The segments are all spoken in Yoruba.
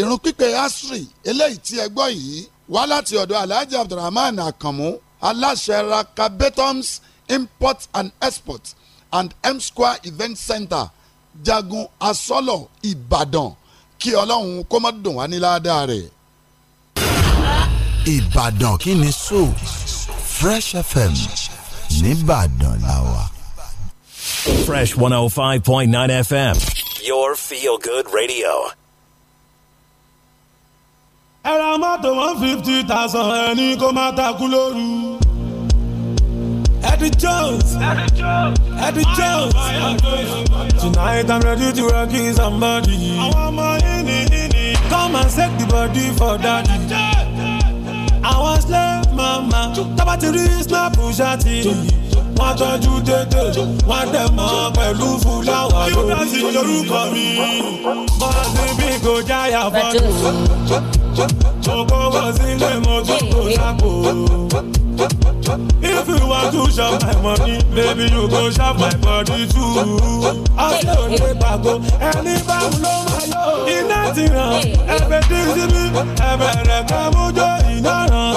ìrun pípé asri eléyìí tí ẹ gbọ́ yìí wá láti ọ̀dọ̀ alhaji abdulrahman akamu aláṣẹ raka import and export and m square event center jagun asọ́lọ̀ ìbàdàn kí ọlọ́run kó má dùn wá ní rẹ̀. ìbàdàn kí ni so fresh fm nìbàdàn làwà. fresh one oh five point nine fm your feel good radio ẹ ra mọ́tò one fifty thousand ẹni kó má takú lóru. Eddie Jones, Eddie Jones. Tonight I'm ready to rock you somebody. Come and shake the body for daddy. I was late wọn ma tábà ti rí snap ṣáàtì wọn tọ́jú dédé wọn dẹ̀ mọ́ pẹ̀lú fúláwà lórí lórúkọ mi bọ́ọ̀sì bí kò jáyà fọ́tò mo sílé mo tún kò sápò. If you want to shop my money, baby you go shop my body too. Àti òde pàgọ́, ẹni báwo ló máa yọ? Iná ti ràn, ẹ̀bẹ̀ dídí mi, ẹ̀bẹ̀ rẹ̀ ká mú jó iná ràn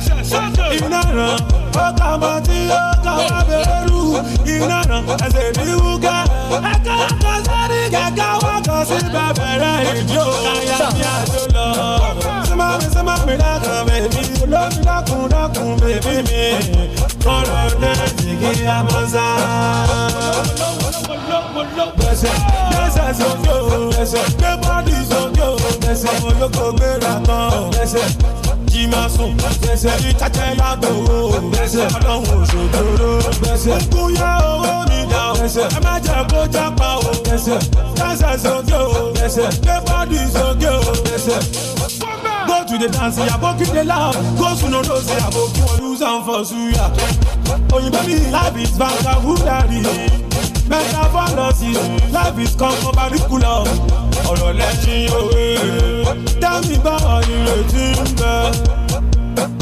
iná ràn ó kà mọ́ tí ó kà wá bẹ̀rẹ̀ rú iná ràn ẹsẹ̀ ní wúkẹ́ ẹ̀ka kan sẹ́ni kẹ̀kẹ́ wá kan sí bẹ̀rẹ̀ ìdí òkà ní àjò lọ. sọ́mọ́ mi sọ́mọ́ mi lákàn bèbí olómi lákùn lákùn bèbí mi kọ́rọ̀ náà ti kí a mọ́ sá. sọ́jọ́ gbèsè gbé sọ́jọ́ gbèsè ọmọ olóko gbéra kan gbèsè jí máa sùn ẹ̀rí tẹ́tẹ́ lágbòó ọlọ́run òṣòdòdó ogun yá owó mi dá o ẹ má jẹ́ kó jápa o dáṣà sókè o lébàdì sókè o. Go to the dance, yabo keep the Go to no yabo keep on use and for suya. Oyinbo mi life is bangawudari. Mẹ́ta fọ́lọ́ sí life is kankan particular. Ọ̀rọ̀ lẹ́sìn òwe. Dá mi bá ọ̀nìrètí ń bẹ.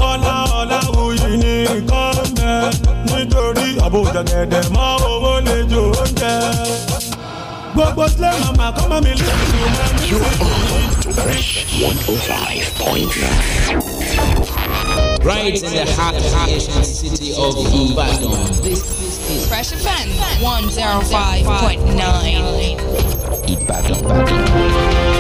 ọlá ọlá wuyì nìkan mẹ́ nítorí àbújá gẹ̀dẹ̀ mọ́ owó lè jò oúnjẹ. gbogbo sílẹ̀ màmá kọ́ mọ́ mi lè jù mọ́ mi sí. Fresh 105.9. Right in the heart of the city of Ibadan. This is Fresh Offense 105.9. Ibadan. Ibadan.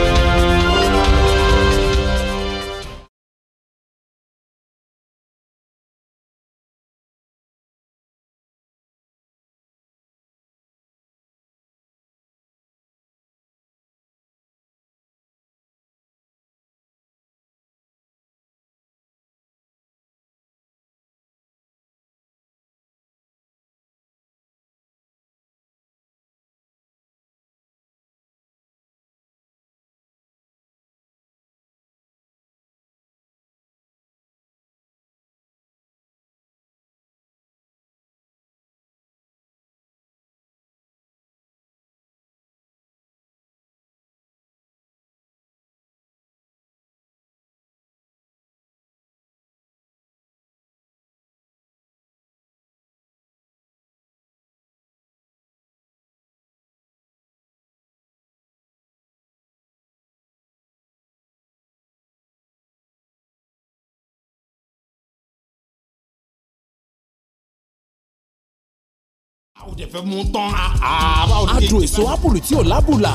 Ah, ah, adùn èso ápùlù tí ò lábùlà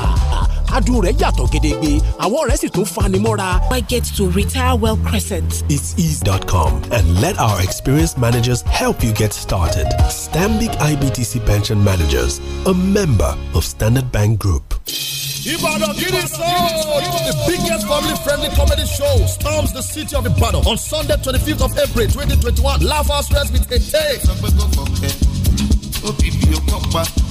adùn rẹ̀ yàtọ̀ gedegbe àwọ̀ rẹ̀ sì tún fani mọ́ra. I get to retire well crescent. It's ease.com and let our experienced managers help you get started. Stanbic IBTC Pension Managers, a member of Standard Bank Group. Ibadan Giddy The biggest family friendly comedy show storms the city of Ibadan on Sunday, 25th of April 2021. Laugh House with a take you're okokpa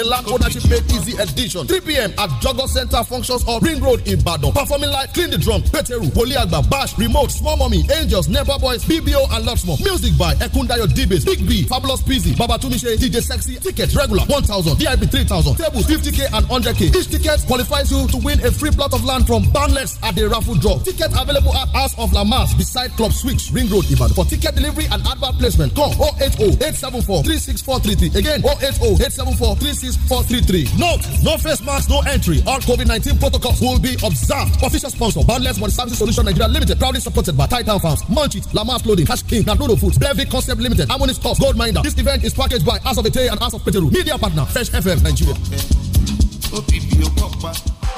Adela Ownership Made Easy Edition. 3 p.m. at Jogger Center Functions Hall, Ring Road, Ibadan. Performing live Clean the Drum, Peteru, Poliagba, Bash, Remote, Small Mummy, Angels, Never Boys, BBO, and lots more. Music by Ekundayo Dibes, Big B, Fabulous Peasy, Babatumishe, DJ Sexy. Ticket regular 1000, VIP 3000, tables 50k and 100k. Each ticket qualifies you to win a free plot of land from Barnlex at the raffle draw. Ticket available at House of Lamas beside Club Switch, Ring Road, Ibadan. For ticket delivery and advert placement, call 080 874 36433. Again, 080 874 36433. 433. Note, no face mask, no entry. All COVID-19 protocols will be observed. Official sponsor, Boundless Money Services Solution Nigeria Limited. Proudly supported by Titan Farms, Munchit, Lamar Clothing, Cash King, Naruto Foods, Brevi Concept Limited, Harmonious Corp, Gold Minder. This event is packaged by House of Ete and House of Peteru. Media partner, Fresh FM Nigeria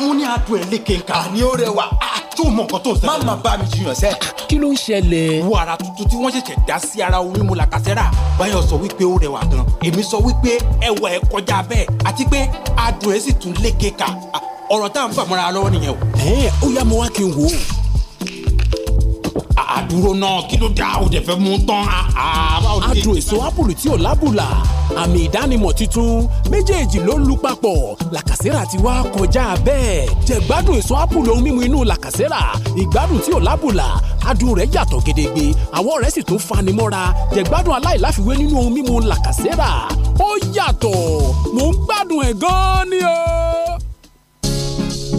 mo ní adùn ẹ̀ lékè nǹkan. àní ó rẹwà tó mọ nǹkan tó ṣẹlẹ̀. má má bá mi jiyàn sẹ́. kí ló ń ṣẹlẹ̀. wo ara tuntun tí wọ́n ṣẹ̀ṣẹ̀ dá sí ara onímọ̀ làkàṣẹ́rà báyọ̀ sọ wípé ó rẹwà gan. èmi sọ wípé ẹwà ẹ̀ kọjá bẹ́ẹ̀ àti pé adùn ẹ̀ sì tún lékè ká ọ̀rọ̀ tá à ń fàmọ́ra lọ́wọ́ nìyẹn o. ẹ ó yá mo wá kí n wò ó àdúró náà kí ló dá o dẹ̀ fẹ́ mú tán. adùn èso ápùlù tí ò lábùlà àmì ìdánimọ̀ tuntun méjèèjì ló ń lu papọ̀ làkàsẹ́rà ti wá kọjá bẹ́ẹ̀ jẹ̀gbádùn èso ápùlù ohun mímu inú làkàsẹ́rà ìgbádùn tí ò lábùlà adùn rẹ̀ yàtọ̀ gedegbe àwọ̀ rẹ̀ sì tún fanimọ́ra jẹ̀gbádùn aláìláfiwé nínú ohun mímu làkàsẹ́rà ó yàtọ̀ mò ń gbádùn ẹ̀ gan-an ni o.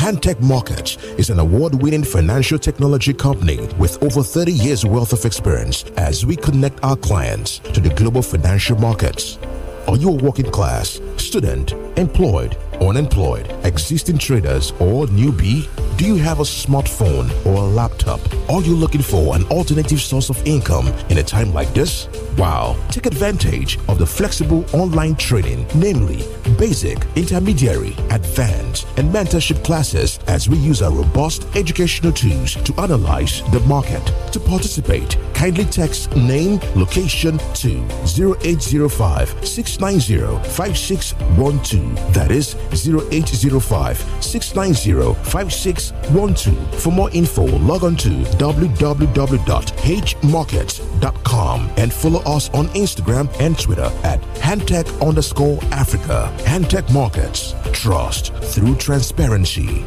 Hantech Markets is an award winning financial technology company with over 30 years' worth of experience as we connect our clients to the global financial markets. Are you a working class, student, employed, unemployed, existing traders, or newbie? Do you have a smartphone or a laptop? Are you looking for an alternative source of income in a time like this? Wow! Take advantage of the flexible online training, namely basic, intermediary, advanced, and mentorship classes as we use our robust educational tools to analyze the market. To participate, kindly text name, location to 0805 690 5612. That is 0805 690 5612. 612. For more info, log on to www.hmarkets.com and follow us on Instagram and Twitter at handtech underscore Africa. Handtech Markets. Trust through transparency.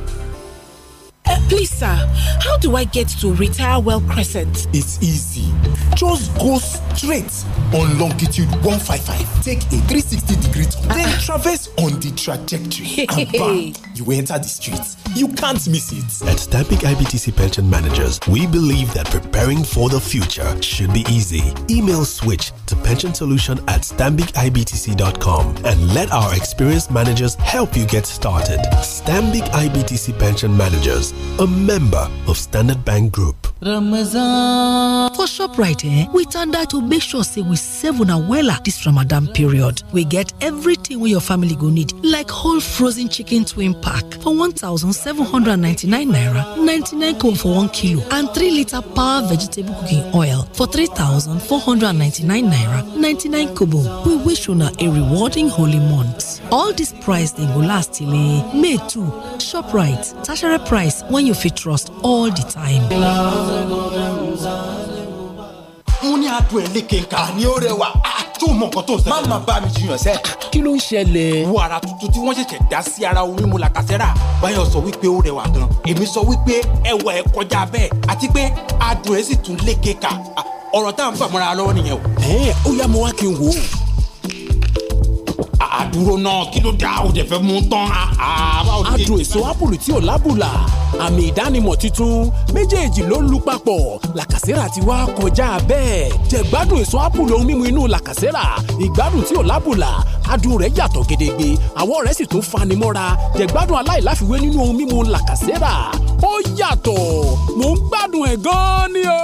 Uh, please, sir, how do I get to Retire Well Crescent? It's easy. Just go straight on longitude 155. Take a 360 degree turn, uh -uh. then traverse on the trajectory. and bam, you enter the streets. You can't miss it. At Stambik IBTC Pension Managers, we believe that preparing for the future should be easy. Email switch to pensionsolution at stambicibtc.com and let our experienced managers help you get started. Stambik IBTC Pension Managers a member of Standard Bank Group. Ramazan. For ShopRite, eh, we tanda to make sure say we save una wella this Ramadan period. We get everything wey your family go need like whole frozen chicken twin pack for 1799 naira, 99 kobo for 1 kilo and 3 litre power vegetable cooking oil for 3499 naira, 99 kobo. We wish una a rewarding holy month. All this price they go last till eh, May 2. ShopRite, tertiary price when you fit trust all the time mo ní adùn ẹ̀ lékè nǹkan. àní ó rẹwà ah, tó mọ nǹkan tó ń ṣẹlẹ̀. má má bá mi jiyàn sẹ́. kí ló ń ṣẹlẹ̀. wo ara tuntun tí wọ́n ṣẹ̀ṣẹ̀ dá sí ara onímù làkàṣẹ́rà báyọ̀ sọ wípé ó rẹwà gan èmi sọ wípé ẹwà ẹ̀ kọjá bẹ́ẹ̀ àti pé adùn ẹ̀ sì tún lékè ká ah, ọ̀rọ̀ tá à ń fàmọ́ra lọ́wọ́ nìyẹn o. ẹ ó yá mo wá kí n wò ó àdúró náà kí ló dá o jẹ fẹ́ mú tán. adùn èso ápùlù tí ò lábùlà àmì ìdánimọ̀ tuntun méjèèjì ló lu papọ̀ làkàsẹ́rà ti wá kọjá bẹ́ẹ̀ jẹ̀gbádùn èso ápùlù ohun mímu inú làkàsẹ́rà ìgbádùn tí ò lábùlà adùn rẹ̀ yàtọ̀ gedegbe àwọ̀ rẹ̀ sì tún fanimọ́ra jẹ̀gbádùn aláìláfiwé nínú ohun mímu làkàsẹ́rà ó yàtọ̀ mò ń gbádùn ẹ̀ gan-an ni o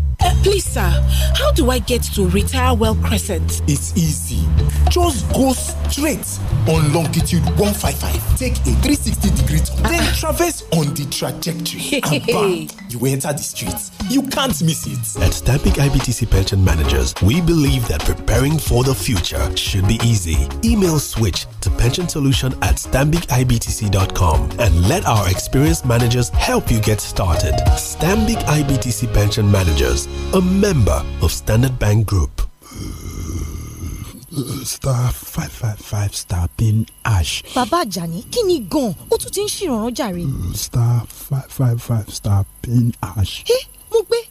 Please, sir, how do I get to Retire Well Crescent? It's easy. Just go straight on longitude 155. Take a 360 degree turn, uh -uh. then ah. traverse on the trajectory. and bam, you enter the streets. You can't miss it. At Stabic IBTC Pension Managers, we believe that preparing for the future should be easy. Email switch to pensionsolution at stambicibtc.com and let our experienced managers help you get started. Stambic IBTC Pension Managers a member of Standard Bank Group. star five five five star pin Ash. bàbá àjàní kí ni gan-an ó tún ti ń ṣèrànràn jàre. star five five five star pin Ash. ẹ eh, mo gbé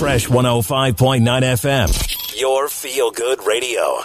Fresh 105.9 FM, your feel good radio.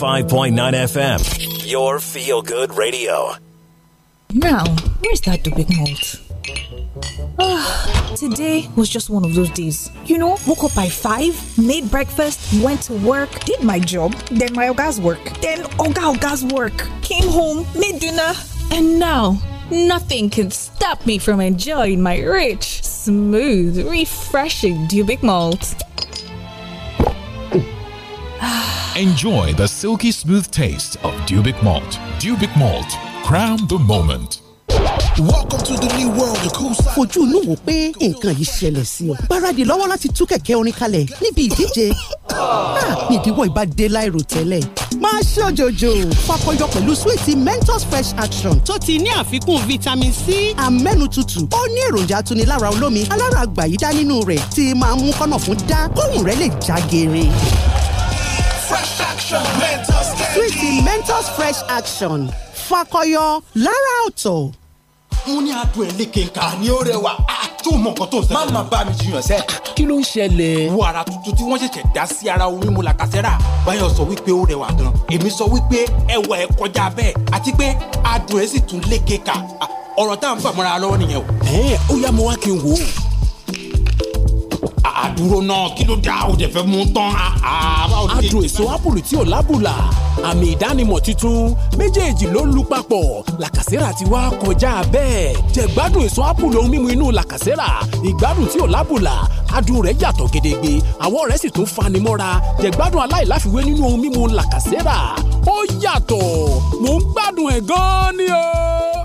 105.9 FM, your feel good radio. Now, where's that big malt? Ah, today was just one of those days. You know, woke up by 5, made breakfast, went to work, did my job, then my oga's work, then oga oga's work, came home, made dinner, and now nothing can stop me from enjoying my rich, smooth, refreshing Dubic malt. Ah, Enjoy the silky smooth taste of Dubic Malt. Dubic Malt, crown the moment. Welcome to the new world of cool side. Fojú inú wo pé nǹkan yìí ṣẹlẹ̀ sí ọ. Gbáradì lọ́wọ́ láti tú kẹ̀kẹ́ orin kalẹ̀ níbi ìdíje. Ah, Nídìíwọ̀ ìbá dé láìrò tẹ́lẹ̀. Máa ṣọ́jọ́jọ́ fakọyọ pẹ̀lú súwìtì Mentos Fresh Action. Tó ti ní àfikún vitamin C. Amẹ́nu tutù. Ó ní èròjà atunilára olómi alára àgbà yìí dá nínú rẹ̀ tí máa mú kọ́nà fún dá kóhùn rẹ̀ lè já geere fresh action. Mentos Sweetie Mentos fresh action fakọyọ lára ọ̀tọ̀. mo ní adùn ẹlẹ́kẹ̀ ká ní ó rẹwà tó mọ nǹkan tó ń ṣẹlẹ̀. má má bá mi jiyàn sẹ́. kí ló ń ṣẹlẹ̀. wo ara tuntun tí wọ́n ṣẹ̀ṣẹ̀ dá sí ara orin mu làkàṣẹ́rà báyọ̀ sọ wípé ó rẹwà gan. èmi sọ wípé ẹwà ẹ kọjá bẹ́ẹ̀ àti pé adùn ẹ sì tún lékè ọ̀rọ̀ tá à ń fàmọ́ra lọ́wọ́ nìyẹn o. ẹ ó yá mo wá kí n wò ó àdúró náà kí ló dá o jẹ fẹ́ mú tán. adùn èso ápùlù tí ò lábùlà àmì ìdánimọ̀ tuntun méjèèjì ló lu papọ̀ làkàsẹ́rà ti wá kọjá bẹ́ẹ̀ jẹ̀gbádùn èso ápùlù ohun mímu inú làkàsẹ́rà ìgbádùn tí ò lábùlà adùn rẹ̀ yàtọ̀ gedegbe àwọ̀ rẹ̀ sì tún fanimọ́ra jẹ̀gbádùn aláìláfiwé nínú ohun mímu làkàsẹ́rà ó yàtọ̀ mò ń gbádùn ẹ̀ gan-an ni o.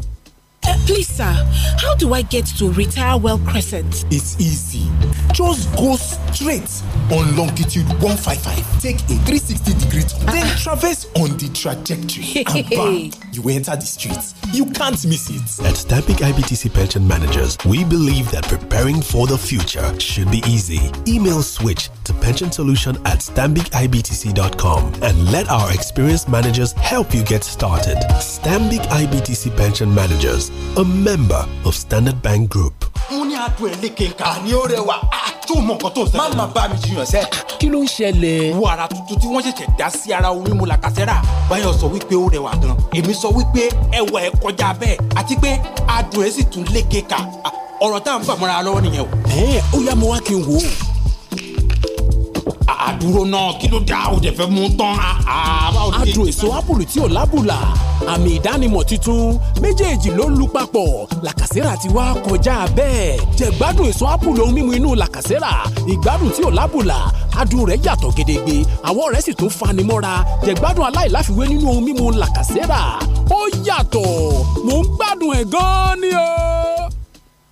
Uh, please, sir, how do I get to Retire Well Crescent? It's easy. Just go straight on longitude 155. Take a 360 degree turn, uh -uh. then ah. traverse on the trajectory and back. you enter the streets. You can't miss it. At Stabic IBTC Pension Managers, we believe that preparing for the future should be easy. Email switch to pension solution at stambicibtc.com and let our experienced managers help you get started. Stambic IBTC Pension Managers, a member of Standard Bank Group. Ah, ah, bá mi jiyàn sẹ́. kí ló ń ṣẹlẹ̀. wo ara tuntun tí wọ́n ṣẹ̀ṣẹ̀ dá sí ara omi mu bayo báyọ̀ sọ wípé ó rẹwà gan-an èmi sọ sọ wípé ẹwà ẹ̀ kọjá bẹ́ẹ̀ àti pé adùn ẹ̀ sì tún lékeka ọ̀rọ̀ tá à ń fàmọ́ra lọ́wọ́ nìyẹn o. ẹ ó yá mo wá kí n wò ó àdúró náà kí ló dá o tẹ̀fẹ́ mú tán. adùn èso apple tí ò lábùlà àmì ìdánimọ̀ tuntun méjèèjì ló lu papọ̀ làkàsẹ́rà ti wá kọjá bẹ́ẹ̀ jẹ̀gbádùn èso apple ohun mímu inú làkàsẹ́rà ìgbádùn tí ò lábùlà adùn rẹ̀ yàtọ̀ gedegbe àwọ̀ rẹ̀ sì tún fani mọ́ra jẹ̀gbádùn aláìláfiwé nínú ohun mímu làkàsẹ́rà ó yàtọ̀ mò ń gbádùn ẹ̀ gan-an ni o.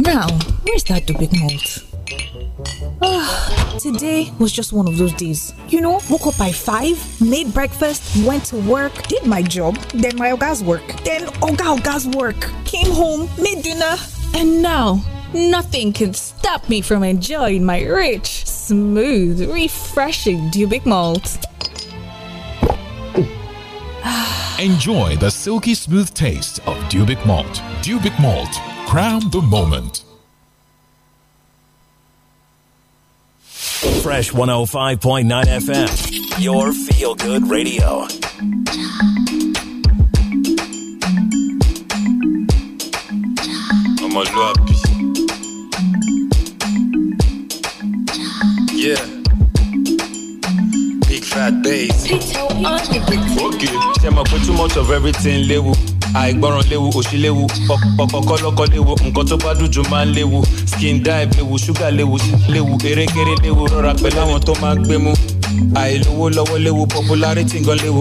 Now, where's that dubic malt? Ah, today was just one of those days. You know, woke up by 5, made breakfast, went to work, did my job, then my oga's work, then oga oga's work, came home, made dinner, and now nothing can stop me from enjoying my rich, smooth, refreshing Dubik malt. Enjoy the silky smooth taste of Dubic malt. Dubic malt Crown the moment. Fresh 105.9 FM, your feel good radio. I'm happy. Yeah. Big fat bass. Okay. Tell me put too much of everything, little. àìgbọràn léwu òṣì léwu ọkọ léwu nǹkan tó bá dùn jù máa ń léwu skin dive léwu ṣúgà léwu léwu erékeré léwu rọra pẹ̀lú àwọn tó máa ń gbé mú àìlówó lọ́wọ́ léwu popularity nǹkan léwu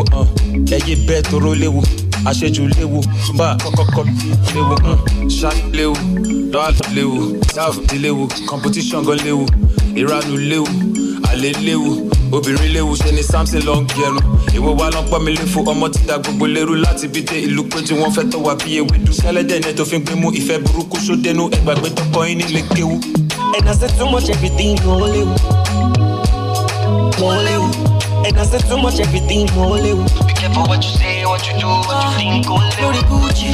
ẹyí bẹ́ẹ̀ toró léwu àṣejù léwu bá kọ́kọ́kọ́ léwu ṣáà léwu dọ́àlù léwu dáàbò léwu competition gan léwu ìranù léwu àlè léwu obìnrin léwu ṣe ni samson lọ ń gẹrun ìwọ wa lọ ń pọ́n mi léfo ọmọ títa gbogbo lérú láti bí dé ìlú pé tí wọ́n fẹ́ tọ́ wa bí ewédú sẹ́lẹ̀dẹ̀ ni ẹ fi ń gbé mú ìfẹ́ burúkú sódẹ́nu ẹgbàgbé tọkọ yín nílé kéwu. ẹ kàn ṣe too much everything mò ń léwu mò ń léwu ẹ ṣe too much everything mò ń léwu. be careful what you say what you do what you think ó léwu. lórí gucci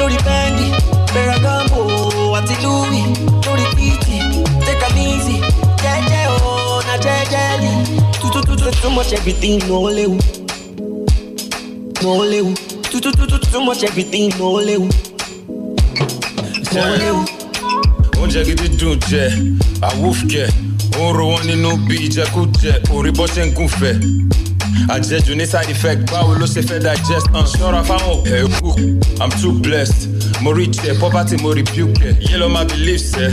lórí fendi ferragamo àti louis lórí títì take am easy jẹ́jẹ́ o jẹ́jẹ́lì tútútútù too much everything ló léwu No léwu tútútútù too much everything ló léwu ló léwu. oúnjẹ gidi dùn jẹ àwùfkẹ ó ń ro wọn nínú bí ìjẹkújẹ orí bọ́ ṣe ń gùn Àjẹjù ní side effect báwo ló ṣe fẹ́ digest hàn ṣọ́ra fáwọn òkè ẹ̀kú I'm too blessed mo rí jẹ poverty mo rebuke ẹ yé lọ máa beliefs ẹ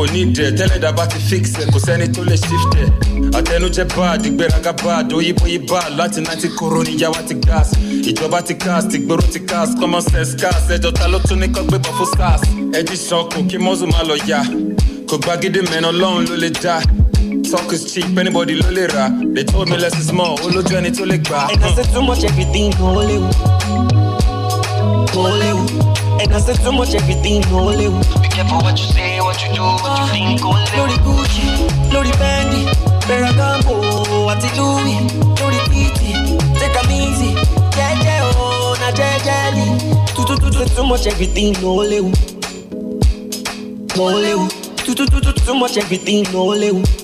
òní dẹ tẹ́lẹ̀dá bá ti fix ẹ kò sẹ́ni tó lè shift ẹ àtẹnujẹ bad ìgbéraga bad oyíboyí bad láti náìtì koro níyàwó ti gas ìjọba ti cast ìgboro ti cast common sense cast ẹjọ ta ló tún ní kọ́ gbébọn fún sars ẹjí sọkùn kí mọ́sùn má lọ yá kò gbàgede mẹ́rin ọlọ́run ló lè dá. Talk is cheap, anybody ló lè They told me less is more, All the tó to gbà. And I said too much everything kan ó And I said too much everything kan Be careful what you say, what you do, what you ah, think kan ó léwu. Lórí Gucci, lórí Fendi, Ferragamo àti Louis, lórí Titi, take am easy, jẹ́jẹ́ o, na jẹ́jẹ́ ni. Tutututu too much everything kan ó léwu. Kan too, too, Tutututu too much everything kan ó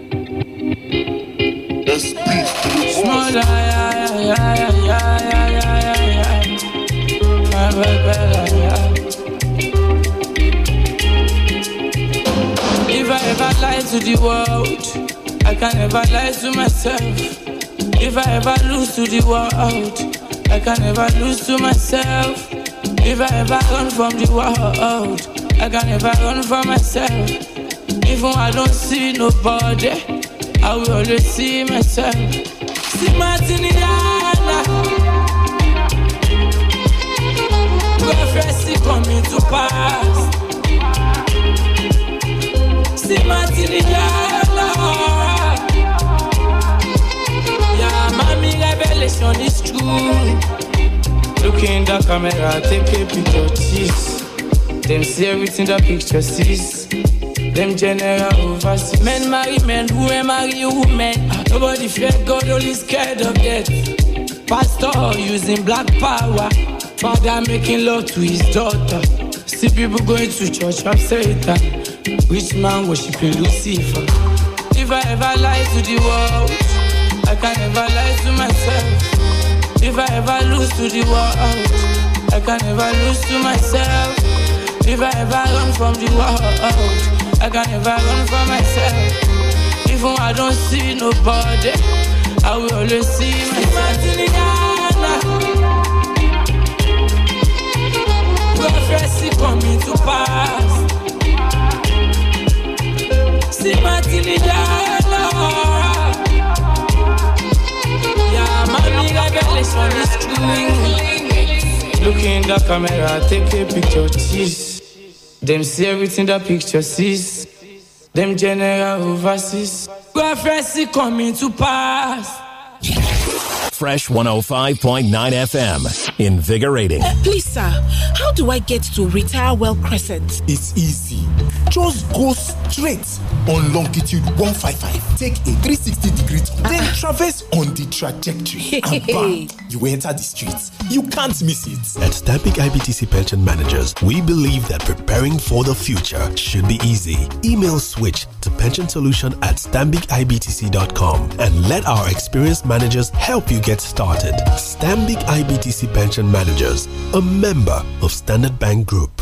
If I ever lie to the world, I can never lie to myself. If I ever lose to the world, I can never lose to myself. If I ever run from the world, I can never run from myself. Even I don't see nobody, I will always see myself slimmers in the yard. Prophecy coming to pass. Slimmers in the Yeah, mommy revelation is true. Look in the camera, take a picture, cheese. Them see everything that picture sees. Them general overseas. Men marry men, women marry women. Ah, nobody fear God, only scared of death. Pastor using black power. Father making love to his daughter. See people going to church of Satan. Rich man worshiping Lucifer. If I ever lie to the world, I can never lie to myself. If I ever lose to the world, I can never lose to myself. If I ever run from the world. I can never run for myself. Even I don't see nobody, I will always see myself. Prophecy coming to pass. See my Yeah, mommy revelation is true. Look in the camera, take a picture, cheese. Them see everything that picture sees. Them general overseas. prophecy coming to pass. Fresh 105.9 FM. Invigorating. Uh, please, sir, how do I get to Retire Well Crescent? It's easy. Just go straight on longitude 155. Take a 360 degree turn. Uh, then ah. traverse on the trajectory. and bam, you enter the streets. You can't miss it. At Stabic IBTC Pension Managers, we believe that preparing for the future should be easy. Email switch to pension solution at stambicibtc.com and let our experienced managers help you get get started. Stambic IBTC Pension Managers, a member of Standard Bank Group.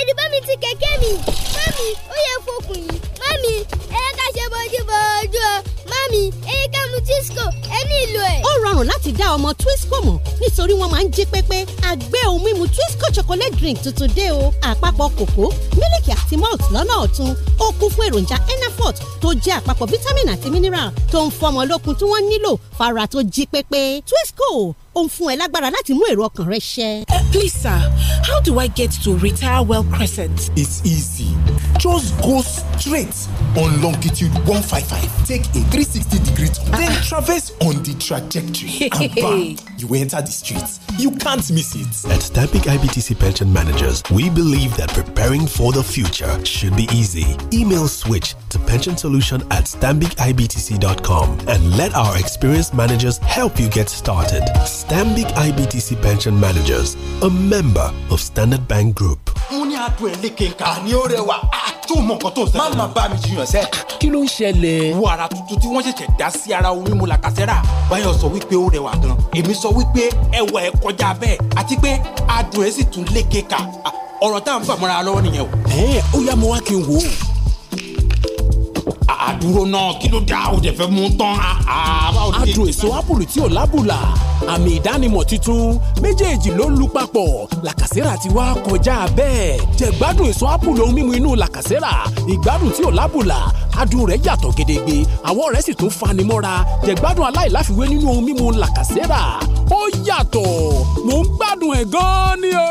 ẹni bá mi ti kẹ̀kẹ́ mi mami ó yẹ fokùn yìí mami ẹ ká ṣe bójúbójú o mami ẹyẹ ká mu Twisco ẹ nílò ẹ. ó rọrùn láti dá ọmọ Twisco mọ̀ nítorí wọ́n máa ń jí pépé àgbẹ̀ ohun mímu Twisco chocolate drink tuntun dé o àpapọ̀ kòkó mílìkì àti malt lọ́nà ọ̀tun ó kún fún èròjà enafort tó jẹ́ àpapọ̀ vitamin àti mineral tó ń fọmọ lókun tí wọ́n nílò fara tó jí pépé Twisco ó ń fún ẹ lágbára láti mú èrò ọkàn rẹ ṣẹ. Eh, please sir, how do I get to Retire Well Crescent? It's easy. Just go straight on longitude 155, take a 360 degree turn, ah. then traverse on the trajectory and bam, you enter the streets. You can't miss it. At Stabic IBTC Pension Managers, we believe that preparing for the future should be easy. Email switch to pension solution at stambicibtc.com and let our experienced managers help you get started. Stanbic IBTC Pension Managers, a member of Standard Bank Group. mo ní àtò ẹ̀ lékè nǹkan ní ó rẹwà tó mọ nǹkan tó ń sẹ́yìn. bá mi jiyàn sẹ́. kí ló ń ṣẹlẹ̀. wo ara tuntun tí wọ́n ṣẹ̀ṣẹ̀ dá sí ara omi mu làkàṣẹ́rà. báyọ̀ sọ wípé ó rẹwà gan. èmi sọ wípé ẹwà ẹ̀ kọjá bẹ́ẹ̀ àti pé adùn ẹ̀ sì tún lékè ká. ọ̀rọ̀ tá à ń fàmọ́ra lọ́wọ́ nìyẹn o. ẹ ó yá mo wá kí n wò ó àdúró náà kí ló dá o jẹ fẹ́ mú tán. adùn èso apple tí ò lábùlà àmì ìdánimọ̀ tuntun méjèèjì ló lu papọ̀ làkàsẹ́rà ti wá kọjá bẹ́ẹ̀ jẹ̀gbádùn èso apple ohun mímu inú làkàsẹ́rà ìgbádùn tí ò lábùlà adùn rẹ̀ yàtọ̀ gedegbe àwọ̀ rẹ̀ sì tún fanimọ́ra jẹ̀gbádùn aláìláfiwé nínú ohun mímu làkàsẹ́rà ó yàtọ̀ mò ń gbádùn ẹ̀ gan-an ni o.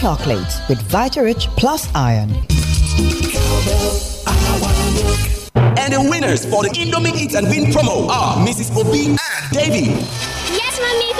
chocolate with Vita-Rich Plus Iron. And the winners for the Indomie Eat and Win promo are Mrs. Obi and Davy. Yes, Mommy,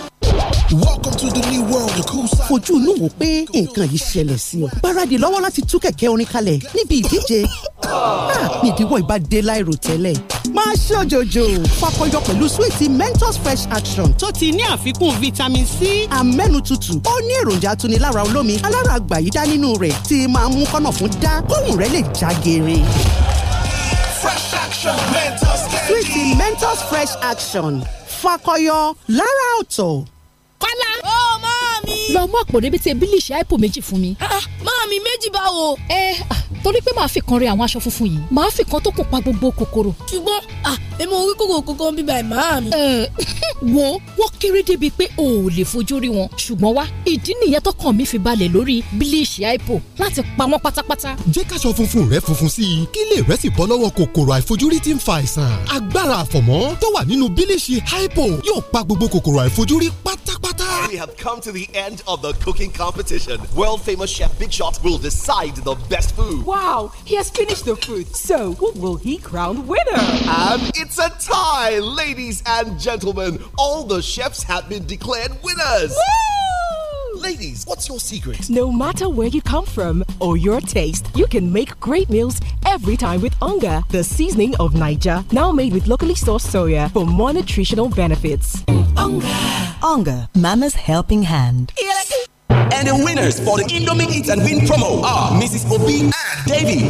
fojú inú wò pé nǹkan yìí ṣẹlẹ̀ sí ọ gbáradì lọ́wọ́ láti tú kẹ̀kẹ́ orin kalẹ̀ níbi ìdíje ah, nídìíwọ̀ ìbá dé láìrò tẹ́lẹ̀ máa ṣe òjòjò fakọyọ pẹ̀lú súwìtì mentos fresh action tó ti ní àfikún vitamin c amẹ́nututù ó ní èròjà atunilára olómi alára àgbàyídá nínú rẹ̀ tí máa mú kọ́nà fún dá kóhùn rẹ̀ lè já geere. fresh action mentos kẹ́ẹ̀kì. súwìtì mentos fresh action fakọyọ lára ọ̀tọ̀ lọ mú àpò rẹ̀bẹ̀tẹ̀ bílíṣì àìpò méjì fún mi. Ah, ah, máa mi méjì báwo. ẹ ah, torí pé màá fi kan rẹ àwọn aṣọ funfun yìí màá fi kan tó kù pa gbogbo kòkòrò. ṣùgbọ́n èmi ò rí kòkòrò kankan bíbá ẹ̀ máa mi. wo wọ́n kéré débi pé o ò lè fojú rí wọn ṣùgbọ́n wá ìdí nìyẹn tọkàn mi fi balẹ̀ lórí bílíṣì àìpò láti pa wọ́n pátápátá. jẹ́ káṣọ funfun rẹ funfun sí i kí lè rẹ sì bọ́ lọ́wọ́ kòkòrò àìfojúrí tí ń fa àìsàn agbára àfọ̀mọ́ tó wà nínú bílíṣì àìpò yóò pa gbogbo kòkòrò àìfojúrí pátápátá We have come to the end of the cooking competition. World famous chef Big Shot will decide the best food. Wow, he has finished the food. So, who will he crown winner? And it's a tie, ladies and gentlemen. All the chefs have been declared winners. Woo! Ladies, what's your secret? No matter where you come from or your taste, you can make great meals every time with Onga, the seasoning of Niger, now made with locally sourced soya for more nutritional benefits. Onga. Onga, Mama's helping hand. And the winners for the Indomie Eat and Win promo are Mrs. Obi and Davy.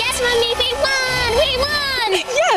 Yes, Mommy,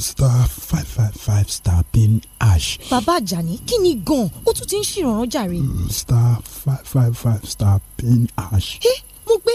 star five five five star pin hash. bàbá àjàní kí ni gan-an ó tún ti ń ṣèrànràn jàre. Mm, star five five five star pin hash. ẹ eh, mo gbé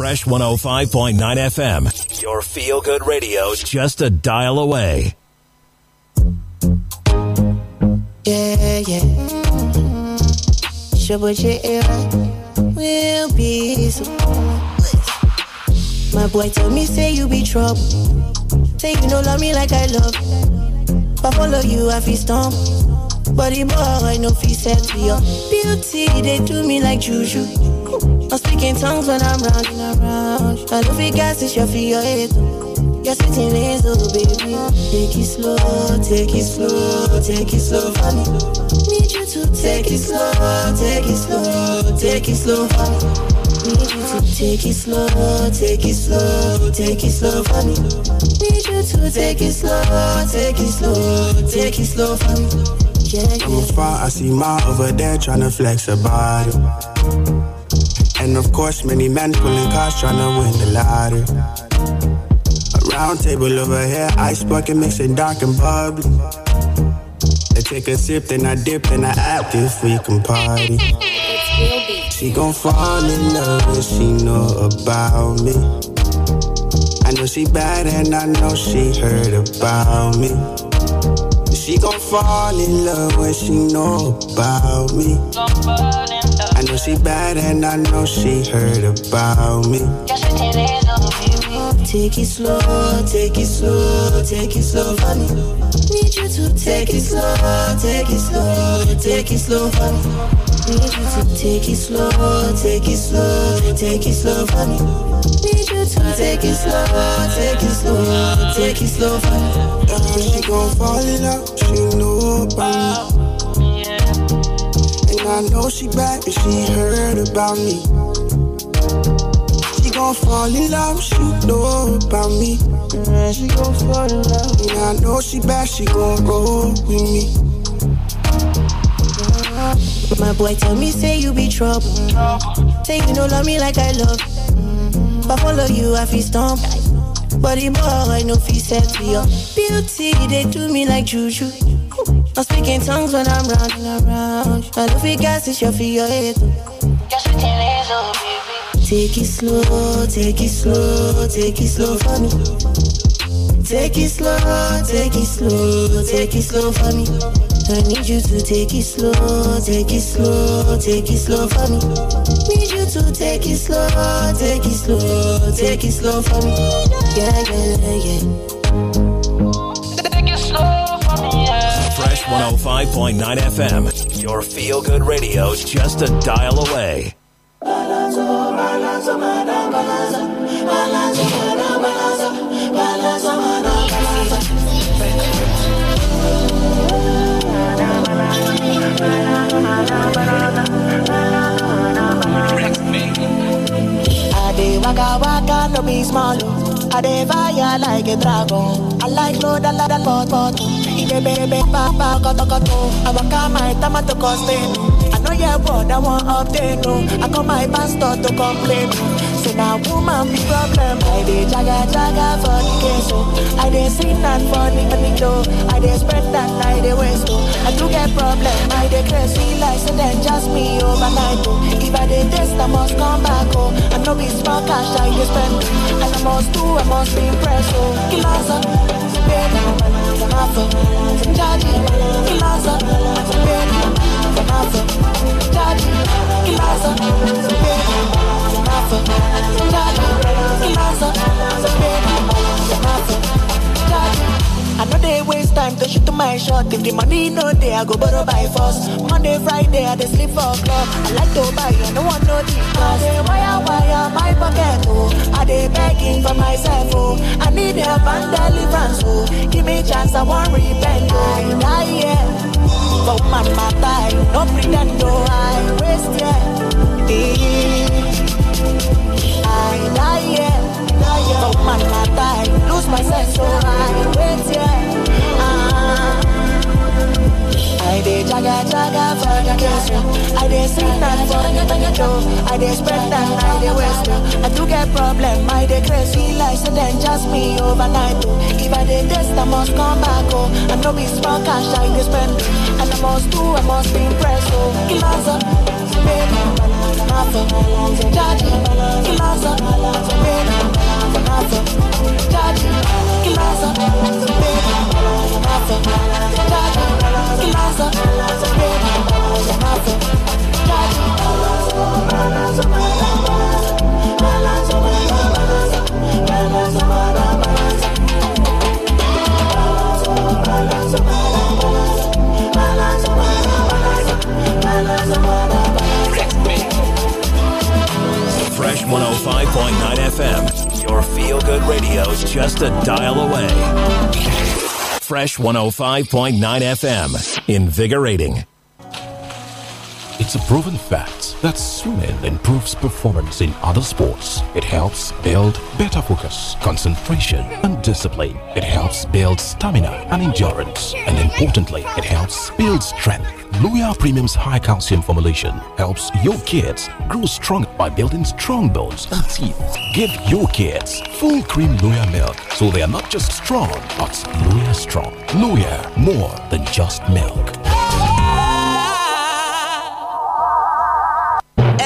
Fresh 105.9 FM, your feel good radio just a dial away. Yeah, yeah. will be so. My boy told me, say you be trouble. Say you no love me like I love. I follow you, I feel stomp. But the boy, I know, feel set to your beauty. They do me like juju I'm speaking tongues when I'm running around. I know if guys it's your fear, you're sitting is oh baby. Take it slow, take it slow, take it slow for me. Need you to take it slow, take it slow, take it slow for me. Need you to take it slow, take it slow, take it slow for me. Need you to take it slow, take it slow, take it slow for me. Yeah, yeah. I'm far, I see my over there trying to flex a body. And of course, many men pulling cars trying to win the lottery. A round table over here, ice bucket mixing dark and bubbly. They take a sip, then I dip, then I act if we can party. She gon' fall in love if she know about me. I know she bad and I know she heard about me. She gon' fall in love when she know about me. I know she bad and I know she heard about me. Take it slow, take it slow, take it slow for me. Need you to take it slow, take it slow, take it slow for me. Need you to take it slow, take it slow, take it slow for me. Need you to take it slow, take it slow, take it slow for me. she gon' fall in love, she know about me. I know she bad and she heard about me. She gon' fall in love, she know about me. Yeah, she gon' fall in love. And I know she bad, she gon' roll with me. My boy tell me, say you be trouble. Say you don't love me like I love. I follow you, I feel stomp. But the boy, I know feel set to you, beauty. They do me like juju. I'm speaking tongues when I'm running around. I know we got this, you're for your head. Just pretend it's all, baby. Take it slow, take it slow, take it slow for me. Take it slow, take it slow, take it slow for me. I need you to take it slow, take it slow, take it slow for me. Need you to take it slow, take it slow, take it slow for me. Yeah, yeah, yeah. 105.9 FM, your feel good radio just a dial away. I did waka waka, no be small. I dey fire like a dragon. I like load and load and bot bot. Baby, baby, papa, got to got to. I work out my time to cost I know your word, I want update. No, oh. I call my pastor to complain. Now woman be problem. I dey jaga jaga for the case. Oh. I dey sin and funny money though. I dey spread that I dey waste. Oh. I do get problem. I dey crazy like so then just me overnight. Oh. If I dey test, I must come back. Oh. I no be small cash I dey spend. And I must do, I must be impressed. Oh. Kilaza, pay now, I'm after. Charge, Kilaza, pay now, I'm after. Charge, Kilaza, It's time to shoot my shot. If the money no day, I go borrow by force. Monday, Friday, I just sleep for club. I like to buy, I don't want no deep cost. I wire, wire my pocket, oh. I dey begging for myself, oh. I need help and deliverance, oh. Give me chance, I won't repent, oh. I die, yeah. For woman, my die. No pretend, no, oh. I waste, yeah. Deep. I die, yeah. For woman, I die. Lose my sense, so oh. I wait, yeah. I dey jaga jaga for the classroom. I dey sing that for the show. I dey spread that I dey west. I do get problem, I dey crazy like so then just me overnight. Oh. If I dey test, I must come back. Oh, I know be strong cash I dey spend. And I must do, I must be impressed. Oh, Kilaza, oh. baby, Nafa, Jaji, Kilaza, baby, Nafa, Jaji, Kilaza, baby. Fresh 105.9 FM, your feel good is just a dial away. Fresh 105.9 FM. Invigorating. It's a proven fact that swimming improves performance in other sports. It helps build better focus, concentration, and discipline. It helps build stamina and endurance. And importantly, it helps build strength. Loya Premium's high calcium formulation helps your kids grow strong by building strong bones and teeth. Give your kids full cream Loya milk so they are not just strong, but Loya strong. Loya, more than just milk.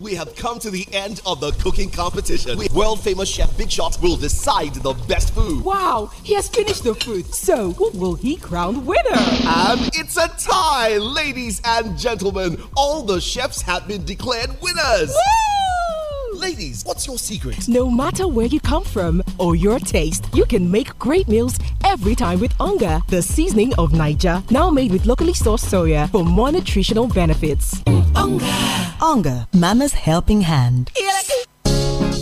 We have come to the end of the cooking competition. World famous chef Big Shot will decide the best food. Wow, he has finished the food. So, who will he crown winner? And it's a tie, ladies and gentlemen. All the chefs have been declared winners. Woo! Ladies, what's your secret? No matter where you come from or your taste, you can make great meals every time with Onga, the seasoning of Niger, now made with locally sourced soya for more nutritional benefits. Onga. Onga, Mama's helping hand.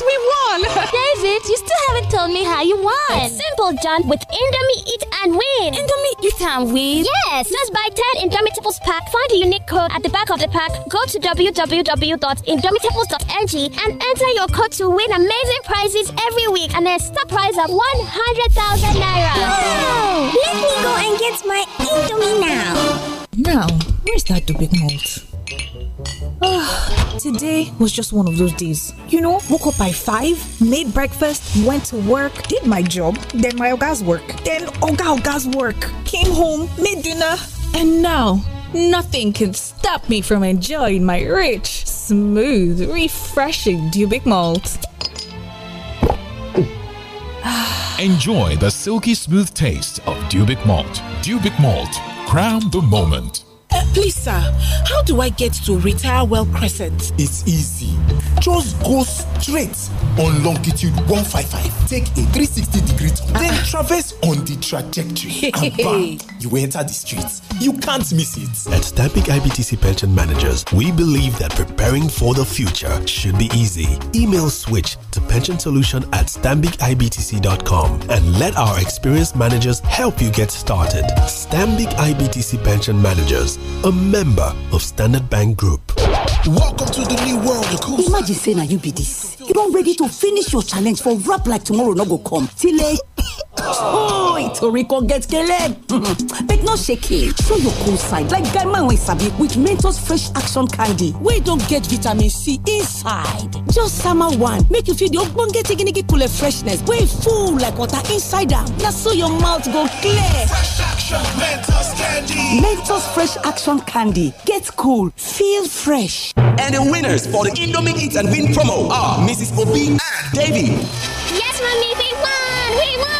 We won! David, you still haven't told me how you won. It's simple, John. With Indomie Eat and Win. Indomie Eat and Win? Yes! Just buy 10 Indomie Indomitables pack, find the unique code at the back of the pack, go to www.indomitables.ng and enter your code to win amazing prizes every week and a stock prize of 100,000 Naira. Wow! Let me go and get my Indomie now. Now, where's that stupid malt? Today was just one of those days. You know, woke up by 5, made breakfast, went to work, did my job, then my oga's work, then oga oga's work, came home, made dinner, and now nothing can stop me from enjoying my rich, smooth, refreshing Dubic malt. Enjoy the silky smooth taste of Dubic malt. Dubic malt, crown the moment. Uh, please, sir, how do I get to Retire Well Crescent? It's easy. Just go straight on longitude 155. Take a 360 degree turn, uh then ah. traverse on the trajectory. and bam, you enter the streets. You can't miss it. At Stambik IBTC Pension Managers, we believe that preparing for the future should be easy. Email switch to pensionsolution at stambicibtc.com and let our experienced managers help you get started. Stambik IBTC Pension Managers a member of Standard Bank Group. Welcome to the new world, Imagine saying, "Are you be this." You don't ready to finish your challenge for rap like tomorrow no go come. Till Oh, Itoriko get Caleb! But no shaking. Show your cool side like Gaiman when Sabi with Mentos Fresh Action Candy. We don't get vitamin C inside. Just summer one. Make you feel the ogbonge tiginigi cool freshness. Way full like water inside out. Now so your mouth go clear. Fresh Action Mentos Candy. Mentos Fresh Action Candy. Get cool. Feel fresh. And the winners for the Indomie Eat and Win promo are Mrs. Obi and Davy. Yes, mommy, we won! We won!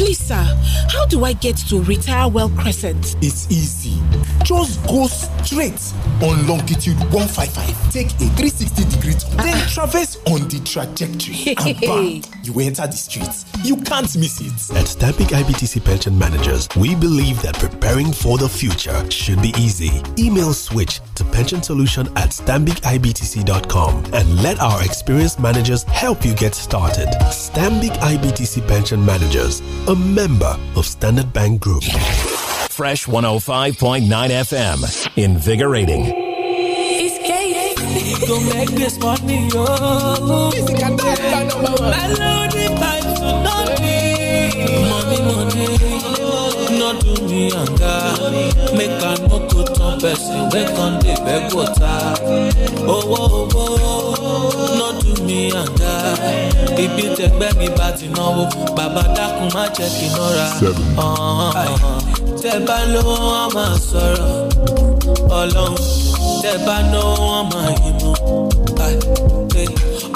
Please, sir, how do I get to Retire Well Crescent? It's easy. Just go straight on longitude 155. Take a 360 degree turn, uh ah. -uh. then traverse on the trajectory and back. you enter the streets. You can't miss it. At Stabic IBTC Pension Managers, we believe that preparing for the future should be easy. Email switch to pension solution at stambicibtc.com and let our experienced managers help you get started. Stambic IBTC Pension Managers, a member of Standard Bank Group. Fresh 105.9 FM, invigorating. to make this money, yo. Melody vibes to know me. Money, money, not do me anger. Make a no good on person, wake on the beg water. Oh, oh, oh, not do me anger. Ibi tẹgbẹ́ mi bá ti náwó, bàbá dákun má jẹ́ kí n nọ́ra. Uh-huh. Tẹ bá lówó, wọ́n máa sorrow Ọlọ́run tẹ bá ná wọn máa yìnbọn. Eh.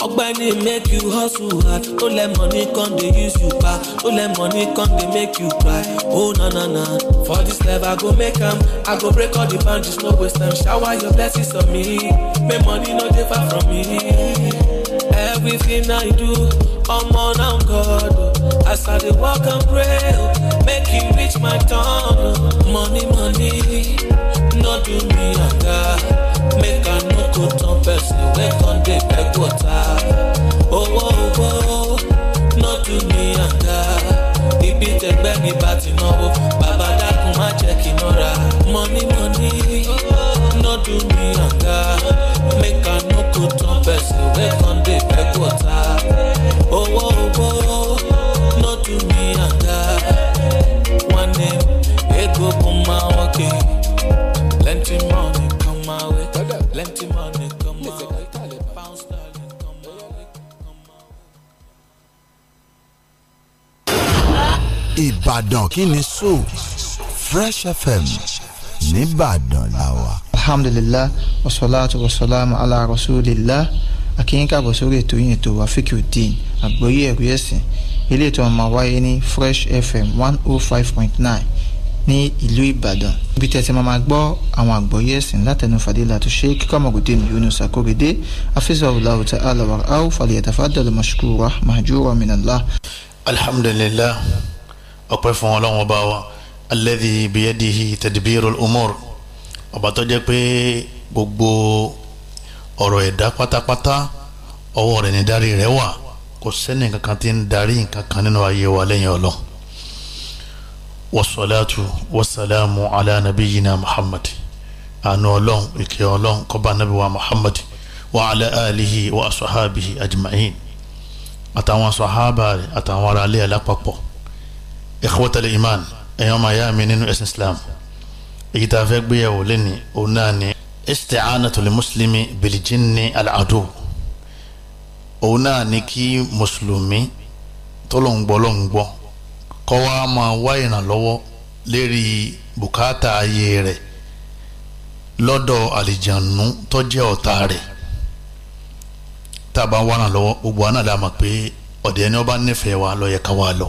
ọgbẹ́ni make you hustle hard no let money come dey use you pa no let money come dey make you cry oh na na na for this life i go make am i go break all the boundaries no waste time shower your blessings on me make money no dey far from me. Everything I do, I'm on I'm God. As I dey walk and pray, oh, make him reach my tongue. Oh. Money, money no do me anger make i no go turn person wey come dey beg water owó oh, owó oh, oh, no do me anger ibi tẹgbẹ́ mi bá ti náwó bàbá dákun má jẹ́ kí n nọ́ra money money no do me anger make i no go turn person wey come dey beg water owó owó no do me anger one name egbògun máa wọ́n Plenty money come Ìbàdàn kí ni so Fresh FM nìbàdàn làwà. alhamdulillah wasalaatu wasalaamu ala rasulillah akínyínká bọ̀ sórí ètò yìí ètò wafikudeen àgbọ́yé ẹ̀rí ẹ̀sìn ilé ìtọ́ ọmọ wáyé ní Fresh FM one oh five point nine ní ìlú ìbàdàn ibi tẹ́tí máa ma gbọ́ àwọn àgbọ̀yé ẹ̀sìn látẹnu fàdílà tó ṣe kíkọ́ mọ̀gòdì ní yunus akóredé afisahulawo ta alawar aw falyatafadal mashkura mahjura minallah. alhamdulillah ọpẹ́ fún ọlọ́run ọba wa alladhi biyadihi tadbirul umur ọba tó jẹ́ pé gbogbo ọ̀rọ̀ ẹ̀dá pátápátá ọwọ́ rẹ̀ ní darí rẹ̀ wà kò sẹ́ni kankan tí ń darí nǹkan kan nínú ayé wa lẹ́yìn ọlọ́run wasalaatu wasalaamu ala nabiyina muhammad anu ọlọ́n ìkẹ́ ọlọ́n kọ́ba nabi wa muhammad wa ala alihi wa asahabihi ajma'in àtàwọn asahaba rẹ̀ àtàwọn ará alẹ́ alápapọ̀ ikhwatal iman ẹ̀yàn máa yá mi nínú ẹ̀sìn islam èyí tá a fẹ́ gbéyàwó lẹ́ni òun náà ni isti'anatul muslimi bil jinni al'adu òun náà ni kí mùsùlùmí tọ́lọ̀ ń gbọ́ lọ́ ń gbọ́ kọ́ wa máa wá ìrànlọ́wọ́ lérí bùkátà ayé rẹ̀ lọ́dọ̀ àlìjànú tó jẹ́ ọ̀tá rẹ̀ tá a bá ń wá ìrànlọ́wọ́ gbogbo àná la mọ̀ pé ọ̀dẹ̀ ẹni ọba nífẹ̀ẹ́ wa ló yẹ ká wá lọ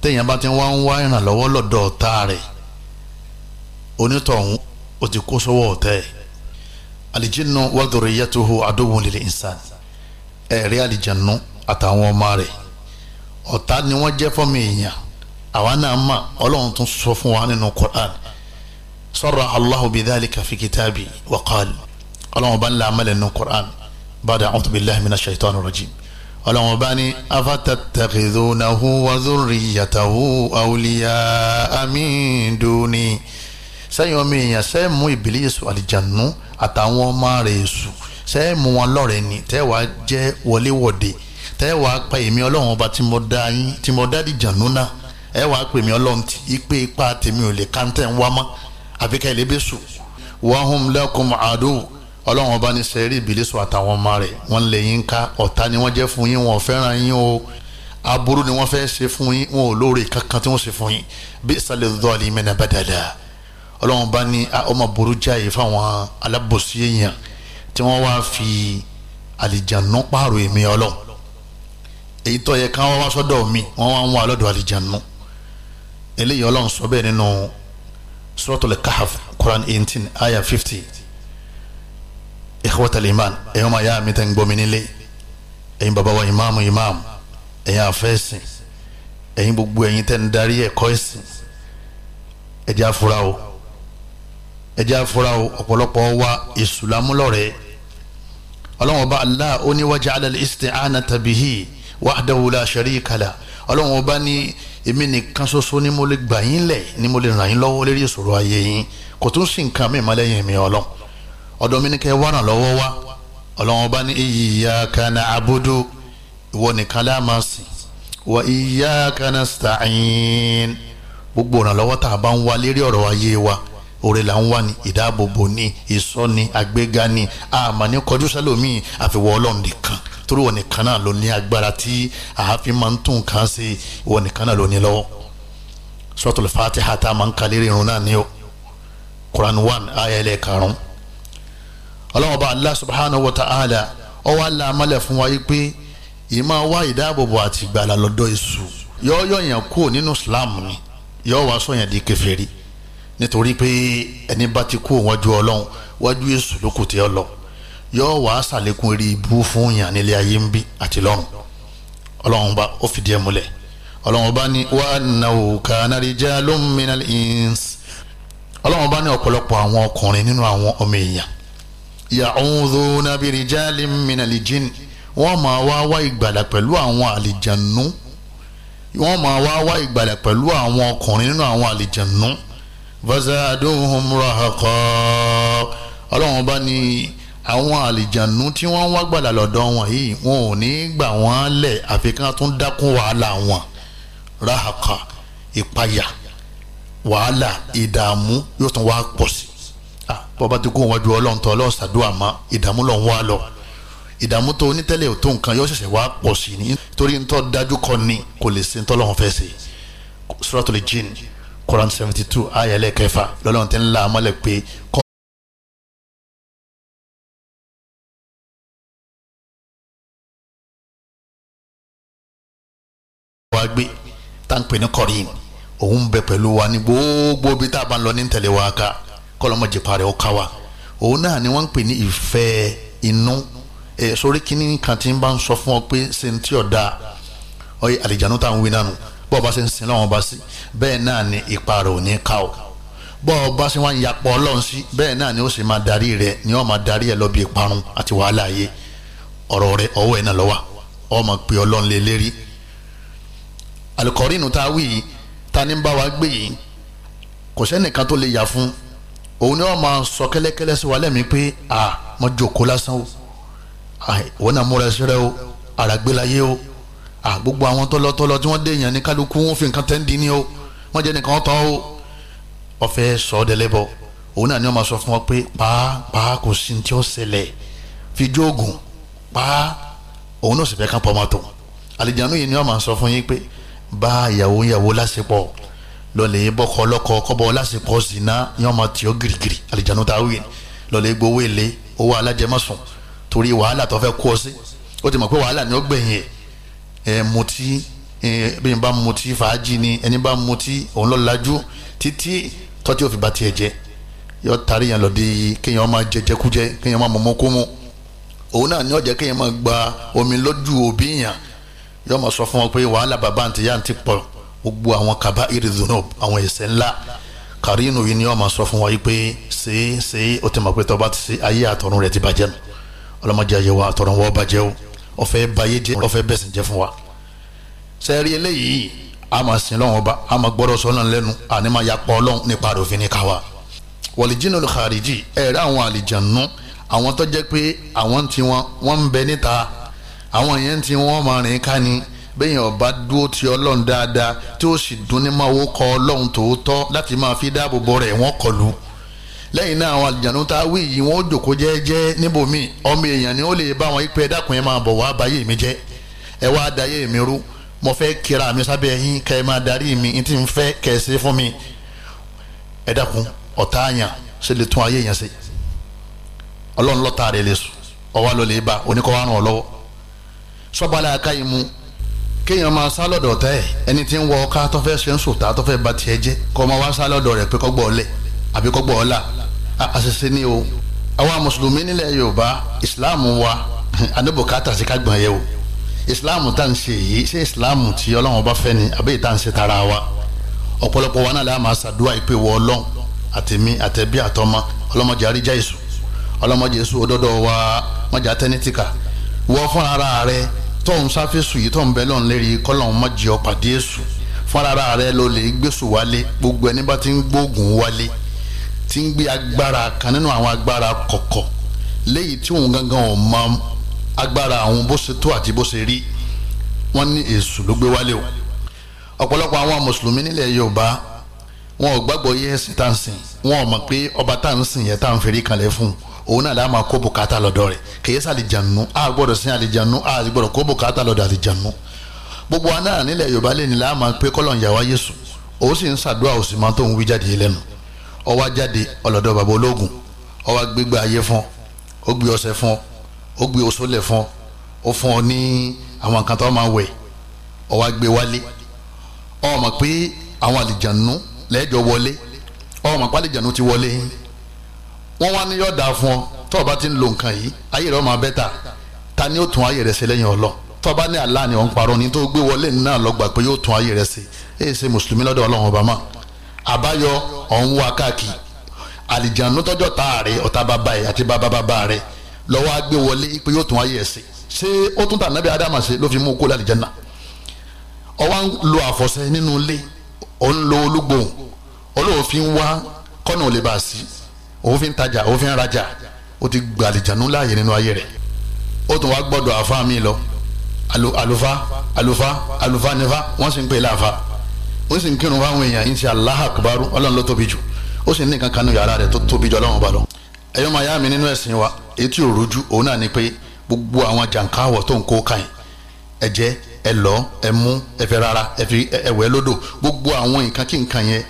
téèyàn bá ti wá ń wá ìrànlọ́wọ́ lọ́dọ̀ ọ̀tá rẹ̀ onítọ̀hún ó ti kó sọ́wọ́ ọ̀tá ẹ̀ alijinnu wa dhurriyyatuhu aduwwun lil ẹ̀rí àlìjànú àtàwọn ọmọ rẹ̀ ọ̀tá ni wọ́n jẹ́ fọ́mọ èèyàn àwa náà mà ọlọ́run tún sọ fún wa nínú Qur'an sọ̀rọ̀ Allahu bidhalika fi kitabi wa qal ọlọ́run bá ń la amálẹ̀ nínú Qur'an bàdà a'udhu billahi minash shaitani rajim ọlọ́run bá ní afatatakhidunahu wa dhurriyyatahu awliya'a min duni sẹ́yìn ọmọ èèyàn sẹ́yìn mú Ìbílísù àlìjànú àtàwọn ọmọ rẹ̀ èṣù sẹ́yìn mú wọn lọ́rẹ̀ẹ́ ni tẹ́wàá jẹ́ wọléwọ̀de tẹ́ wàá pa èmi ọlọ́run ọba tí mo dá yín tí mo dá dìjànú náà ẹ wàá pè mí ọlọ́run tí ipe ipa tèmi ò lè káńtẹ̀ ń wá mọ́ àfi ká ilé bẹ́ sùn wahum lakum adu ọlọ́run ọba ní sẹ́rí ìbílísù àtàwọn ọmọ rẹ̀ wọ́n lè yín ká ọ̀tá ni wọ́n jẹ́ fún yín wọn ò fẹ́ràn yín o aburú ni wọ́n fẹ́ ṣe fún yín wọn ò lóore kankan tí wọ́n ṣe fún yín bí ìsàlẹ̀ dọ́ọ̀lì mẹ́nà bá dáadáa ọlọ́run bá ní ọmọ burú jáyé fáwọn alábòsí èèyàn tí wọ́n wá fi àlìjànú pààrọ̀ èmi ọlọ́run èyí tó yẹ káwọn wá sọ́dọ̀ mi wọ́n wá ń wá lọ́dọ̀ àlìjánu eléyìí ọlọ́run sọ bẹ́ẹ̀ nínú suratul kahf quran eighteen ayah fifty ikhwatal iman ẹ̀yọ́ máa yá mi tẹ́ ń gbọ́ mi nílé ẹ̀yin bàbá wa ìmáàmù ìmáàmù ẹ̀yin àfẹ́sìn ẹ̀yin gbogbo ẹ̀yin tẹ́ ń darí ẹ̀kọ́ ẹ̀sìn ẹ̀jẹ̀ àfúrá o ẹ̀jẹ̀ àfúrá o ọ̀pọ̀lọpọ̀ wa ìsùlámù lọ́rẹ̀ẹ́ ọba allah ó ní waja'ala al wahdahu la sharika la ọlọ́run ọba ní èmi nìkan ṣoṣo ni mo lè gbà yín lẹ̀ ni mo lè ràn yín lọ́wọ́ lérí ìṣòro ayé yín kò tún sí nǹkan mi ìmọ̀lẹ́yìn mi ọlọ́run ọ̀dọ̀ mi ní kẹ́ wá ràn lọ́wọ́ wá ọlọ́run ọba ní iyyaka na'budu ìwọ nìkan la máa sìn wa iyyaka nasta'in gbogbo ìrànlọ́wọ́ tá a bá ń wá lérí ọ̀rọ̀ ayé wa òrè là ń wá ní ìdáàbòbò ní ìsọ́ni àgbéga ní àmàní kọjú sálòmíì àfiwọ́ ọlọ́run nìkan torí wọn nìkan náà ló ní agbára tí àáfin máa ń tún kàn ṣe wọn nìkan náà ló ní lọ́wọ́ suratul fatiha tá máa ń kalẹ́ irun náà ni o quran one ayé ilẹ̀ karùn-ún bá allah subhanahu wa ta'ala ọwọ́ allah amalẹ̀ fún wa yìí pé ìmọ̀ wá ìdáàbòbò àti ìgbàlà lọ́dọ̀ èṣù yọ́ọ́yọ́ yẹn kúrò nínú islam ni yọ́ọ́ wá sọ yẹn di kèfèrí nítorí pé ẹni bá ti kú wájú ọlọ́run wájú èṣù ló kù tí ó lọ yóò wá sàlékún eré ibú fún yàn nílé ayé ń bí àti lọ́run ọlọ́run bá ó fìdí ẹ̀ múlẹ̀ ọlọ́run bá ní wà náwó kanarijá ló ń mìíràn ins ọlọ́run bá ní ọ̀pọ̀lọpọ̀ àwọn ọkùnrin nínú àwọn ọmọ èèyàn yàhùnzó nàbìrìjá lè mìíràn lìjìn wọ́n máa wá wá ìgbàlà pẹ̀lú àwọn àlìjànú wọ́n máa wá wá ìgbàlà pẹ̀lú àwọn ọkùnrin nínú àwọn àlìjànú vaza adóhùn ọlọ́run bá ní àwọn àlìjànú tí wọ́n ń wá gbàlà lọ́dọ̀ wọn yìí wọn ò ní gbà wọ́n lẹ̀ àfi kí wọ́n tún dákún wàhálà wọn ráhàkà ìpayà wàhálà ìdààmú yóò tún wá pọ̀ sí i bọ́ba ti kó wájú ọlọ́run tó ọlọ́run ṣàdúrà mọ́ ìdààmú lọ́n wá lọ ìdààmú tó onítẹ̀lẹ̀ tó nǹkan yóò ṣẹ̀ṣẹ̀ wá pọ̀ sí i nítorí ntọ́ dájú kọ ni kò lè ṣe ntọ́ lọ́hún fẹ́ ṣe Suratul Quran seventy two ayẹlẹ kẹfà lọ́lọ́run ti ń la amọ́lẹ̀ pé kó tá n pè ní kọrin òun bẹ pẹ̀lú wa ní gbogbo bí tá a bá ń lọ ní tẹ̀lé wa ká kọlọ́mọdé parí ó ká wa òun náà ni wọ́n ń pè ní ìfẹ́ inú ẹ̀ sórí kínní kan tí ń bá ń sọ fún ọ pé ṣe ń tí ọ̀ da ọyẹ àlìjánu tá à ń wí nánu bọ́ọ̀ bá ṣe ń sin lọ́wọ́n bá sí bẹ́ẹ̀ náà ni ipa rẹ̀ ò ní ká o bọ́ọ̀ bá ṣe wá ń yapọ̀ ọlọ́run sí bẹ́ẹ̀ náà ni ó sì máa darí rẹ̀ ni ó máa darí ẹ̀ lọ bí ìparun àti wàhálà ayé ọ̀rọ̀ rẹ̀ ọwọ́ ẹ̀ náà lọ́wọ́ ọ máa ọlọ́run lé lérí alikọ́rínù tá a wí yìí ta ni ń bá wa gbé yìí kò sẹ́nìkan tó lè yà fún òun ni wọ́n máa sọ kẹ́lẹ́kẹ́lẹ́ sí wa lẹ́mìí pé a mọ jòkó lásán o òun náà múra ṣẹrẹ o àràgbélayé o gbogbo àwọn tọ́lọ́tọ́lọ́ tí wọ́n dé èèyàn ní kálukú wọn fi nǹkan tẹ́ ń dín ní o wọ́n jẹ́ nìkan tán o ọ̀fẹ́ sọ ọ́ dẹ́lẹ́bọ̀ òun náà ni wọ́n máa sọ fún wọn pé pàápàá kò sí ní tí ó ṣẹlẹ̀ fi jóògùn pàá òun náà sì fẹ́ ká mọ́tò àlìjánu yìí ni wọ́n máa sọ fún yín pé bá ìyàwó ìyàwó lásìpọ̀ lọ́lẹ̀ bọ́kọ ọlọ́kọ kọ́bọ̀ lásìpọ̀ zina yọ́n máa tì ọ́ girigiri àlìjánu tá a wí lọ́lẹ̀ gbowó èlé owó alájẹmọ́sùn torí wàhálà tó fẹ́ kú ọ sí ó ti mọ̀ pé wàhálà ni ó gbẹ̀yìn ẹ̀ mutí bí n bá mutí fàájì ni ẹni bá mutí òun lọ lajú títí tọ́tí òfin bá tiẹ̀ jẹ́ yọ tari yẹn lọ di kéèyàn máa jẹjẹkújẹ kéèyàn máa mọ̀mọ́kúmu òun náà ni ó kéèyàn máa gba omi lójú òbí yàn yóò máa sọ fún wọn pé wàhálà bàbá àǹtí yá àǹtí pọ̀ gbogbo àwọn kaba irizunob àwọn ẹ̀ṣẹ̀ ńlá kàrínù yìí ni yóò máa sọ fún wọn yìí pé ṣe é ṣe é ó ti mọ̀ pé tó ti ṣe ayé àtọ̀run rẹ̀ ti bàjẹ́ nù ọlọ́mọdé ayé wa àtọ̀run wọ́n o ọ̀fẹ́ bayé jẹ́ ọ̀fẹ́ bẹ̀sìn jẹ́ fún wa sẹ́ẹ̀rí eléyìí a máa sin lọ́wọ́n ba a máa gbọ́dọ̀ sọ́nà lẹ́nu àní máa yapọ̀ ọlọ́run nípa àròfin ní káwa wọ̀lìjínà olùkàríjì ẹ̀rẹ́ àwọn àlìjànú àwọn tó jẹ́ pé àwọn tiwọn wọ́n ń bẹ níta àwọn yẹn tí wọ́n máa rìn ká ni bẹ́yìn ọba dúró ti ọlọ́run dáadáa tí ó sì dún ní máa wó kọ ọlọ́run tòótọ́ láti máa fi dáàbò bo rẹ̀ wọ́n kọlu lẹ́yìn náà àwọn àlìjànú tá a wí yìí wọ́n ó jòkó jẹ́ẹ́jẹ́ níbòmí ọmọ èèyàn ni ó lè bá wọn ipe ẹ̀dá kun ẹ̀ máa bọ̀ wá báyé mi jẹ́ ẹ wá dayé mi rú mo fẹ́ kíra mi sábẹ́ yín kẹ́ ẹ máa darí mi n tí n fẹ́ kẹ́ ẹ ṣe fún mi ẹ dákun ọ̀tá àyàn ṣe lè tún ayé yẹn ṣe ọlọ́run lọ́ta rẹ̀ lè sùn ọwọ́ ló lè bá oníkọ́wárùn ọlọ́wọ́ sọ́balẹ̀ aka yìí mu kéèyàn máa sá lọ́dọ̀ ọ̀tá ẹ̀ ẹni tí ń wọ ọ̀ká tó fẹ́ ṣe ń sòtá tó fẹ́ ba tiẹ̀ jẹ́ kọ́ máa wá sá lọ́dọ̀ rẹ̀ pé kọ́gbọ́ ọ̀lẹ̀ àbí kọ́gbọ́ ọ̀la àṣìṣe ni o àwa mùsùlùmí nílẹ̀ yorùbá ìsìláàmù wa anábòkátà sí ká gbọ̀n yẹ o ìsìláàmù tá à ń ṣe yìí ṣé ìsìláàmù tí ọlọ́run bá fẹ́ ni àbí ìta ń ṣe tara wa ọ̀pọ̀lọpọ̀ wa náà lè máa ṣàdúrà ìpè wọ ọlọ́run àtẹ̀mí àtẹ̀bí àtọmọ ọlọ́mọdé àríjà èso ọlọ́mọdé èso òdodo wa mọ̀jà tẹ́nítìkà wọ́ fún ara rẹ̀ tọ́hún sáfẹ́sù yìí tọ́hún bẹ́ẹ̀ lọ́n lérí kọ́lọ́hún má jẹ́ ọ pàdé èṣù fúnra rẹ ló lè gbèsò wálé gbogbo ẹni bá ti ń gbóògùn wálé ti ń gbé agbára kan nínú àwọn agbára kọ̀kọ̀ léyìí tí òun gangan ò mọ agbára àwọn bó ṣe tó àti bó ṣe rí wọ́n ní èṣù ló gbé wálé o ọ̀pọ̀lọpọ̀ àwọn mùsùlùmí nílẹ̀ yorùbá wọn ò gbàgbọ́ yẹ́sìn tá à ń sìn wọn ò mọ̀ pé ọba tá à ń sìn yẹn tá à ń fèrè kalẹ̀ fún un òun náà láàmà kó bùkátà lọ́dọ̀ rẹ̀ kìí sá àlìjànú a gbọ́dọ̀ sí àlìjànú a gbọ́dọ̀ kó bùkátà lọ́dọ̀ àlìjànú gbogbo wa náà nílẹ̀ yorùbá lè ní láàmà pé kọ́lọ̀n yà wá yéṣu òun sì ń ṣàdúrà òsì máa tó ń wí jáde yìí lẹ́nu ó wá jáde ọlọ́dọ̀ bàbá ológun ó wá gbégbá ayé fún ó gbé ọṣẹ fún ó gbé oṣólẹ̀ fún ó fún ọ ní àwọn nǹkan tó máa wẹ̀ ó gbé wálé ó mọ̀ pé àwọn àlìjànú lẹ́jọ́ wọlé ó mọ̀ pé àlìjànú ti wọlé yín wọ́n wá ní yọ̀ dà fún ọ tó o bá ti ń lo nǹkan yìí ayé rẹ̀ ó máa bẹ́tà ta ni ó tún ayé rẹ̀ ṣe lẹ́yìn ọlọ́ tó ní Allah ni ò ń parọ́ ni tó gbé wọlé náà lọ́gbà pé yóò tún ayé rẹ̀ ṣe èyí ṣe mùsùlùmí lọ́dọ̀ ọlọ́run ọba mọ́ àbáyọ ọ̀hún wa káàkiri àlìjánu tọ́jọ́ tá a rè ọ̀tá bàbá rẹ̀ àti bàbá bàbá rẹ̀ lọ́wọ́ á gbé wọlé pé yóò tún ayé rẹ̀ ṣe ṣé ó tún tà nábì ádámà ṣe ló fi mú kó lálìjánà ọwọ́ ń lo àfọ̀ṣẹ nínú ilé òun lo olúgbòhùn olóòfin wá kọ́nà ò lè bá a sí òun fi ń tajà òun fi ń rajà ó ti gba àlìjànú láàyè nínú ayé rẹ̀ ó tún wá gbọ́dọ̀ àfa mi lọ àlùfá àlùfá àlùfá nífa wọ́n sì ń pè láàfa ó sì ń kírun fáwọn èèyàn ń ṣe Allahu Akbar ọlọ́run ló tóbi jù ó sì ní kankan nu yàrá rẹ̀ tó tóbi jù ọlọ́run ọba lọ. ẹ̀yọ́ máa yá mi nínú ẹ̀sìn wa etí òrujú òun náà ni pé gbogbo àwọn jàǹkáwọ̀ tó ń kó káyìn ẹ̀jẹ̀ ẹ̀lọ́ ẹ̀mú ẹ̀fẹ̀ rárá ẹ̀fẹ̀ ẹ̀wẹ̀ lódò gbogbo àwọn nǹkan kí nǹkan yẹn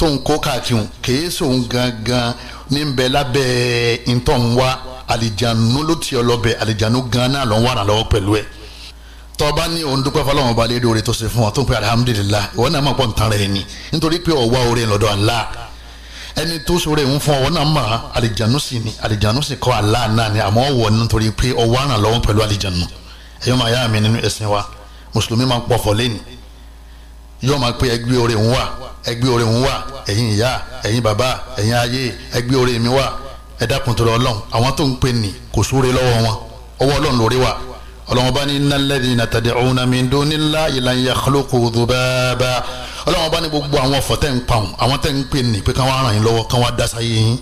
tó ń kó káàkiri kèé sòun gangan ní bẹ lábẹ́ ntọ́n wa àlìjánu ló ti ọ lọ́bẹ̀ àlìjánu gan náà ló ń wà lọ́wọ́ pẹ̀lú ẹ̀ tọ́ba ní òun dúpẹ́ fọlọ́wọn ba lédo rẹ̀ tó ṣe fún wa tó ń pẹ́ alihamudulilayi ìwọ náà máa pọ̀ ń tan rẹ̀ ni nítorí pé ọ̀wá orin lọ́dọ̀ àlá ẹni tó sọ̀rọ̀ ń fún ọ náà mà àlìjánu sì ni àlìjánu sì kọ́ àlá náà ni àmọ́ wọ̀ nítorí pé ọwọ́ àràn lọ́wọ́ pẹ̀lú àlìjánu ẹ̀yọ́ màá yá mi nínú ẹ̀sìn wa mùsùlùmí máa ń pọ̀ fọ́ lẹ́nu yóò máa pe ẹgbẹ́ oore ń wà ẹgbẹ́ oore ń wà ẹ̀yin ìyá ẹ̀yin bàbá ẹ̀yin ayé ẹgbẹ́ oore mi wà ẹ dákun tó lọ ọlọ́run àwọn tó ń pè ní kò sóore lọ́wọ́ wọn ọwọ́ ọlọ́run lórí wà ọlọ́run bá ní innalladhina tad'una min dunillahi lan yakhluqu dhubaba ọlọ́run bá ní gbogbo àwọn ọ̀fọ̀ tẹ́ ń pa wọn àwọn tẹ́ ń pè ní pé káwọn aràn yín lọ́wọ́ káwọn adásá yín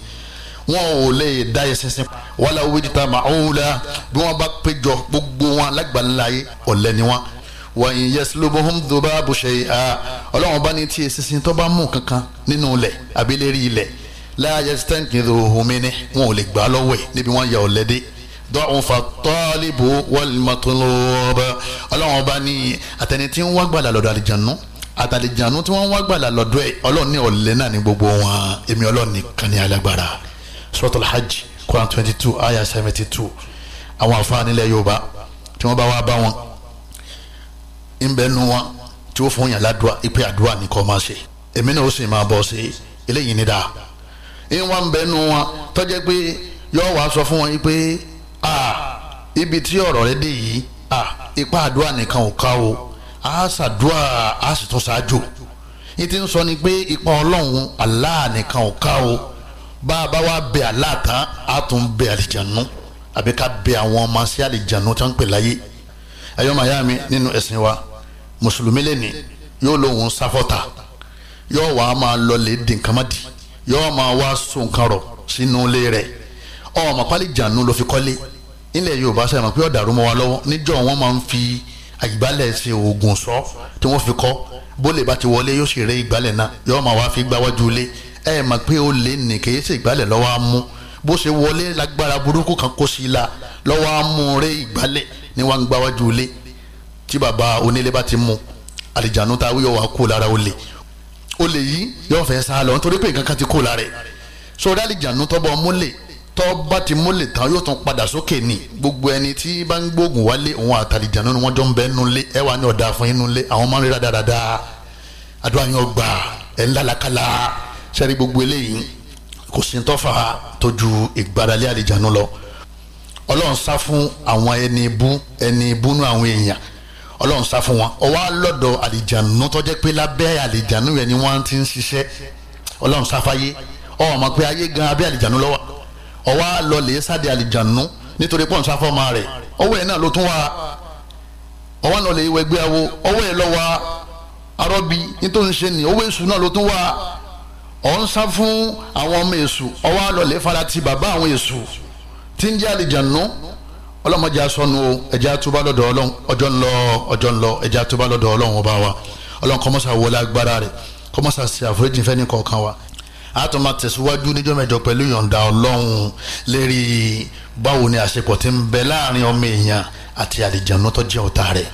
wọn ò lè dá ẹsẹ̀ sìn wala wíjìtá màáwùlá bí wọ́n bá péjọ gbogbo wọn alágbàlá yé ọ̀lẹ wọn wà ń yẹ silobohun dùbà bùṣe à ọlọ́run bá ní tí eṣinṣin tó bá mú kankan nínú ilẹ̀ abilérí ilẹ̀ láàyè sítẹ́ǹkì ìdòwò mi ni wọn ò lè gbà lọ́wọ́ ẹ̀ níbi wọ́n yà ọ́ lẹ́dẹ́ dọ́ọ̀fà tọ́ọ̀lìbù wọ́lìmọ̀tòlọ́ọ̀bẹ ọlọ́run bá ní àtẹni tí ń wá gbàdà lọ́dọ̀ àlìjànú àtàlìjànú tí wọ́n wá gbàdà lọ́dọ̀ ẹ̀ ọlọ́run ní ọ̀lẹ́ ńbẹ nu wa tí ó fún yàn dua ipe àdúrà ní kọ́ máa ṣe èmi náà ó sì máa bọ̀ ṣe eléyìí ní dáa ń wá ńbẹ nu wa tọ́jẹ́ pé yọ wá sọ fún wọn pé a ibi tí ọ̀rọ̀ rẹ dé yìí a ipa àdúrà nìkan ò ká o a ṣàdúrà a sì tún ṣáájú yìí ti ń sọ ni pé ipa ọlọ́run Allah nìkan ò ká o bá a bá wá bẹ Allah tán a tún bẹ àlìjànú àbí ká bẹ àwọn ọmọ sí àlìjànú tí wọ́n ń pè láyé ẹ̀yọ́ màá yá mi nínú ẹ̀sìn wa mùsùlùmí lẹ́ni yóò lóun sáfọ́tà yóò wá máa lọlé dìǹkàmádì yóò máa wá so nǹkan rọ̀ sínú ilé rẹ̀ ọmọ pálí jànú ló fi kọ́lé ilẹ̀ yorùbá sẹ́yìn mọ̀ pé ọ̀dàrú mọ́ wa lọ́wọ́ níjọ́ wọn máa ń fi àgbálẹ̀ ṣe oògùn sọ tí wọ́n fi kọ́ bólè bá ti wọlé yóò sì ré ìgbálẹ̀ náà yóò máa wá fi gbáwájú ilé ẹ mọ̀ pé ó lè nì kì í ṣe ìgbálẹ̀ lọ́wọ́ á mú bó ṣe wọlé lágbára burúkú kan kó sí i la lọ́wọ́ á mú ré ìgbálẹ̀ ní wọ́n ń gbáwájú ilé tí bàbá onílé bá ti mú àlìjánu tá a wíyọ̀ wá kó lára olè olè yìí yóò fẹ́ sá lọ nítorí pé nǹkan kan ti kó lára ẹ̀ sórí àlìjánu tọ́bọ̀ múlẹ̀ tọ́ba ti múlẹ̀ tán yóò tún padà sókè ní gbogbo ẹni tí bá ń gbóògùn wálé òun àtàlìjánu ni wọ́n jọ ń bẹ nínú ilé ẹwà ní ọ̀dà fún inú ilé àwọn máa ń ríra dáradára àdúrà yín ọgbà ẹ̀ ń lálàkàlà sẹ́rí gbogbo eléyìí kò sí tọ́fà tójú ìgbáralé àlìjánu lọ ọlọ́run sá fún àwọn ẹni ibú ẹni ibú nú àwọn èèyàn ọlọ́run sá fún wọn ọwọ́ alọ́dọ̀ àlìjànú tó jẹ́ pé lábẹ́ àlìjànú rẹ̀ ni wọ́n ti ń ṣiṣẹ́ ọlọ́run sá fáyé ọwọ́ ọmọ pé ayé gan abẹ́ àlìjànú lọ́wọ́ ọwọ́ alọ́lẹ̀ sáde àlìjànú nítorí pọ́ùn sá fọ́ ọmọ rẹ̀ ọwọ́ ẹ̀ náà ló tún wá ọwọ́ alọ́lẹ̀ ìwẹ̀ gbé awo ọwọ́ ẹ̀ lọ́wọ́ arọ́bí nítorí ṣe ni owó èṣù náà ló tún wá ọ̀ ń sá fún àwọn ọmọ èṣù ọwọ́ alọ́lẹ̀ farati bàbá àwọn èṣù tí ń jẹ́ àlìjànú ọlọ́mọdé asọ́nu ẹ̀já túbá lọ́dọ̀ ọlọ́run ọjọ́ ńlọ ọjọ́ ńlọ ẹ̀já túbá lọ́dọ̀ ọlọ́run ọba wa ọlọ́run kọ́mọ́sà wọlé agbára rẹ̀ kọ́mọ́sà sí àforíjì fẹ́ni kọ̀ọ̀kan wa àtọ́mà tẹ̀síwájú níjọ́ mẹ́jọ pẹ̀lú ìyọ̀ǹda ọlọ́run lérí báwo ni àṣepọ̀ ti ń bẹ láàrin ọmọ èèyàn àti àlìjànú tó jẹ́ ọ̀tá rẹ̀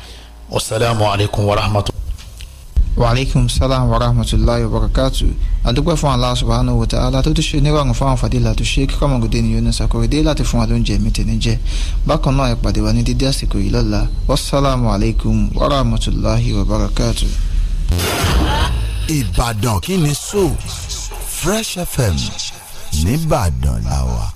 wasalaamualeykum wa rahmatulah waaleykum salaam wa rahmatulahi wa barakatu adúpẹ́ fún Allah subhanahu wa ta'ala tó ti ṣe nírọ̀rùn fún àǹfààní láti ṣe kíkọ́ ọmọgòdè ní Yunus Akorede láti fún wa lóúnjẹ mi tẹ̀lé jẹ́ bákan náà ìpàdé wa ní dídí àsìkò yìí lọ́la wasalaamu aleykum wa rahmatulahi wa barakatu. Ìbàdàn kí ni so Fresh FM nìbàdàn làwà.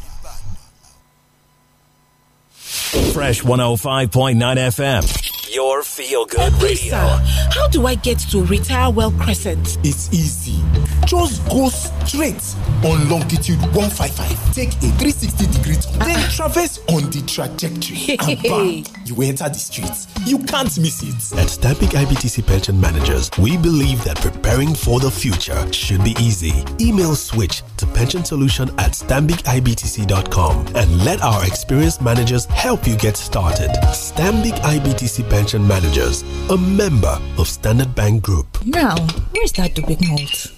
Fresh one oh five point nine FM your feel good hey, radio. Sir, how do I get to Retire Well Crescent? It's easy. Just go straight on longitude 155. Take a 360 degree turn, uh-uh. then traverse on the trajectory. and bam, you enter the streets. You can't miss it. At Stabic IBTC Pension Managers, we believe that preparing for the future should be easy. Email switch to pension solution at stambicibtc.com and let our experienced managers help you get started. Stambic IBTC Pension Pension Managers, a member of Standard Bank Group. Now, where's that dubit note?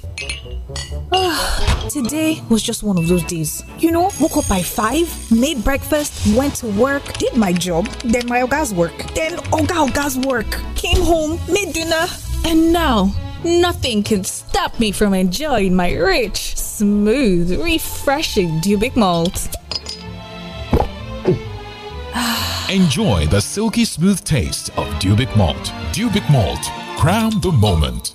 Ah, today was just one of those days. You know, woke up by 5, made breakfast, went to work, did my job, then my oga's work, then oga oga's work, came home, made dinner, and now nothing can stop me from enjoying my rich, smooth, refreshing Dubik malt. Enjoy the silky smooth taste of Dubic Malt. Dubic Malt. Crown the moment.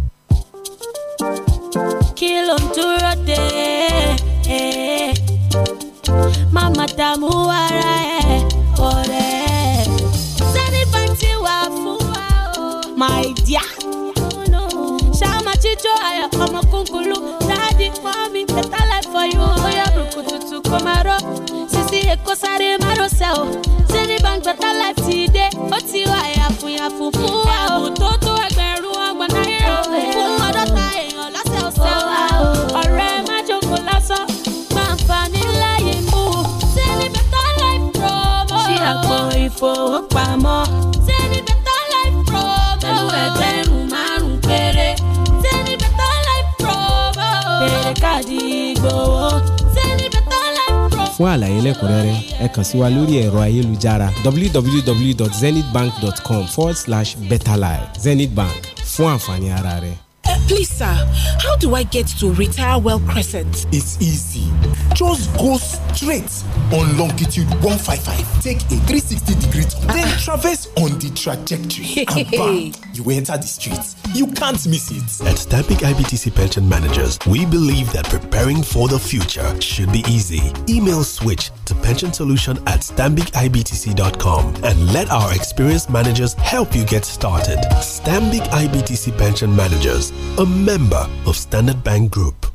Kill ló to dúró dé eh. mama dààmú ara ẹ eh, ọ̀rẹ́ sani bá ti wà fún wa o. Oh. my dear. Oh, chicho jíjó ayọ̀ kunkulu. kúnkúlú dáàdi mọ́mí better life for you. Oh ya tutù kó komaro. sisi èkó sáré máa rọ sẹ́ o. better life today. Oti ó ti wà yàfùyàfù fu wa oh. àbùtó ìfowópamọ́. Zenith Better Life Promo. pẹ̀lú ẹgbẹ̀rún márùn-ún péré. Zenith Better Life Promo. bèrè káàdì ìgbowó. Zenith Better Life Promo. fún àlàyé lẹ́kùnrẹ́rẹ́ ẹ kàn sí wa lórí ẹ̀rọ ayélujára www.zenithbank.com forward slash betterlife Zenith Bank fún àǹfààní ara rẹ. Uh, please, sir, how do I get to Retire Well Crescent? It's easy. Just go straight on longitude 155. Take a 360 degree turn, uh -uh. then uh-uh. traverse on the trajectory. and bam, you enter the streets. You can't miss it. At Stabic IBTC Pension Managers, we believe that preparing for the future should be easy. Email switch to pensionsolution at stambicibtc.com and let our experienced managers help you get started. Stambic IBTC Pension Managers a member of Standard Bank Group.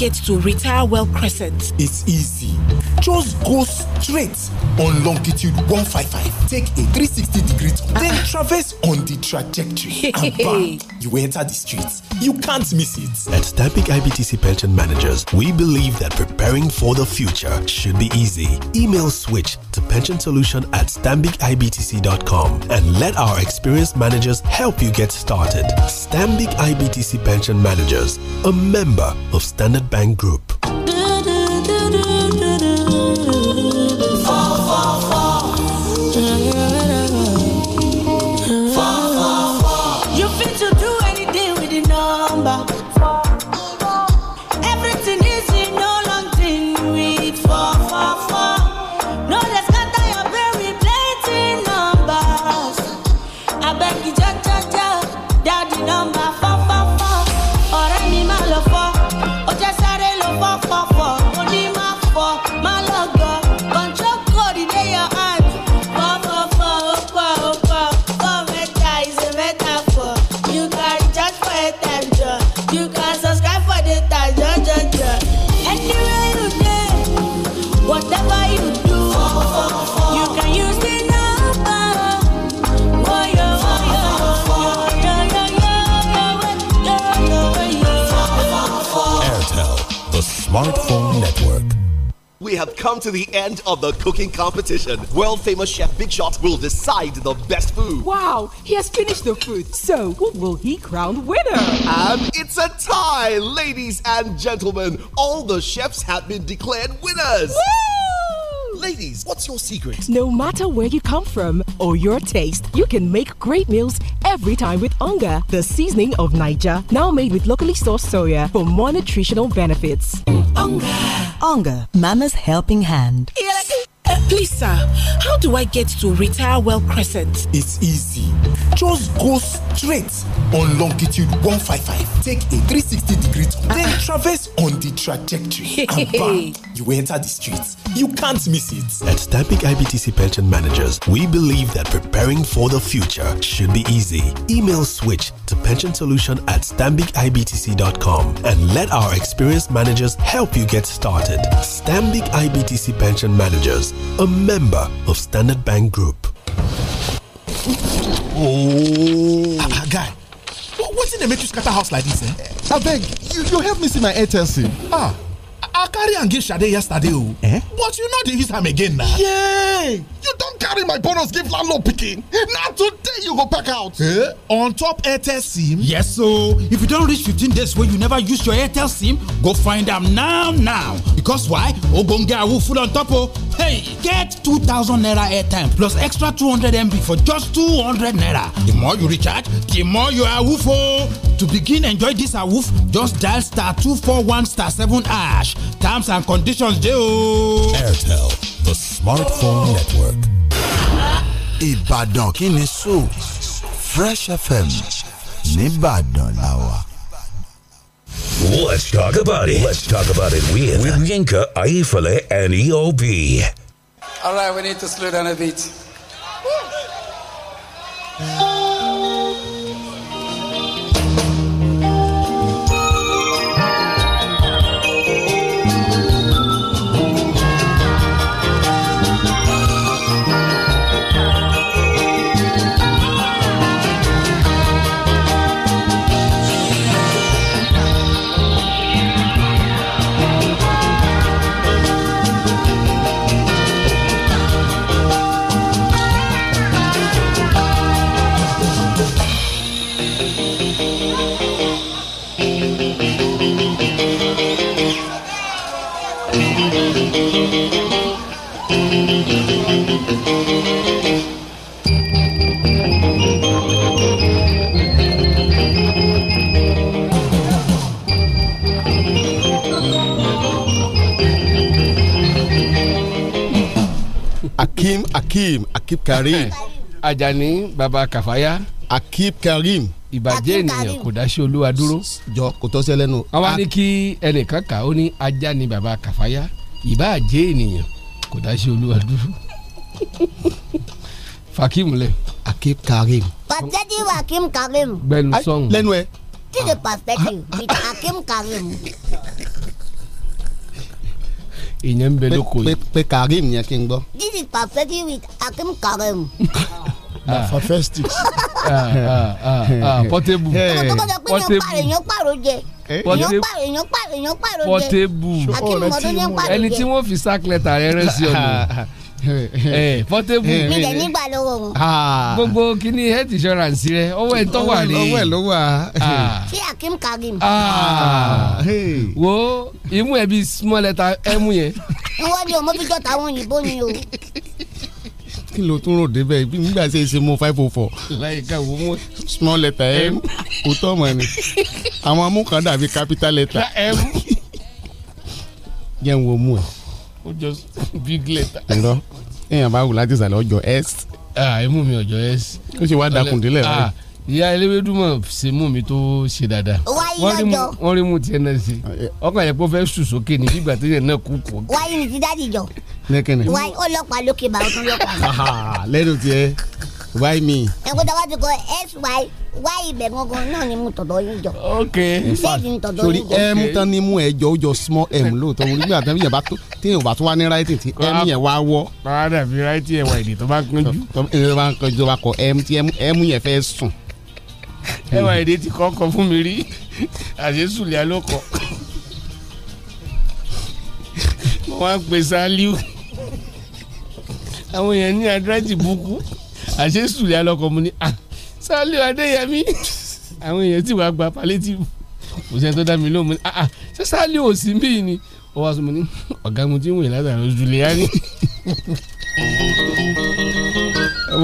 get to Retire Well Crescent? It's easy. Just go straight on longitude 155. Take a 360 degree turn, uh-uh. then traverse on the trajectory. and bam, you enter the streets. You can't miss it. At Stabic IBTC Pension Managers, we believe that preparing for the future should be easy. Email switch to pension solution at stambicibtc.com and let our experienced managers help you get started. Stambic IBTC Pension Managers, a member of Standard Bank Group. come to the end of the cooking competition. World famous chef Big Shot will decide the best food. Wow, he has finished the food. So, who will he crown winner? And it's a tie, ladies and gentlemen. All the chefs have been declared winners. Woo! Ladies, what's your secret? No matter where you come from or your taste, you can make great meals every time with Onga, the seasoning of Niger, now made with locally sourced soya for more nutritional benefits. Onga. Onga, Mama's Helping Hand. Please, sir, how do I get to Retire Well Crescent? It's easy. Just go straight on longitude 155. Take a 360 degree turn, uh -uh. then ah. traverse on the trajectory. and bam, you enter the streets. You can't miss it. At Stabic IBTC Pension Managers, we believe that preparing for the future should be easy. Email switch to pension solution at stambicibtc.com and let our experienced managers help you get started. Stambic IBTC Pension Managers a member of Standard Bank Group. Oh. Ah, ah guy, wetin dey make you scatter house like this? eh? beg you you help me see my airtel sim. Ah, I carry and give Sade yesterday o. Oh. Eh? But you no dey use him again now. Yeah. You don't carry my bonus give landlord pikin na today you go pack out eh on top airtel sim yes so if you don reach fifteen days wey you never use your airtel sim go find am now now because why ogbonge awoof full on top o oh. hey get two thousand naira airtime plus extra two hundred mb for just two hundred naira the more you recharge the more you are awoof o to begin enjoy dis awoof just dial star two four one star seven ash terms and conditions dey o airtel the smartphone network Ìbàdàn kí ni so Fresh FM nìbàdàn la wà. Let's talk about it. Let's talk about it with, with Yinka Ayifale and EOB. All right, we need to slow down a bit. akim akim akib karim. ajani baba Kafaya, akib karim. ìbàjẹ́ ènìyàn kò dá sí olúwa dúró. jọ kò tọ́ sí ẹlẹ́nu. àwa ní kí ẹnìkan kà ó ní ajá ni baba Kafaya, ìbàjẹ́ ènìyàn kò dá sí olúwa dúró. fakim lẹ. akib karim. perspective akim karim. gbẹnu sọhùn. lẹnu ẹ. to the ah. perspective with akim karim. ìyẹn ń bẹ lóko yìí. pé karim yẹn kí n gbọ́. this is perfect with akim karim. na for first six. portable. portable portable portable ẹni tí wọ́n fi sack letter rẹ rẹ sí ọ̀nà. Eh, eh, portable. Eh, mi dẹ̀ nígbà lọ́wọ́ wọn. Ah. gbogbo kini health insurance rẹ ọwọ́ ẹ̀ tọ́wà ni. ọwọ́ ẹ̀ ló wà. Ah. ṣé akim karim. Ah. wo imú ẹ bí small letter ẹmu yẹn. wọ́n ni o mo fi jọ táwọn òyìnbó ni o kí ló tún rò débẹ̀ nígbà tí èsì mú five oh four. láyìíká wo mú small letter m kò tọ́ ọmọ ni àwọn amúkan dàbí capital letter m. jẹ́ ń wo mú ẹ̀ ó jọ big letter. ǹdọ́ èèyàn bá wù láti ìsàlẹ̀ ọjọ́ s. ẹ̀mú mi ọjọ́ s. ó ṣe wá dakùndínlẹ̀ rẹ. ìyá eléwédúmọ̀ ṣe mú mi tó ṣe dáadáa. wọ́n rí mu tiẹ̀ náà ṣe. ọkàn yẹn kó fẹ́ sùn sókè ní bígbà tó yẹn náà kú kú. wáyé ni ti dáàdì jọ. lẹ́kẹ̀nẹ̀. wáyé ó lọ́pàá lókè bá ó tún lẹ́nu tiẹ̀ why me. ẹ̀kọ́ tí a ti kọ xy y ibẹ̀ gangan náà ni mu tọ̀dọ̀ yín jọ. ok sori m tán ni mu ẹ jọ ó jọ small m lóòótọ́ mo nígbà tí yẹn bá tó tí yẹn bá tó wá ní writing tí m yẹn wá wọ́. bàbá dàbí writing ẹ̀wà èdè tó bá kanjú. tó bá kanjú tó kọ m tí m yẹn fẹ́ sùn. ẹ̀wà èdè ti kọ́ kọ fún mi rí àṣesùlẹ̀ ló kọ. mo wá ń pè àwọn èèyàn ní àdírẹ́sì búkú àṣé sùlẹ̀ alọ́kọ̀ mu ni ah, Sàlíù Adéyẹmí àwọn èèyàn tí wàá gba palliative kò tó dá mi lóhùn mu ni ah, ah, ṣé Sàlíù ò sí ni ó wá sọ mu ni ọ̀gá mu ti ń wè látàrí Juliani.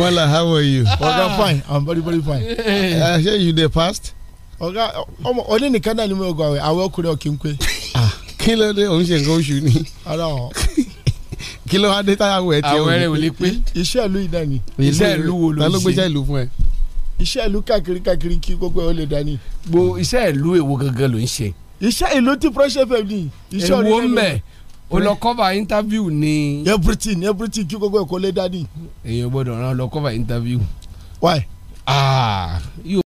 Wala, how are you? Oga fine, I'm very very fine. Eh. I hear you dey fast. Oga ọmọ ọdún nìkan náà ni mo gbà wẹ̀, àwọn ọkùnrin ọ̀kì ń pè. Kí ló dé òun ṣe nǹkan oṣù ni? Ọlọ́run kí ló wá dé táyàwó ẹ tiẹ̀ òní àwọn ẹrẹ pé iṣẹ́ ìlú ìdání iṣẹ́ ìlú wo ló ń ṣe ta ló gbéṣẹ́ ìlú fún ẹ. iṣẹ́ ìlú káàkiri káàkiri kí gbogbo ẹ ó lè dání. gbo iṣẹ́ ìlú èwo gangan ló ń ṣe. iṣẹ́ ìlú ti Fresh FM ni. iṣẹ́ ìlú èwo mẹ́ o lọ interview ni. everything everything kí gbogbo ẹ kó lè dání. èèyàn gbọ́dọ̀ ràn lọ interview. why. ah yóò.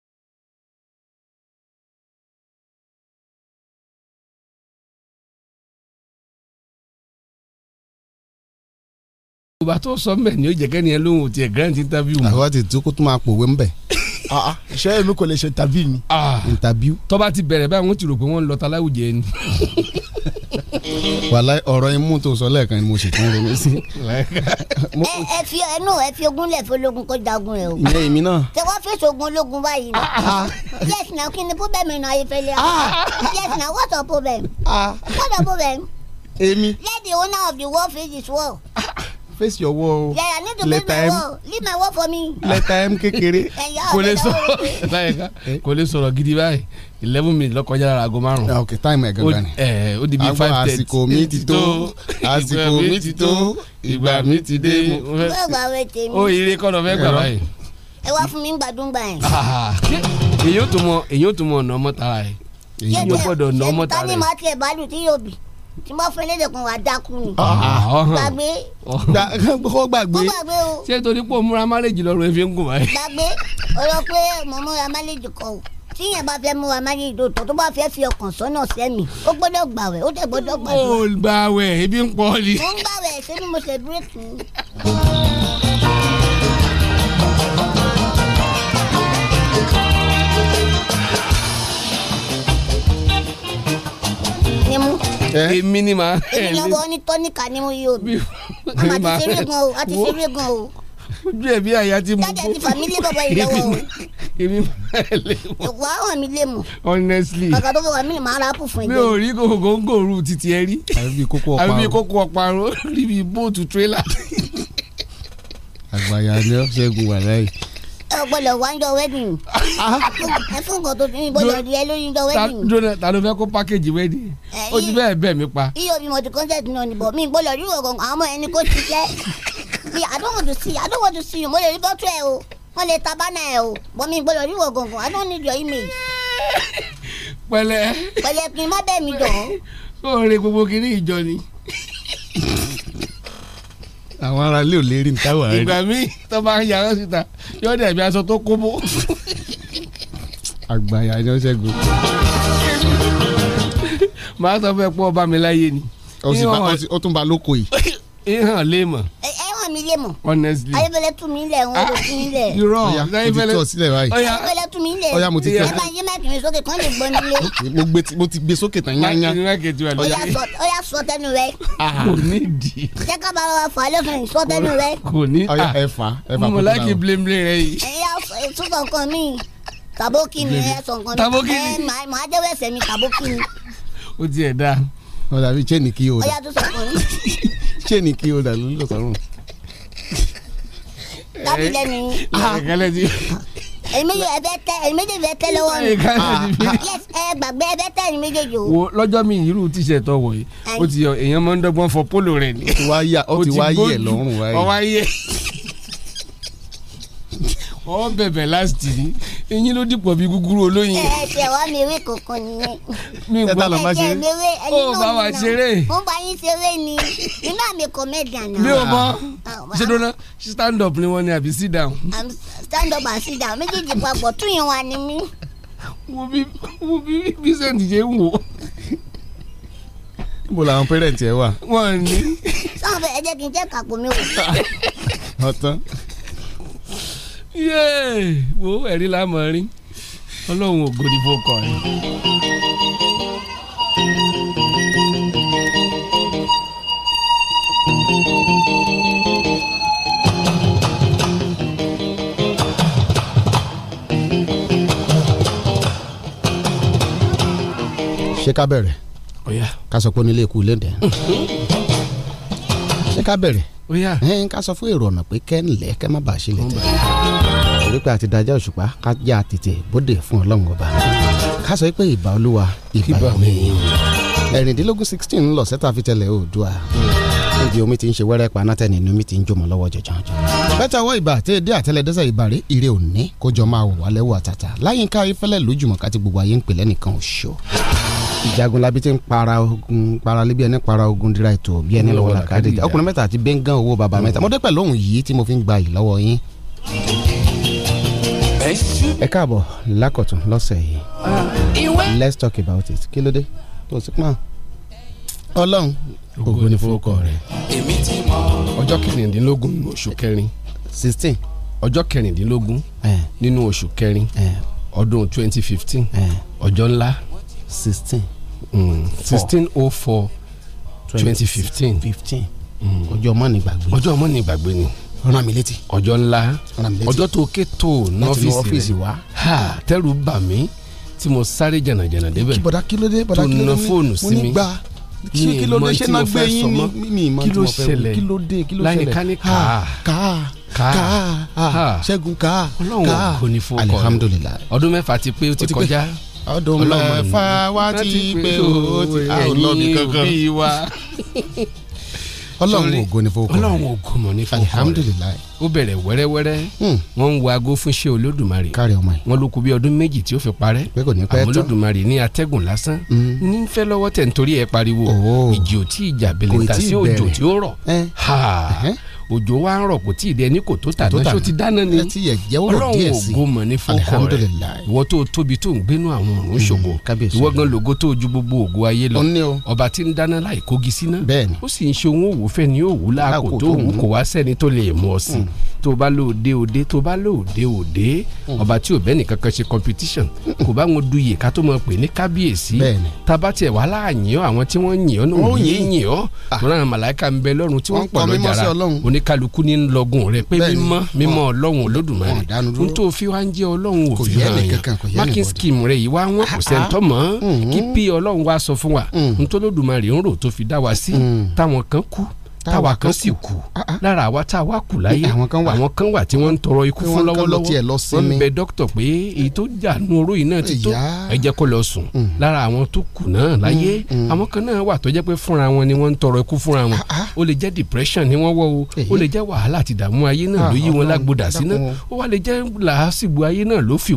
yorùbá tó sọ mbẹ ni ó jẹ kẹ́ni ẹ lóhùn ti ẹ̀ grant interview. àwa ti tó kó tó máa pòwe mbẹ. Ah, ah, ṣé èmi kò lè ṣe interview ni. Ah. interview. tó bá ti bẹ̀rẹ̀ báyìí wọ́n ti rò pé wọ́n ń lọ taláwùjẹ ni. wàhálà ọ̀rọ̀ imú tó sọ lẹ́ẹ̀kan ni mo sì tún ronú sí. ẹ fi ẹnu ẹ fi ogun lẹ̀ fọlọ́gun kó jagun rẹ o. ìyẹn èmi náà. ṣé wọ́n fèsì ogun ológun báyìí ni. yes na kí ni problem náà Ayéfẹ́lẹ́. yes na what's your problem. what's your problem. èmi. let the owner of the world face his world face your wall. Yeah, I need to leave my wall. Leave my wall for me. lẹ́tà m kékeré. kò lè sọ̀rọ̀ láyìíká kò lè sọ̀rọ̀ gidi báyìí eleven minutes lọ́kọjá lára aago márùn. Ah, ok time ẹ̀ gangan ni. ẹ eh, ó di bíi five thirty. àsìkò mi ti to àsìkò mi ti tó ìgbà mi ti dé. gbàgbà wẹ̀ tèmi. ó ire kọ́nà fẹ́ gbà báyìí. ẹ wá fún mi gbàdúgbà yẹn. èyí ó tún mọ èyí ó tún mọ ọ̀nà ọmọ tara yìí. èyí ó gbọ́dọ̀ ọ̀nà ọmọ tara yìí. tani màá tiẹ̀ bá lù tí yóò bì tí mo fẹ́ lédè kan wà á dákú ni. Ah, ah. Ah, gbàgbé. Oh. kó gbàgbé. kó gbàgbé o. ṣé torí pé òmùra márèjì lọ́rùn ẹ fi ń gùn wáyé. gbàgbé o lọ pé mo múra márèjì kọ o tí yẹn bá fẹ́ múra márèjì tó tó bá fẹ́ fi ọkàn sọ́nà sẹ́mi ó gbọ́dọ̀ gbàwẹ̀ ó tẹ̀ gbọ́dọ̀ gbàwẹ̀. ó gbàwẹ̀ ebi ń pọ̀ ni. mo ń gbàwẹ̀ ṣé bí mo ṣe bírèkì ni. ni mo. Eh? èmi ni màá rẹ̀ lé. èmi ní tọ́níkà ni mo yọ bí. àmà ti ṣeré gan o a ti ṣeré gan o. ojú ẹ̀ bí àyà ti mú bó. jáde ti fà mí lé bàbá yìí lọ́wọ́ o. èmi máa rẹ̀ lé mọ́. àwọn mi lé mọ́. honestly. kàkà tó fẹ́ wà mí ni màá ra apple fún ẹ. mi ò rí gògóńgò ru titi ẹ rí. àbí bí kókó ọparun. àbí bí kókó ọparun níbi bóòtù tírélà. àgbàyà ni ó ṣẹ́gun wà láyìí ẹ gbọ́dọ̀ wá ń jọ wedding ah. ẹ fún nǹkan tó fi ń gbọ́dọ̀ di ẹ lórí ń jọ wedding. jóná ta ló fẹ́ kó pákéjì wedding ó ti bẹ́ẹ̀ bẹ́ẹ̀ mi pa. iye omi mọ̀tò concert náà ni bọ̀ mi gbọ́dọ̀ rí wọ̀ kankan àwọn ẹni kó ti jẹ́ I don't want to see I don't want to see you mo lè rí bọ́tú ẹ o wọ́n lè ta bánà ẹ o bọ̀ mi gbọ́dọ̀ rí wọ̀ kankan I don't need your image. pẹ̀lẹ́. pẹ̀lẹ́ kì í má bẹ́ẹ̀ mi jọ. sóòrè gbogbo kiri ìjọ ni àwọn ará ilé ò lè rí nǹkan wà rí. ìgbà míì tó bá ń yàrá síta yóò dàbí aṣọ tó kó bó. àgbàyà ni wọ́n ṣẹ́gun. màá sọ fún ẹ pé ọba ni. ó tún ba lóko yìí. ìhàn lè mọ̀. ẹ mi lè mọ̀. honestly ayébẹ̀lẹ̀ tún mi lẹ̀ wọ́n tún mi lẹ̀. Ah, irọ́ ayébẹ̀lẹ̀ tún mi lẹ̀ ọ̀yà ayébẹ̀lẹ̀ tún mi lẹ̀ ọ̀yà mo ti tẹ̀. ẹ máa yé máa kìí sókè kán lè gbọ́ nílé. mo ti gbé sókè tán yányá. ọ̀yà sọ tẹnu rẹ. Ah. kò ní di. jẹ́ ká bá wa fà á lẹ́sùn sọ tẹnu rẹ. kò ní di. ọ̀yà ah. ẹ fà ẹ fà kó tó dáa. mo láì kí blemblem rẹ yìí. ẹ̀yà sọ̀tàn kan mi tàbókì ni ẹ̀ sọ̀kan mi. tàbókì ni. ẹ̀ máa jẹ́ wẹ̀sẹ̀ mi tàbókì ni. ó ti ẹ̀ dáa. ọ̀dà bíi chéènì kí o dà. ọ̀yà tó sọ̀kan mi. chéènì kí o dà lórí ọ̀sán dábì eh, lẹ́nu yín. ẹ̀yin méjèèjì bẹ tẹ ẹ̀yin méjèèjì bẹ tẹ lọ́wọ́ mi. yes ẹ gbàgbé ẹ bẹ tẹ ẹ̀yin méjèèjì o. wo lọ́jọ́ mi irú tíṣẹ̀ tọ wọ̀ yìí ó ti yọ èèyàn máa ń dọ́gbọ́n fọ polo rẹ̀ ni. ó ti wá yẹ lọ́rùn wáyé. ó wá yẹ ọ bẹ̀bẹ̀ láti ní eyín ló dìpọ̀ bí gúgúrú olóyin. ẹ ṣe wá mi ewé kankan nìyẹn. mi gbọ́ ẹ jẹ́ mi ewé ẹni náà mo bá wa mo bá yín ṣeré ni nínú àmì kọ̀mẹ́dà náà. mi ò mọ ṣe dọ́nà stand up ni wọ́n ní àbí sit down. stand up and sit down méjèèjì papọ̀ tún yẹn wà ní mí. wo bí wo bí Vincent ṣe ń wò. níbo làwọn pẹ́rẹ́ǹtì ẹ wà. wọ́n ní. sọ́ọ̀bù ẹ jẹ́ kí n jẹ́ kàpọ̀ mi wò. ọ̀tán yéé wo ẹ̀rí la mọ̀ rí ọlọ́run ògo ni bó kọ ẹ. ṣé ká bẹ̀rẹ̀ ká sọ pé onílé ikú léde ṣé ká bẹ̀rẹ̀ ká sọ fún èrò ọ̀nà pé kẹ́ ń lẹ̀ kẹ́ má bàa ṣe lè tẹ̀ pé àti dájá òṣùpá ká yá tètè bóde fún ọlọ́run ọba ká sọ pé ìbà olúwa ìbà omi ẹ̀rìndínlógún sixteen ń lọ sẹ́ta fi tẹ̀lẹ̀ oòdùà níbi omi ti ń ṣe wẹ́rẹ́ panátẹ́ nínú omi ti ń jòmọ́ lọ́wọ́ jọjọ́jọ́ bẹ́tà wọ ìbà àti èdè àtẹlẹdẹ́sẹ̀ ìbàrẹ́ ire òní kójọ máa wò wálẹ̀ wò àtàtà láyínká ifẹ̀lẹ̀ lójúmọ̀ káti gbogbo ayé ń pè lẹ́nìkan òṣò ìjagunlabi ti ń para ogun paralé bí ẹni para ogun dira ètò bí ẹni lọ́wọ́ làkàdé ọkùnrin mẹ́ta àti bẹ́ngàn owó baba mẹ́ta mo dé pẹ̀lú yìí tí mo fi ń gba yìí lọ́wọ́ yín ẹ káàbọ̀ lákọ̀tún lọ́sẹ̀ yìí let's talk about it kí ló dé tó sì pọ́n ọlọ́run ògo ni forúkọ rẹ̀ ọjọ́ kẹrìndínlógún oṣù kẹrin sixteen ọjọ́ kẹrìndínlógún nínú oṣù kẹrin ọdún twenty fifteen ọjọ́ ńlá sixteen mm, sixteen oh four twenty fifteen mm. ọjọ́ mọ́ni gbàgbé ọjọ́ mọ́ni gbàgbé ni rán mi létí. ọjọ́ ńlá ọjọ́ tó ké tó ní ọ́fíìsì wa tẹ́rù bà mí tí mo sáré jànàjànà débẹ̀ tó na fóònù sí mi mi ìmọ̀ tí mo fẹ́ sọ mọ́ kí ló ṣẹlẹ̀ láyé káníkà káà ṣẹ́gun káà ọlọ́run kò ní fún ọdún mẹ́fà ti pé ó ti kọjá ọdún mẹ́fà wá ti pé ó ti ẹ̀yìn òbí wa. ọlọ́run ògo ni fowókọ rẹ ọlọ́run ògo mọ̀ ní fowókọ rẹ alihamudulilayi. ó bẹ̀rẹ̀ wẹ́rẹ́wẹ́rẹ́ hmm. wọ́n ń wo aago fún iṣẹ́ olódùmarè kárí ọmọ yìí wọ́n ló kù bí ọdún méjì tí ó fi parẹ́ àwọn olódùmarè ní atẹ́gùn lásán hmm. ní fẹ́ lọ́wọ́ tẹ̀ nítorí ẹ pariwo oh. ìjì ò tí ì jà bẹ̀lẹ̀ tà sí òjò tí ó rọ̀ eh òjò wa ń rọ̀ kò tí ì dé ní kò tó tà náà ṣó ti dáná ni ọlọ́run ògo mọ̀ ní fọkọ rẹ̀ ìwọ tó tóbi tó ń gbénu àwọn ọ̀run hmm, ṣògo ìwọ gan lògo tó ju gbogbo ògo ayé lọ ọba tí ń dáná láì kógi síná ó sì ń ṣe ohun òwò fẹ́ ni òwú láàkó tó òwú kò wá sẹ́ni tó lè mú sí hmm. tó bá lóde òde tó bá lóde òde hmm. ọba tí ò bẹ́ẹ̀ nìkan ṣe competition kò bá wọn duyè ká tó mọ̀ pé ní kábíyèsí tábà tiẹ̀ wà láàyàn àwọn tí wọ́n yàn ọ́ náà ò yàn ọ́ tó náà màláìka ń bẹ lọ́run tí wọ́n pọ̀ lọ́jà ra oníkálukú ní lọ́gùn rẹ̀ pé mímọ́ mímọ́ ọlọ́run olódùmarè n tó fi wá ń jẹ́ ọlọ́run òfin hàn yẹn marking scheme rẹ̀ yìí wá wọn kò sẹ́ńtọ́ mọ́ kí mm-hmm. pí ọlọ́run wá sọ fún wa mm. n tó lódùmarè ń rò tó fi dá wa sí mm. táwọn kan kú táwa kan sì kù ah, ah. lára àwa táwa kù láyé àwọn kan wà tí wọ́n ń tọrọ ikú fún lọ́wọ́lọ́wọ́ wọ́n ń bẹ dókítà pé èyí tó jà nù oró yìí náà ti tó ẹ jẹ́ lọ sùn mm. lára àwọn tó kù náà mm, láyé mm. àwọn kan náà wà tó jẹ́ pé fúnra wọn ni wọ́n ń tọrọ ikú fúnra wọn ah, ó lè jẹ́ depression ni wọ́n wọ́ o ó lè jẹ́ wàhálà àti ìdààmú ayé náà ló yí wọn lágbódà sí náà ó wà lè jẹ́ làásìgbò ayé náà ló fi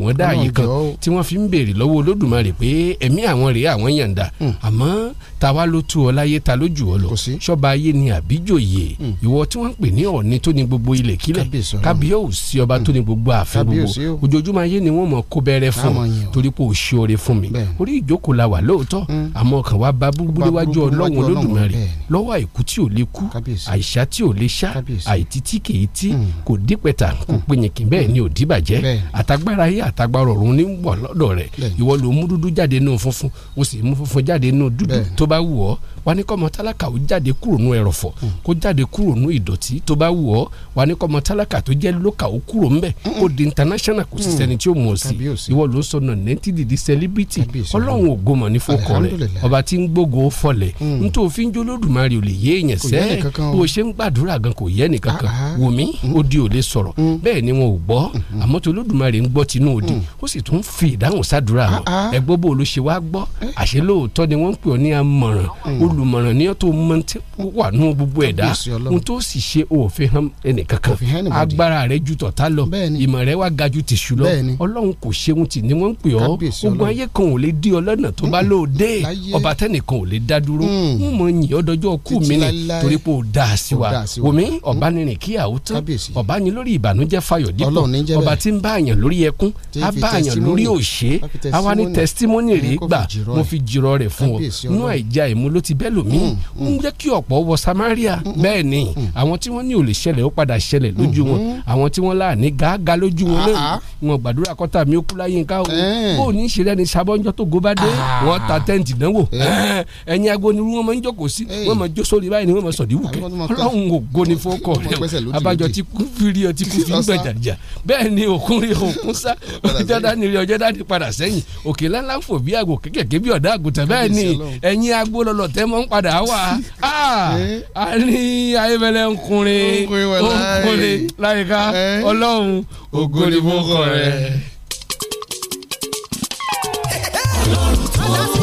ta wá ló tu ọ láyé ta ló jù ọ lọ ṣọba ayé ni àbíjòyè hmm. ìwọ tí wọ́n ń pè ní ọ̀ọ́ni tó ní gbogbo ilẹ̀ kílẹ̀ kábíyèsí ọba hmm. tó ní gbogbo àfẹ́ gbogbo ojoojúmọ́ ayé ni wọ́n mọ̀ kó bẹ̀rẹ̀ fún mi torí pé o ṣe oore fún mi orí ìjókòó la wà lóòótọ́ hmm. àmọ́ kàn wá ba búburú léwájú ọlọ́run olódùmarè lọ́wọ́ àìkú tí ò lè kú àìsá tí ò lè sá àìtí tí kì í tí kò dípẹ̀tà kò pinyìnkì bẹ́ẹ̀ ni ò díbàjẹ́ àtagbára ayé àtagbára ọ̀run ní wọ̀ lọ́dọ̀ rẹ̀ bá wù ọ́ wà ní kọ́mọ tálákà ó jáde kúrò nù ẹrọ̀fọ̀ hmm. kó jáde kúrò nù ìdọ̀tí tó bá wù ọ́ wà ní kọ́mọ tálákà tó jẹ́ lókà ó kúrò ńbẹ̀ ó di international kò sì hmm. sẹ́ni tí ó mọ̀ sí ìwọ ló sọ náà nẹ́tí dìde celebrity ọlọ́run ògo mọ̀ ní fọkọ rẹ̀ ọba tí ń gbógo fọlẹ̀ hmm. ntò fi ń jólódùmarè ò lè yé èèyàn sẹ́ bó ṣe ń gbàdúrà gan kò yẹ nìkan kan ah, ah. mí ó di òde sọ̀rọ̀ bẹ́ẹ̀ ni wọn ò gbọ́ àmọ́ tó lódùmarè ń gbọ́ tinú òde ó sì tún fi ìdáhùn sádùrà wọn ah, ẹgbọ́ bó eh? ló ni wọ́n ń am olùmọ̀ràn mm. olùmọ̀ràn ni tó mọ tí wà nù gbogbo ẹ̀dá n tó sì ṣe òfin hàn ẹnìkankan agbára rẹ ju tọ̀tá lọ ìmọ̀ rẹ wà ga ju tìṣù lọ ọlọ́run kò ṣeun tì ní wọ́n ń pè ọ́ ogun ayé kan ò lè dí ọ lọ́nà tó bá mm. lò dé ọba tẹ́nìkan ò lè dá dúró wọ́n mm. mọ̀ yìn ọ́ kú mi ni torí pé o dá a sí wa wòmí ọ̀bánirin kíyàwó tán ọ̀bánirin lórí ìbànújẹ́ fayọ̀ dípò ọba tí ń bá àyàn lórí ìjà ìmúlò ti bẹ́ẹ̀ lòmíì mm, mm. ń jẹ́ kí ọ̀pọ̀ wọ Samaria mm, bẹ́ẹ̀ ni àwọn tí wọ́n ní ò lè ṣẹlẹ̀ ó padà ṣẹlẹ̀ lójú wọn àwọn tí wọ́n láàní gáàgá lójú wọn náà wọn ah, ah. gbàdúrà kọ́tà mi ó kú láyé nǹkan o eh. bó o ní ìṣẹ̀lẹ̀ ní sábọ́njọ́ tó góbá dé ah. wọ́n ta tẹ́ǹtì dánwò eh. ẹ̀yin ago ni wọ́n máa ń jókòó sí eh. wọ́n máa jó sórí báyìí ni wọ́n máa sọ̀dí wùkẹ́ ọlọ́run ògo ni fọ́kọ̀ abájọ ti kú fìrí ọtí kú fi gbẹ̀jàjà ni òkun rí òkun sá ọjọ́ dání rí ọjọ́ dání padà agbo lọlọ tẹ mọ ń padà wá ah, a ní ayébẹlẹ ńkùnrin ńkùnrin láyìíká Ọlọ́run ògo mo kọ rẹ. Ọlọ́run tó.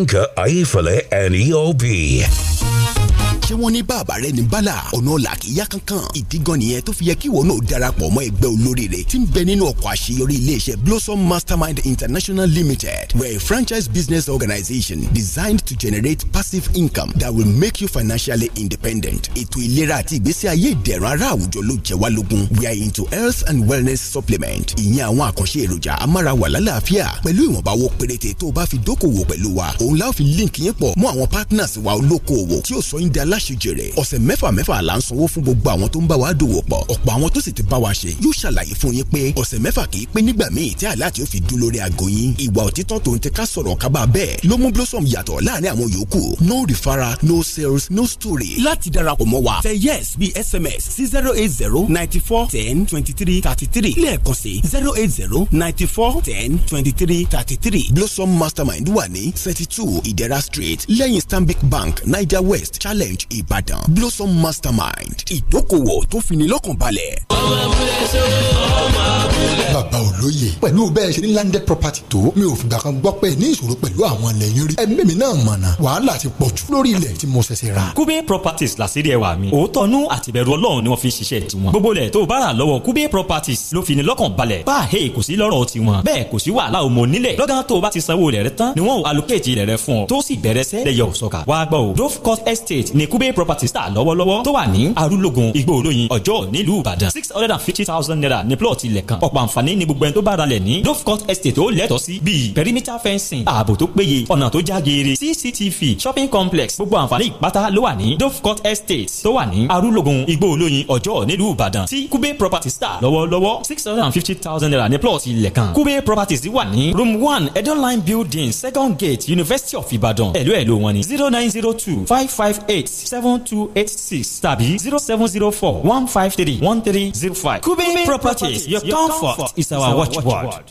Yinka Ayefele and EOB. ṣé wọ́n ní bàbá rẹ ní bala ọ̀nà ọ̀la kì í yá kankan ìdí gan nìyẹn tó fi yẹ kí ìwọ náà darapọ̀ mọ́ ẹgbẹ́ olóríire tí ń bẹ nínú ọkọ̀ àṣeyọrí iléeṣẹ́ Blossom Mastermind International Limited we're a franchise business organization designed to generate passive income that will make you financially independent. Ètò ìlera àti ìgbésí ayé ìdẹ̀rùn ara àwùjọ ló jẹ́ wá lógún. We are into health and wellness supplement. Ìyẹn àwọn àkànṣe èròjà amárawà lálàáfíà pẹ̀lú ìwọ̀nba owó péréte tó o bá fi dókòwò pẹ̀lú wa. Òun la fi link yín pọ̀ mọ́ àwọn partners wa olókoòwò tí ó sọ yín di aláṣejèrè. Ọ̀sẹ̀ mẹ́fà mẹ́fà là ń sanwó fún gbogbo àwọn tó ń bá wa dòwò pọ̀. Ọ̀pọ̀ àwọn tó sì ti bá wa ṣe yóò ṣàlàyé fún yín pé ọ̀sẹ̀ mẹ́fà kì í pé nígbà míì tí àláàtì ó fi dún lórí aago yín. Ìwà òtítọ́ tó ń tẹ ká sọ̀rọ̀ kábàá bẹ́ẹ̀ ló mú Blossom yàtọ̀ láàárín àwọn yòókù no referral no sales no story láti darapọ̀ mọ́ wa tẹ yes bí sms sí zero eight zero ninety four ten twenty three thirty three lẹ́ẹ̀kan sí zero eight zero ninety four ten twenty three thirty three blossom mastermind wà ní thirty two ìdẹ̀ra street lẹ́yìn stanbic bank niger west challenge ìbàdàn blossom mastermind ìdókòwò tó fini lọ́kàn balẹ̀. ọmọ abúlé ṣe ọmọ abúlé. bàbá olóye pẹ̀lú bẹ́ẹ̀ ṣe ní landed property tó mi ò fìgbà kan gbọ́ pé ní ìṣòro pẹ̀lú àwọn ilẹ̀ yín rí ẹ̀mí mi náà mọ̀nà wàhálà ti pọ̀ jù lórí ilẹ̀ tí mo ṣẹ̀ṣẹ̀ ra. kube properties làṣírí ẹwà mi òótọ́ nú àtìbẹ̀rù ọlọ́run ni wọ́n fi ń ṣiṣẹ́ tiwọn. gbogbo ilẹ̀ tó bá lọ́wọ́ kube properties ló fi ni lọ́kàn balẹ̀ bá a hei kò sí lọ́rọ̀ tiwọn bẹ́ẹ̀ kò sí wàhálà òmò nílẹ̀ lọ́gán tó o bá ti sanwó rẹ̀ rẹ tán ni wọ́n ò allocate rẹ̀ rẹ fún ọ tó sì bẹ̀rẹ̀ sẹ́ lẹ́yọ̀ Court Estate ni kube properties tà lọ́wọ́lọ́wọ́ tó wà ní arúlógún igbó olóyin ọjọ́ nílùú Ìbàdàn six hundred and fifty thousand naira ní plot ilẹ̀ kan ọ̀pọ̀ àǹfààní ni gbogbo ẹni tó bá Court Estate ó lẹ́tọ̀ọ́ sí bíi perimeter fencing ààbò tó péye ọ̀nà CCTV shopping complex gbogbo àǹfààní ìpátá ló wà ní dovecourt estate tó wà ní arúlógún igbó olóyin ọjọ́ nílùú ìbàdàn tí kube properties tà lọ́wọ́lọ́wọ́ six hundred and fifty thousand naira ní plus. ilẹ̀ kan kube properties wà ní room one edoline building second gate university of ibadan ẹ̀lú ẹ̀lú wọn ní zero nine zero two five five eight seven two eight six tàbí zero seven zero four one five three one three zero five kube properties your comfort is our watchword.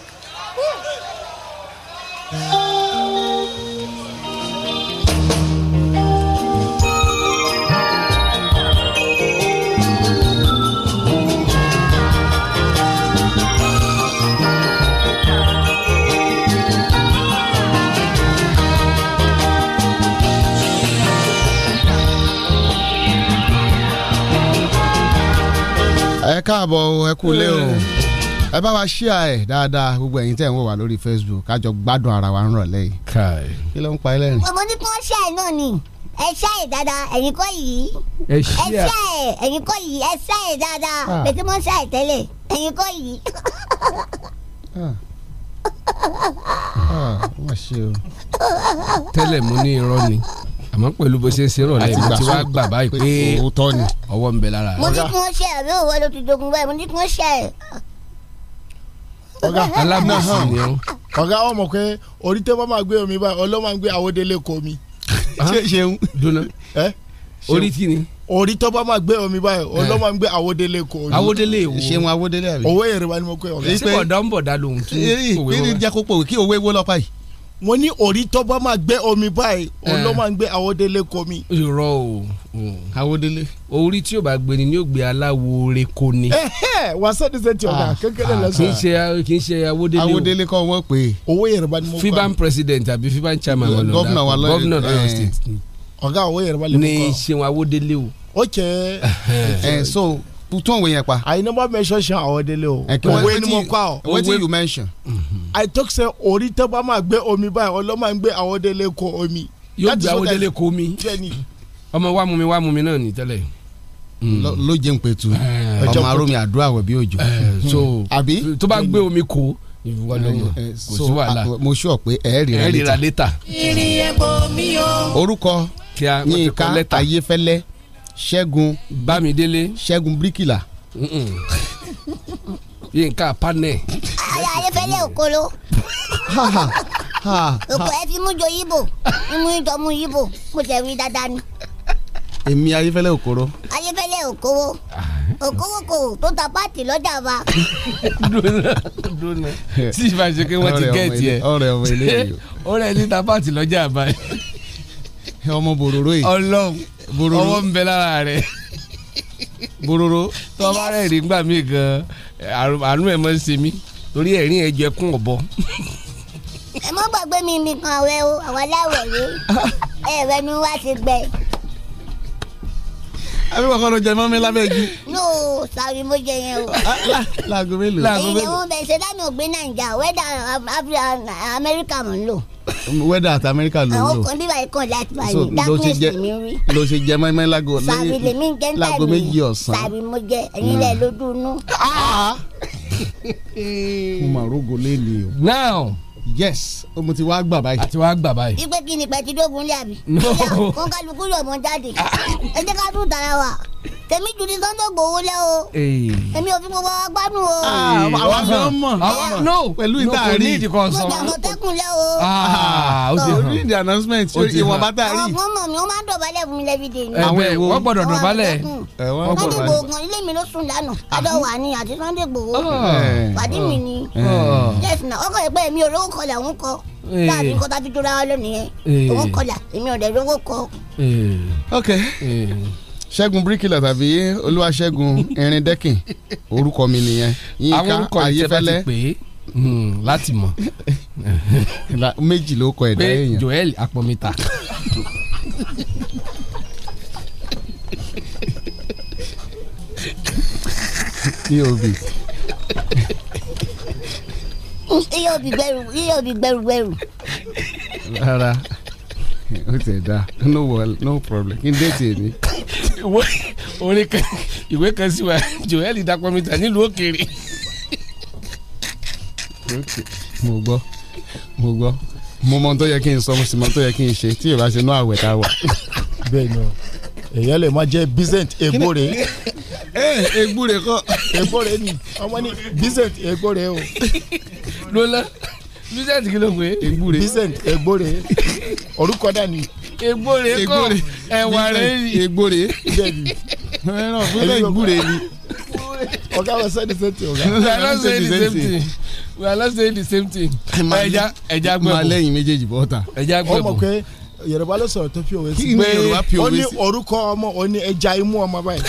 ẹ káàbọ̀ o ẹ kú lé o ẹ bá wa ṣíà ẹ dáadáa gbogbo ẹ̀yin tẹ́ ń wò wá lórí Facebook kájọ gbádùn ara wa ń rọ̀lẹ́ yìí. káì kí ló ń pa ẹlẹ́rìn. ọmọ ní kí wọ́n ṣíà ẹ náà ni ẹ ṣíà ẹ dáadáa ẹ̀yin kọ́ yìí ẹ ṣíà ẹ ẹ̀yin kọ́ yìí ẹ ṣíà ẹ dáadáa ah. bẹ̀tí mo ń ṣíà ẹ tẹ́lẹ̀ ẹ̀yin kọ́ yìí. wọ́n ah. ah, ṣe o tẹ́lẹ̀ mo ní irọ́ ni àmọ́ pẹ̀lú bó ṣe ń ṣe rọ̀lẹ́ mi ti wá gbà báyìí pé òótọ́ ni ọwọ́ ń bẹ lára rẹ̀. mo ní kí wọ́n ṣe àbí òwò ló ti dogun báyìí mo ní kí wọ́n ṣe ẹ̀. ọ̀gá alámọ̀sí ni ó. ọ̀gá wọn mọ̀ pé orí tẹ́ bá máa gbé omi báyìí ọlọ́ máa ń gbé àwọ̀délé kọ mi. Ah, ṣé ṣeun dunu orí kí ni. orí tọ́ bá máa gbé omi báyìí eh. ọlọ́ máa ń gbé àwọ̀délé kọ mi. àwọ̀délé wo ṣeun àwọ̀délé àbí. òwe Yorùbá ni mo pé ọ̀gá. ṣé bọ̀dá ń bọ̀dá lòun tún òwe wọn. kí ni jẹ́ kó pòwe kí òwe wo lọ́pàá yìí mo ní orí tó bá máa gbé omi báyìí òun ló eh. máa ń gbé àwọdélé komi. irọ́ o àwọdélé orí tí ò bá gbé ni ni yóò gbé aláwo ore ko ni. wàásù ní sẹ́tì ọ̀dà ah, kékeré ah, lọ́sọ̀rọ̀. kì í ṣe kì í ṣe àwọdélé o àwọdélé kọ́ wọ́n pè é. owó Yorùbá ni mo kọ́ fiban president àbí fiban chairman wọn lọ́dà gọ́vnà wa lọ́dà gọ́vnà lọ́dà state. ọ̀gá owó Yorùbá ni mo kọ́. ní ṣe wọn àwọdélé o. ó jẹ́ ẹ̀ so tún òwe yẹn pa. I never mention Seun Awodele o. òwe ni mo kọ́ ọ. wetin you mention. Mm-hmm. I talk say orí tẹ́ bá máa gbé omi báyìí ọlọ́mọ ń gbé Awodele kọ omi. yóò gbé Awodele kọ omi ọmọ wa mumi wa mumi náà ní tẹ́lẹ̀. Mm. ló jẹun pẹ̀tù eh, eh, ọmọ arómi àdúrà wẹ̀ bí òjò. Eh, hmm. àbí tó bá gbé omi kó kò sí wàhálà. Ah, mo sọ pé ẹ rí ra létà. ìrìn ẹ̀bùn mi o. orúkọ Yínká Ayéfẹ́lẹ́ ṣẹ́gun bámidélé ṣẹ́gun bíríkìlà. yínká panẹ. bọ́lá ayéfẹ́lẹ́ òkolo. òkò ẹ fi mú jọ yíbò mú jọ mú yíbò mo tẹ̀ wí dáadáa ni. èmi ayéfẹ́lẹ́ òkoro. ayéfẹ́lẹ́ òkoro òkòwòkò ah. tó ta páàtì lọ́jà wa. dúró náà tí ìfàṣẹ́kẹ́ wọ́n ti gẹ̀ẹ́tì ẹ̀ ọ̀rẹ́ ọmọ ilé yìí. ọ̀rẹ́ ẹni ta páàtì lọ́jà báyìí ọmọ bòròró yìí Ọlọ́run ọwọ́ ń bẹ lára rẹ bòròró tó bá rẹ̀ rí gbà mí gan àánú ẹ̀ máa ń ṣe mí torí ẹ̀rín ẹ̀ jẹ kún ọ̀bọ. ẹ mọ gbàgbé mi nìkan ọ̀rẹ́ o àwọn aláwọ̀ rẹ ni wá ti gbẹ. àbí wọn kọ́ ló jẹ mọ́mí lábẹ́ igi. no sàrí mo jẹ yẹn o. Ah, láago mélòó. èyí ni wọn bẹ̀ ṣe dáná ògbé nàìjà wẹ́dà amẹ́ríkà mọ̀ ń lò wẹ́dà àti amẹ́ríkà ló ń lò. àwọn kan bíbá ikọ̀ jẹ mẹ́mẹ́ lágo sàbí lèmi ń mo jẹ ẹyin lẹ hmm. lójú o. now yes mo ti wá gbà báyìí. àti wá gbà báyìí. ipe kí pẹ̀tidógun lé no kọ́ńkálukú yọ̀ mọ́ jáde. ẹ jẹ́ ká tún tara wa tèmi jù ní Sunday Igboho lẹ o èmi ò fi gbogbo wa gbádùn o. Ah, àwa náà mọ̀ no pẹ̀lú ìtaari no kò ní ìdíkọ̀ sọ. gbogbo àmọ̀tẹ́kùn lẹ o. o ah, ti hàn read the announcement ìwọ̀n bàtà rí. àwọn ọmọ mi wọ́n máa ń dọ̀bálẹ̀ fún mi lẹ́bi dè ní. ẹ̀wẹ̀ wọ́n gbọ́dọ̀ dọ̀bálẹ̀. wọ́n ti gbòògùn gan ilé mi ló sùn lánàá ah. adọ́ wà ní àti Sunday Igboho eh. pàdé mi ni. Eh. yes na ọkọ̀ ẹ̀pẹ́ mi ò lówó kọlà òun kọ láàbí kọ́tà tuntun ra lónìí yẹn òun eh. kọlà èmi ò dẹ̀ lówó kọ. ok ṣẹ́gun bíríkìlà tàbí olúwaṣẹ́gun irin dẹ́kìn orúkọ mi nìyẹn yínká ayéfẹ́lẹ́ hmm, láti mọ̀ méjì ló kọ ẹ̀dá èèyàn joel apọ̀mìta. eob eob gbẹrù eob gbẹrù gbẹrù. rárá ó ti ẹ̀ dá no problem kí n dé tèmi ìwé orin kan ìwé kan sí wa joel dapamita nílùú òkèèrè. mo gbọ́ mo gbọ́ mo mọ tó yẹ kí n sọ mo sì mọ tó yẹ kí n ṣe tí ìbá ṣe ná àwẹ̀ tá a wà. bẹ́ẹ̀ ni èyàn lè máa jẹ Vincent Egbore. ẹ Egbore kọ́ Egbore ni ọmọ ni Vincent Egbore o. Lola. Vincent kí ló ń pè é Egbore. Vincent Egbore orúkọ dání egbore kọ ẹwà rẹ ni egbore ẹran fúnlẹ egbore ni. ọ̀gá wa sẹ́ni sẹ́ntì ọ̀gá. we are not saying the same thing we are not saying the same thing. ẹja ẹja gbẹ̀bù máa lẹ́yìn méjèèjì bọ́ta. ẹja gbẹ̀bù. ọmọ pé yorùbá ló sọ̀rọ̀ tó fi òwe sí. pé ó ní orúkọ ọmọ ó ní ẹja imú ọmọ báyìí.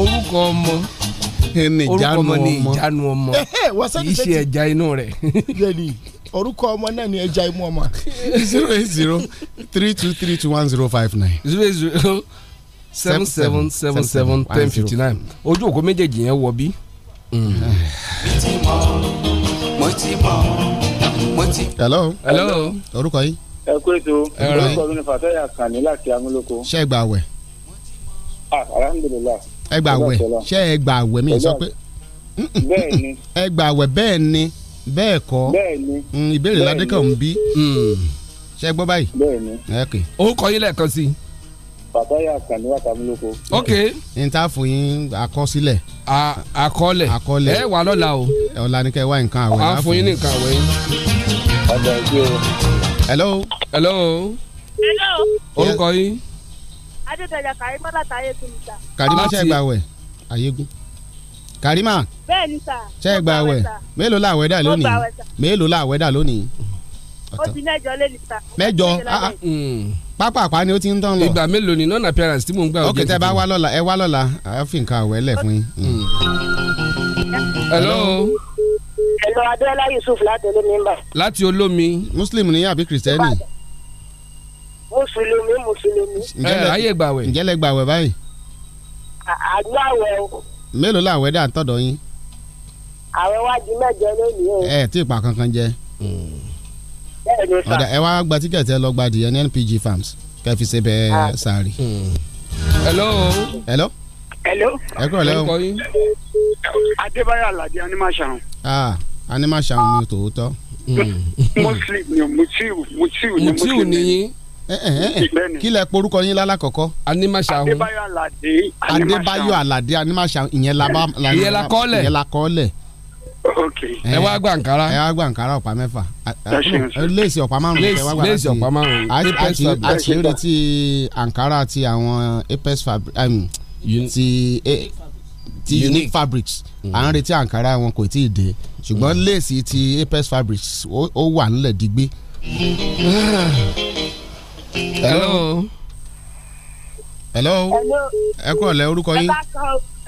orúkọ ọmọ orúkọ ọmọ ni ìjánu ọmọ kì í ṣe ẹja inú rẹ̀ orúkọ ọmọ náà ni ẹja imú ọmọ. zero eight zero three two three two one zero five nine. zero eight zero seven seven seven seven ten fifty nine ojú òkú méjèèjì yẹn wọ bí. hello. hello. orúkọ yìí. ẹ kú ètò orúkọ mi ni Fàtáyà Kàní láti amúlòkó. ṣé ẹ gbà wẹ̀. alhamdulilayi. ẹ gbà wẹ̀ ṣé ẹ gbà wẹ̀ mi sọ pé. bẹ́ẹ̀ ni. ẹ gbà wẹ̀ bẹ́ẹ̀ ni bẹ́ẹ̀ kọ́ mm, ìbéèrè ládékàn ń bí mm. ṣe gbọ́ báyìí. bẹ́ẹ̀ni. kọ yín lẹ́ẹ̀kan sí i bàbáyà kàní wàtàmúlòkó. ok n ta fún yín àkọsílẹ̀. àkọlẹ̀ ẹ wà lọ́la o. ọ̀la ni kẹ́ wá nǹkan àwẹ̀ a fún yín ní nǹkan àwẹ̀ yín. ọ̀dọ̀ ìgbé o. hello. hello. hello. orúkọ yín. adédọ̀yà kàrímọ́lá tayégun níta. kàrímọ́lá tayégun àyégún. Karima. bẹ́ẹ̀ni sà. ṣe é gba àwẹ̀ mélòó la àwẹ̀ dà lónìí mélòó la àwẹ̀ dà lónìí. ó ti mẹ́jọ lé ní sà. mẹ́jọ ah, ah, mm. pápá àpá ni ó ti ń tán lọ. ìgbà mélòó ni non appearance tí mò ń gbà. ok tẹ bá wá lọ́la ẹ wá lọ́la ẹ fi nǹkan àwẹ̀ lẹ̀ fún yín. Mm. hello. hello Adéọlá Yusuf láti olómi ń bà. láti olómi. muslim ni àbí kristẹni. mùsùlùmí mùsùlùmí. ẹ ayé gbàwẹ̀. ǹjẹ́ lẹ gbàwẹ̀ báyìí. àgbàwẹ̀ o mélòó làwọn ẹ̀dá ń yín. àwọn iwájú mẹ́jọ lónìí o. ẹ tí ì kankan jẹ. ọ̀dà ẹ wá gba tíkẹ̀tì ẹ lọ gba adìyẹ ní NPG Farms kẹ́ fi ṣe bẹ́ẹ̀ ah. sáré. Hmm. hello. hello. hello. ẹ kúrò lẹ́wọ̀n. adébáyọ̀ aládé animaṣàrùn. ah animaṣàrùn ni tòótọ́. Hmm. muslim ni mutiu mutiu ni muslim ni. Eh, eh, eh, kí porúkọ yín lálàkọ́kọ́. animasa ahun Adébáyọ̀ Aládé animasa ìyẹn la ìyẹn la ìyẹn la kọ́lẹ̀. ẹ wá gba nkara ẹ wá gba nkara ọ̀pá mẹ́fà léèsì ọ̀pá márùn ẹ wá gba léèsì ọ̀pá márùn a ti ankara ti àwọn apes fabric um, ti ti unique fabrics à ń retí ankara wọn kò tí ì dé ṣùgbọ́n léèsì ti apes fabrics ó wà nílẹ̀ digbí. Ah hello. hello. ẹ kú ọ̀lẹ́ orúkọ yín.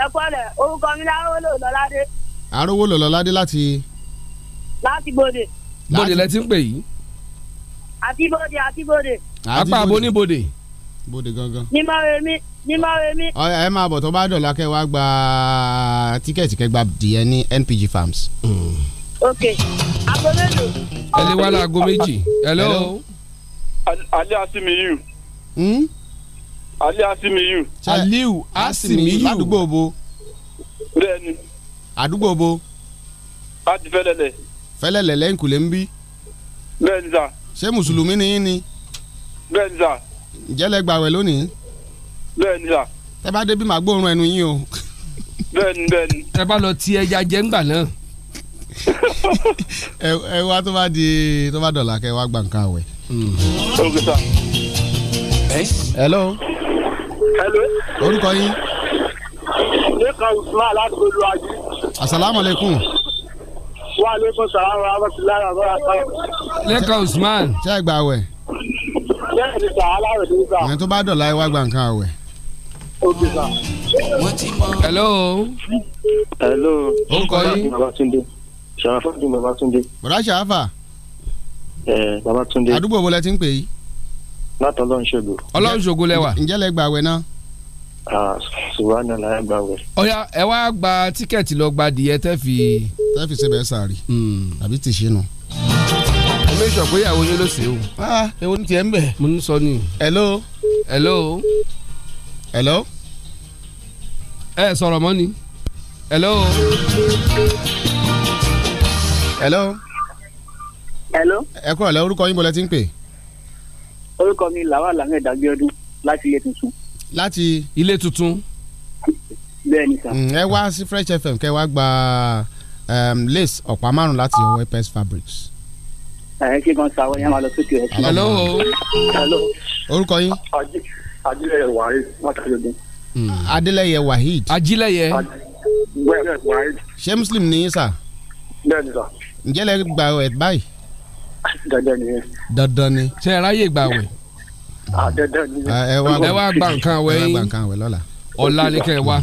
ẹ kú ọ̀lẹ́ orúkọ mi lárówólò lọ́ládé. arówólò lọ́ládé láti. láti bòde. bòde lẹ ti ń pè yìí. àti bòde àti bòde. apá abo ní bòde. bòde gangan. ní máa rẹ mí ní máa rẹ mí. ẹ máa bọ̀ tó bá dọ̀la kẹ́ wá gba tíkẹ́ẹ̀tì kẹ́ gba díẹ̀ ní NPG Farms. Hmm. ok aago mélòó. ẹ lè wá láago méjì. hello. hello? Ali Asimiyu. Hmm? Ali Asimiyu. Aliu Asimiyu ládùúgbò bo. bẹ́ẹ̀ni. àdúgbò bo. láti fẹ́lẹ́lẹ̀. fẹ́lẹ́lẹ̀ lẹ́yìnkùlé ń bí. bẹ́ẹ̀ni sà. ṣé mùsùlùmí ni yín ni. bẹ́ẹ̀ni sà. ǹjẹ́ lẹ gbàwẹ̀ lónìí. bẹ́ẹ̀ni sà. tẹ bá débi màá gbóòórùn ẹnu yín o. bẹ́ẹ̀ni bẹ́ẹ̀ni. tẹ bá lọ ti ẹja jẹ ńgbà náà. ẹ wá tó bá di tó bá dọ̀là kẹ wá gbà nǹkan àwẹ̀ hello. hello. orúkọ yín. lẹ́kàn usman láti olú ajé. asalaamualeykum. wa aleykum salaam wa rahmatulahi wa barakatuh. lẹ́kàn usman. ṣé ẹ gba àwẹ̀. bẹ́ẹ̀ ni sà aláwẹ̀ ní sà. ẹni tó bá dọ̀la ẹ wá gba nǹkan àwẹ̀. ọ̀gùsà. hello. hello. orúkọ yín. sàràfàdùn babatunde. bọ̀dá sàràfà ẹ Babatunde. àdúgbò wo lẹ ti ń pè yìí. láti ọlọ́nṣogbo. ọlọ́nṣogbo lẹ wà. ǹjẹ́ lẹ gbàwẹ̀ náà. ṣùgbọ́n àná gbàwẹ̀. ọ̀ya ẹ wá gba tíkẹ́ẹ̀tì lọ gba adìyẹ tẹ́ fi. tẹ́ fi ṣe bẹ́ẹ̀ sàárì. Hmm. àbí ti ṣe nù. omi ìṣọ̀ pé ló ṣe o. Ah, ewu ni tiẹ̀ ń bẹ̀. mo ń sọ ni. hello. hello. hello. ẹ sọ̀rọ̀ mọ́ ni. hello. hello hello. ẹ kúrò lẹ orúkọ yín bọ́lẹ̀ tí ń pè. orúkọ mi lawal ahmed abiodun láti ilé tuntun. láti ilé tuntun. bẹ́ẹ̀ ni sà. Mm, ẹ wá sí fresh fm kẹ́ wá gba um, lace ọ̀pá márùn-ún láti ọwọ́ epes fabrics. ẹ ṣe kan sáwọ yẹn máa lọ sókè ẹ. hello. hello. orúkọ yín. ajílẹ̀yẹ wahid látàjọ́dún. Mm, adélẹ̀yẹ wahid. ajílẹ̀yẹ. bẹ́ẹ̀ wahid. ṣé muslim ni yín sà. bẹ́ẹ̀ ni sà. ǹjẹ́ lẹ gbà ẹ̀ báyìí dandan ni. dandan ni ṣe é ráyè gbà wẹ̀. Ah, dandan ni. Ah, ẹ wá gba nǹkan wẹ̀ yín ẹ wá gba nǹkan wẹ̀ lọ́la. ọ̀la ni kẹ́ wá.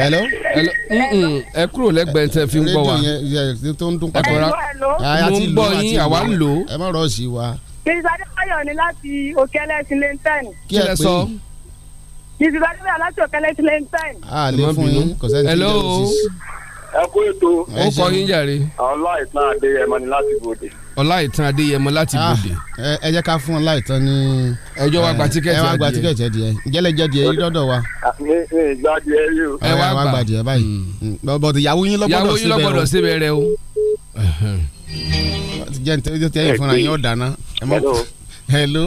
hello. ẹ kúrò lẹ́gbẹ̀ẹ́ tẹ fi ń gbọ́ wa. rédíò yẹn tó ń dún pàtó. ẹ kọ́ra ah, mo ń gbọ́ yín àwa ń lò. ẹ má rọ̀ sí wa. Mrs. Adébáyọ̀ ni láti Òkèlè Silentan. Kí ẹ sọ. Mrs. Adébáyọ̀ láti Òkèlè Silentan. a lè fún yín kò sẹ́ni ẹ ètò. ó kọ yín jàre. ọláìtàn adéyẹmọ ni láti bòde. ọláìtàn adéyẹmọ láti ah, bòde. ẹ jẹ́ ká fún ọláìtàn ní. ẹjọ́ wa gba tíkẹ́ẹ̀tì adìẹ. ẹ wá gba tíkẹ́ẹ̀tì adìẹ ìjẹ́lẹ̀ jẹ́ adìẹ yìí dọ́dọ̀ wa. Ah, mi mi gba adìẹ yìí ẹ wá gba adìẹ báyìí. Hmm. Hmm, bọ̀dọ̀ yàwó yín lọ́gbọ́dọ̀ síbẹ̀ rẹ o. jẹ́ hello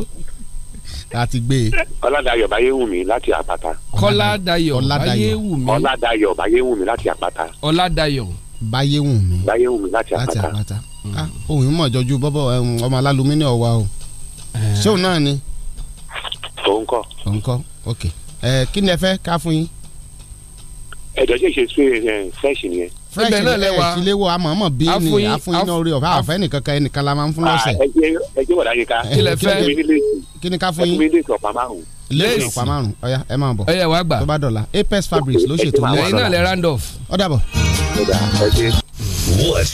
àti gbé. E. Kọ́ládayọ̀ Báyéwùmí láti àpáta. Kọ́ládayọ̀ Báyéwùmí. Kọ́ládayọ̀ Báyéwùmí láti àpáta. Ọládayọ̀. Báyéwùmí. Báyéwùmí láti àpáta. Mm. Ah, ohun yìí mọ̀ jọjú bọ́bọ̀ um, ọmọ alálùmí ní ọ̀wá o. Eh. ṣé òun náà ni. òun kọ́. òun kọ́ ok. Eh, kí ni ẹ fẹ́ ká fún yín. ẹ̀jọ̀ ṣe ṣe eh, fẹ́ẹ̀ṣì nìyẹn fresh ibẹ̀ náà lẹ́wà eh, ilé wo amọ̀ọ́mọ̀ bí ni àfúnyiná orí ọ̀fẹ́ àfẹ́ nìkan ẹnìkan la máa ń fún ah, lọ́sẹ̀. ẹ jẹ́ wọ̀dà yìí ká fẹ́ kí ni ká fún yín Let's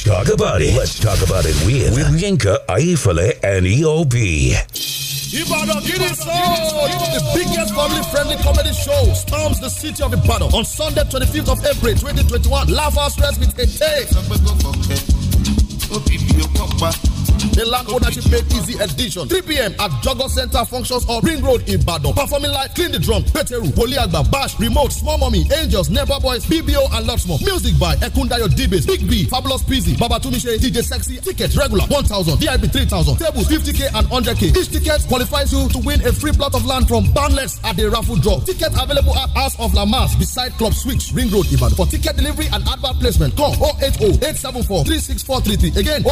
talk about it. Let's talk about it with, with Yinka Aifale and EOB. Ibadan Kini The biggest family-friendly comedy show storms the city of Ibadan on Sunday, 25th of April, 2021. Laugh out stress with a tape. Elanco Ownership Made Easy Edition. 3 p.m. at Jogo Center Functions on Ring Road, Ibadan. Performing live Clean the Drum, Peteru, Poliagba, Bash, Remote, Small Mommy, Angels, Neighbor Boys, BBO, and lots more. Music by Ekundayo DBs, Big B, Fabulous Peasy, Babatumishe, DJ Sexy. Ticket regular 1000, VIP 3000, tables 50k and 100k. Each ticket qualifies you to win a free plot of land from Boundless at the raffle draw. Ticket available at House of Lamas beside Club Switch, Ring Road, Ibadan. For ticket delivery and advert placement, call 080 874 36433. Again, 080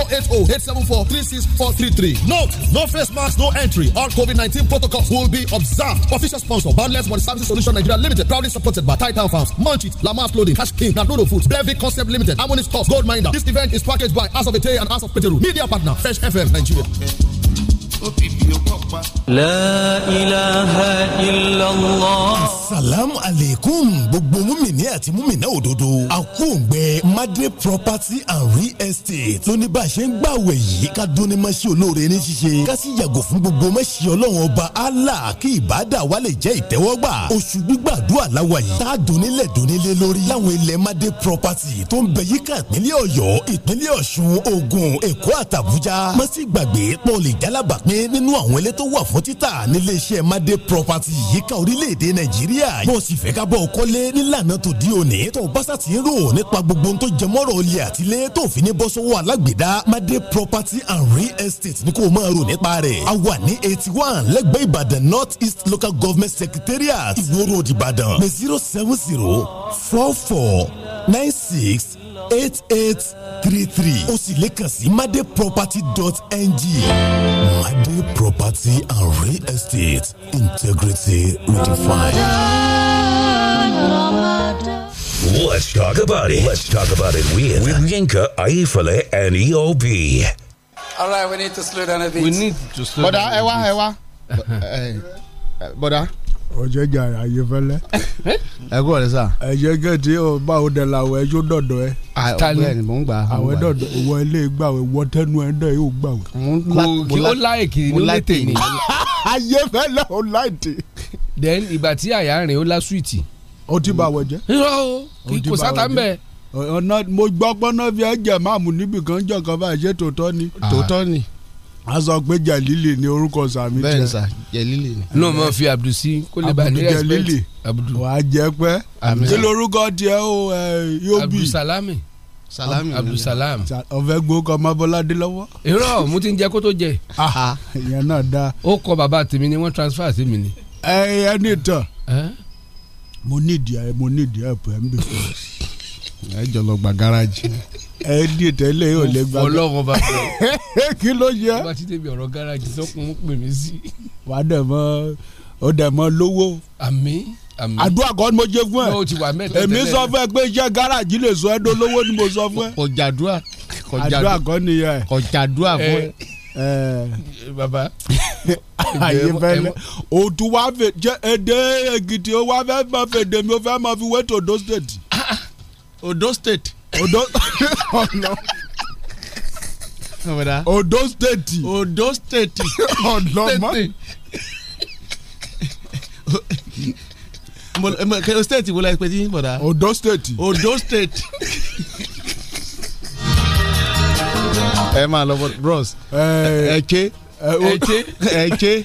874 36433 three Note, no face mask, no entry. All COVID-19 protocols will be observed. Official sponsor, Boundless Money Services Solution Nigeria Limited. Proudly supported by Titan Farms, Munchies, Lamar Clothing, Cash King, Nadodo Foods, Brevi Concept Limited, Harmony Stocks, Gold Miner. This event is packaged by House of Ete and House of Peteru. Media partner, Fresh FM Nigeria. La ilaha illallah. Asalaamu aleykum gbogbo múmìnì àti múmìnà òdodo. Àkóǹgbẹ madre Property and Real Estate tó ní bá a ṣe ń gbàwẹ̀ yìí ká dúnni máa ṣe olóore ní ṣíṣe. Ká sì yàgò fún gbogbo mẹ́sì ọlọ́run ọba Allah kí ìbádà wa lè jẹ́ ìtẹ́wọ́gbà. Oṣù gbígbàdúrà láwa yìí. Tá a dùnnílẹ̀ dùnnílé lórí. Láwọn ilẹ̀ Made Property tó ń bẹ yíká ìpínlẹ̀ Ọ̀yọ́, ìpínlẹ̀ Ọ̀ṣun, Ògùn, Èkó àtàbújá. Má sì gbàgbé gbé nínú àwọn ilé tó wà fún títà nílé iṣẹ́ Made Property yíká orílẹ̀-èdè Nàìjíríà bó o sì fẹ́ ká bọ̀ kọ́lé nílànà tó di òní tó bá sà ti ń rò nípa gbogbo ohun tó jẹ mọ́rọ̀ ilẹ̀ àtilẹ̀ tó fi ní bọ́ sọ́wọ́ alágbèédá Made Property and Real Estate ní kó o máa rò nípa rẹ̀ a wà ní eighty one lẹ́gbẹ̀ẹ́ Ìbàdàn North East Local Government Secretariat Ìwó Road Ìbàdàn ní zero seven zero four four nine six eight eight three three ó sì lè kàn sí madeproperty.ng made property and real estate integrity redefined. Let's talk about it. Let's talk about it with, with Yinka, Aifale, and EOB. All right, we need to slow down a bit. We need to slow Boda, down. Ewa, Ewa. Eh, eh, Boda. Ọ̀jẹ̀jàre Ayéfẹ́lẹ́. ẹ kú ọ̀rẹ́ sà. ẹ̀jẹ̀ gẹ̀ẹ́tì ọ̀ báwo dẹ̀ làwọ̀ ẹjọ́ dọ̀dọ̀ ẹ. tani mò ń gbà. àwọn dọ̀dọ̀ ìwọ ilé gbàwé wọ tẹnu ẹ dẹ̀ yóò gbàwé. kí ó láìkì ló lè tèmi. Ayéfẹ́lẹ́ ó láìtì. then ìgbà tí àyà rìn ó lá súwìtì. ó ti bá wọ jẹ. kí kò sátá mbẹ. ọ̀nà mo gbọ́ pọ́nọ́ fi ẹ̀jẹ̀ máàmù níbìkan jọ̀kan báyìí ṣé tòótọ́ ni. Ah. tòótọ́ ni a sọ pé jalili ni orúkọ sàmì jẹ bẹ́ẹ̀ sà jalili ni. n'o ma fi abudu sí kó lè bá ní respect jalili abudu wà jẹ pé kí lorúkọ tiẹ o yóò bí abdulsalami salami abdulsalam ọfẹ gbó kọ mabọládé lọ́wọ́. irọ́ mo ti ń jẹ kó tó jẹ. Ah, ìyẹn náà da. ó kọ bàbá tèmi ni wọ́n transfer sí mi ni. ẹ ẹ ní tán mo nídìí ẹ mo nídìí ẹ pẹ ń bẹ fún ẹ. ẹ jọ lọ gba gáràjì ẹ dì tẹ́lẹ̀ yóò lè gbàgbé. ọlọ́run bá tẹ̀. kí ló yẹ. bá ti tẹ̀bi ọ̀rọ̀ gáràjì sọ́kùn ń pè mí sí. wà á dẹ̀ mọ́ ó dẹ̀ mọ́ lówó. àmín àmín. àdúrà kan mo jẹ fún ẹ. o ti wà mẹ́tẹ́ tẹ́lẹ̀. èmi sọ fún ẹ pé iṣẹ́ gáràjì lè sọ ẹ́ dó lówó ni mo sọ fún ẹ. kọjàdúrà kọjàdúrà kan nìyẹn. kọjàdúrà fún ẹ baba. ayé fẹlẹ òtún wa fẹ jẹ èdè Èkìtì wa fẹ máa fẹ dèmi o fẹ máa fi wé to State. Ah, ah. Ondo State. Odo ọ̀nà. Oh, ọ̀bẹ̀dá. Odo state. Odo state. ọ̀nàmọ́. Oh, mo state wo la ẹ pẹ tí bọ̀dá. Odo state. Odo state. ẹ máa lọ bros. ẹ ké ẹ̀jẹ̀ ẹ̀jẹ̀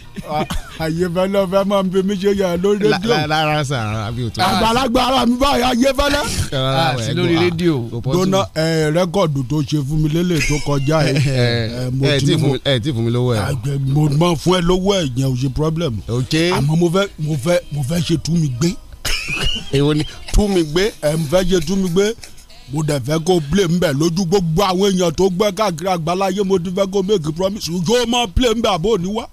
àyèfẹ́lẹ́ ọ̀fẹ́ máa ń bí mi ṣe yẹ lórí rédíò. lára sàn ara bí o tó. àgbàlagbà ara mi báyìí àyèfẹ́lẹ́. àti lórí rédíò. dona rẹ́kọ̀dù tó ṣe fún mi lélẹ̀ tó kọjá ẹ̀ ẹ̀ tí fún mi lówó ẹ̀. mo máa fún ẹ lówó ẹ̀ yẹn o ṣe problem. ok àmọ́ mo fẹ́ mo fẹ́ mo fẹ́ ṣe tú mi gbé. èwo ni tú mi gbé. ẹ̀ ń fẹ́ ṣe tú mi gbé mo dẹ̀ fẹ́ kó play mbẹ̀ lójú gbogbo àwọn èèyàn tó gbẹ́ káàkiri àgbáláyé mo ti fẹ́ kó make promise yóò máa play mbẹ̀ àbó níwá.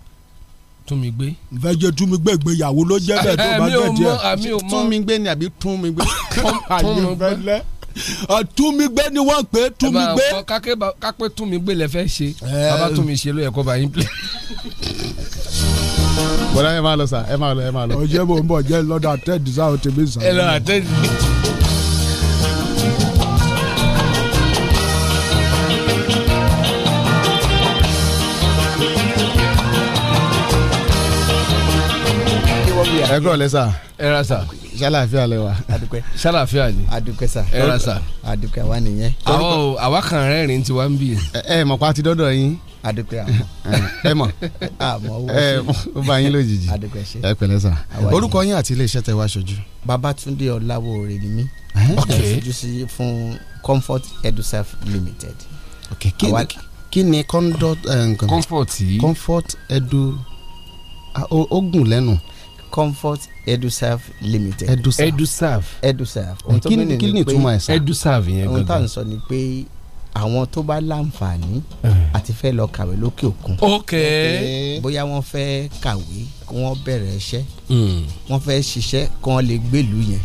túnmí gbé. nfẹ́ jẹ́ túnmí ìgbéyàwó ló jẹ́ bẹ́ẹ̀ tó bá jẹ́ tiẹ̀. túnmí ni àbí túnmí gbé. túnmí gbé ni wọ́n pè é túnmí kápẹ́ túnmí lẹ fẹ́ ṣe bàbá túnmí ló yẹ kó bá yín play ẹ máa lọ sà ẹ máa lọ ẹ máa lọ. ọjọ́ bò ń bọ̀ jẹ́ lọ́dọ̀ àtẹ́ẹ̀dì ẹ kúrò lẹ́sà. ẹ ra sà. ṣàlàfíà lẹ wa. adúpẹ́. ṣàlàfíà ni. adúpẹ́ sà. ẹ ra sà. adúpẹ́ wa nìyẹn. àwọn àwa kan rẹ́rìn tí wàá ń bì. ẹ mọ̀ pa ti dọ́dọ̀ yin. adúpẹ́ àmọ́. ẹ mọ̀. àmọ́ owó ṣe. ẹ ó bá yín lójijì. adúpẹ́ ṣe. ẹ pẹ̀lẹ́ sà. orúkọ yín àti ilé iṣẹ́ tẹ wá ṣojú. Babátúndé Ọláwóore ni mí. ok ẹ ṣojú sí fún Comfort EduServe Limited. ok kí ni kí ni comfort eh, comfort edu ogun gùn lẹ́nu comfort eduserve limited. eduserve eduserve eduserve kí kí ni ìtumọ̀ ẹ̀ sá eduserve yẹn gangan ohun tá à ń sọ ni pé àwọn tó bá láǹfààní eh. àti fẹ́ lọ kàwé lókè òkun. ok bóyá wọ́n fẹ́ kàwé kí wọ́n bẹ̀rẹ̀ iṣẹ́ hmm. wọ́n fẹ́ ṣiṣẹ́ kí wọ́n lè gbèlú yẹn.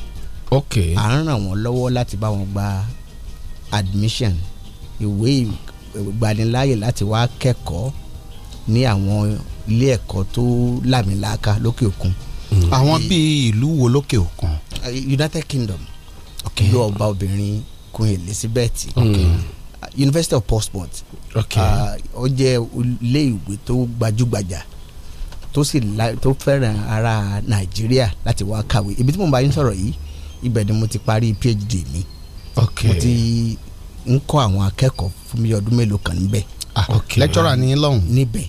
ok à ń ràn wọ́n lọ́wọ́ láti bá wọn gba admission ìwé ìgbaniláyè láti wá kẹ́kọ̀ọ́ ní àwọn ilé ẹ̀kọ́ tó lámìlàaka lókè òkun. Hmm. àwọn bíi ìlú wo lókè òkun. Uh, United Kingdom ìlú ọba obìnrin Queen Elizabeth hmm. uh, University of Portsmouth uh, ó jẹ́ ilé ìwé tó gbajúgbajà tó sì tó fẹ́ràn ara Nàìjíríà láti wá kàwé ibi tí mo bá yín sọ̀rọ̀ yìí ibẹ̀ ni mo ti parí PhD mi mo ti ń kọ́ àwọn akẹ́kọ̀ọ́ fún mi ọdún mélòó kan níbẹ̀ ah, lecturer ni lọ́hùn níbẹ̀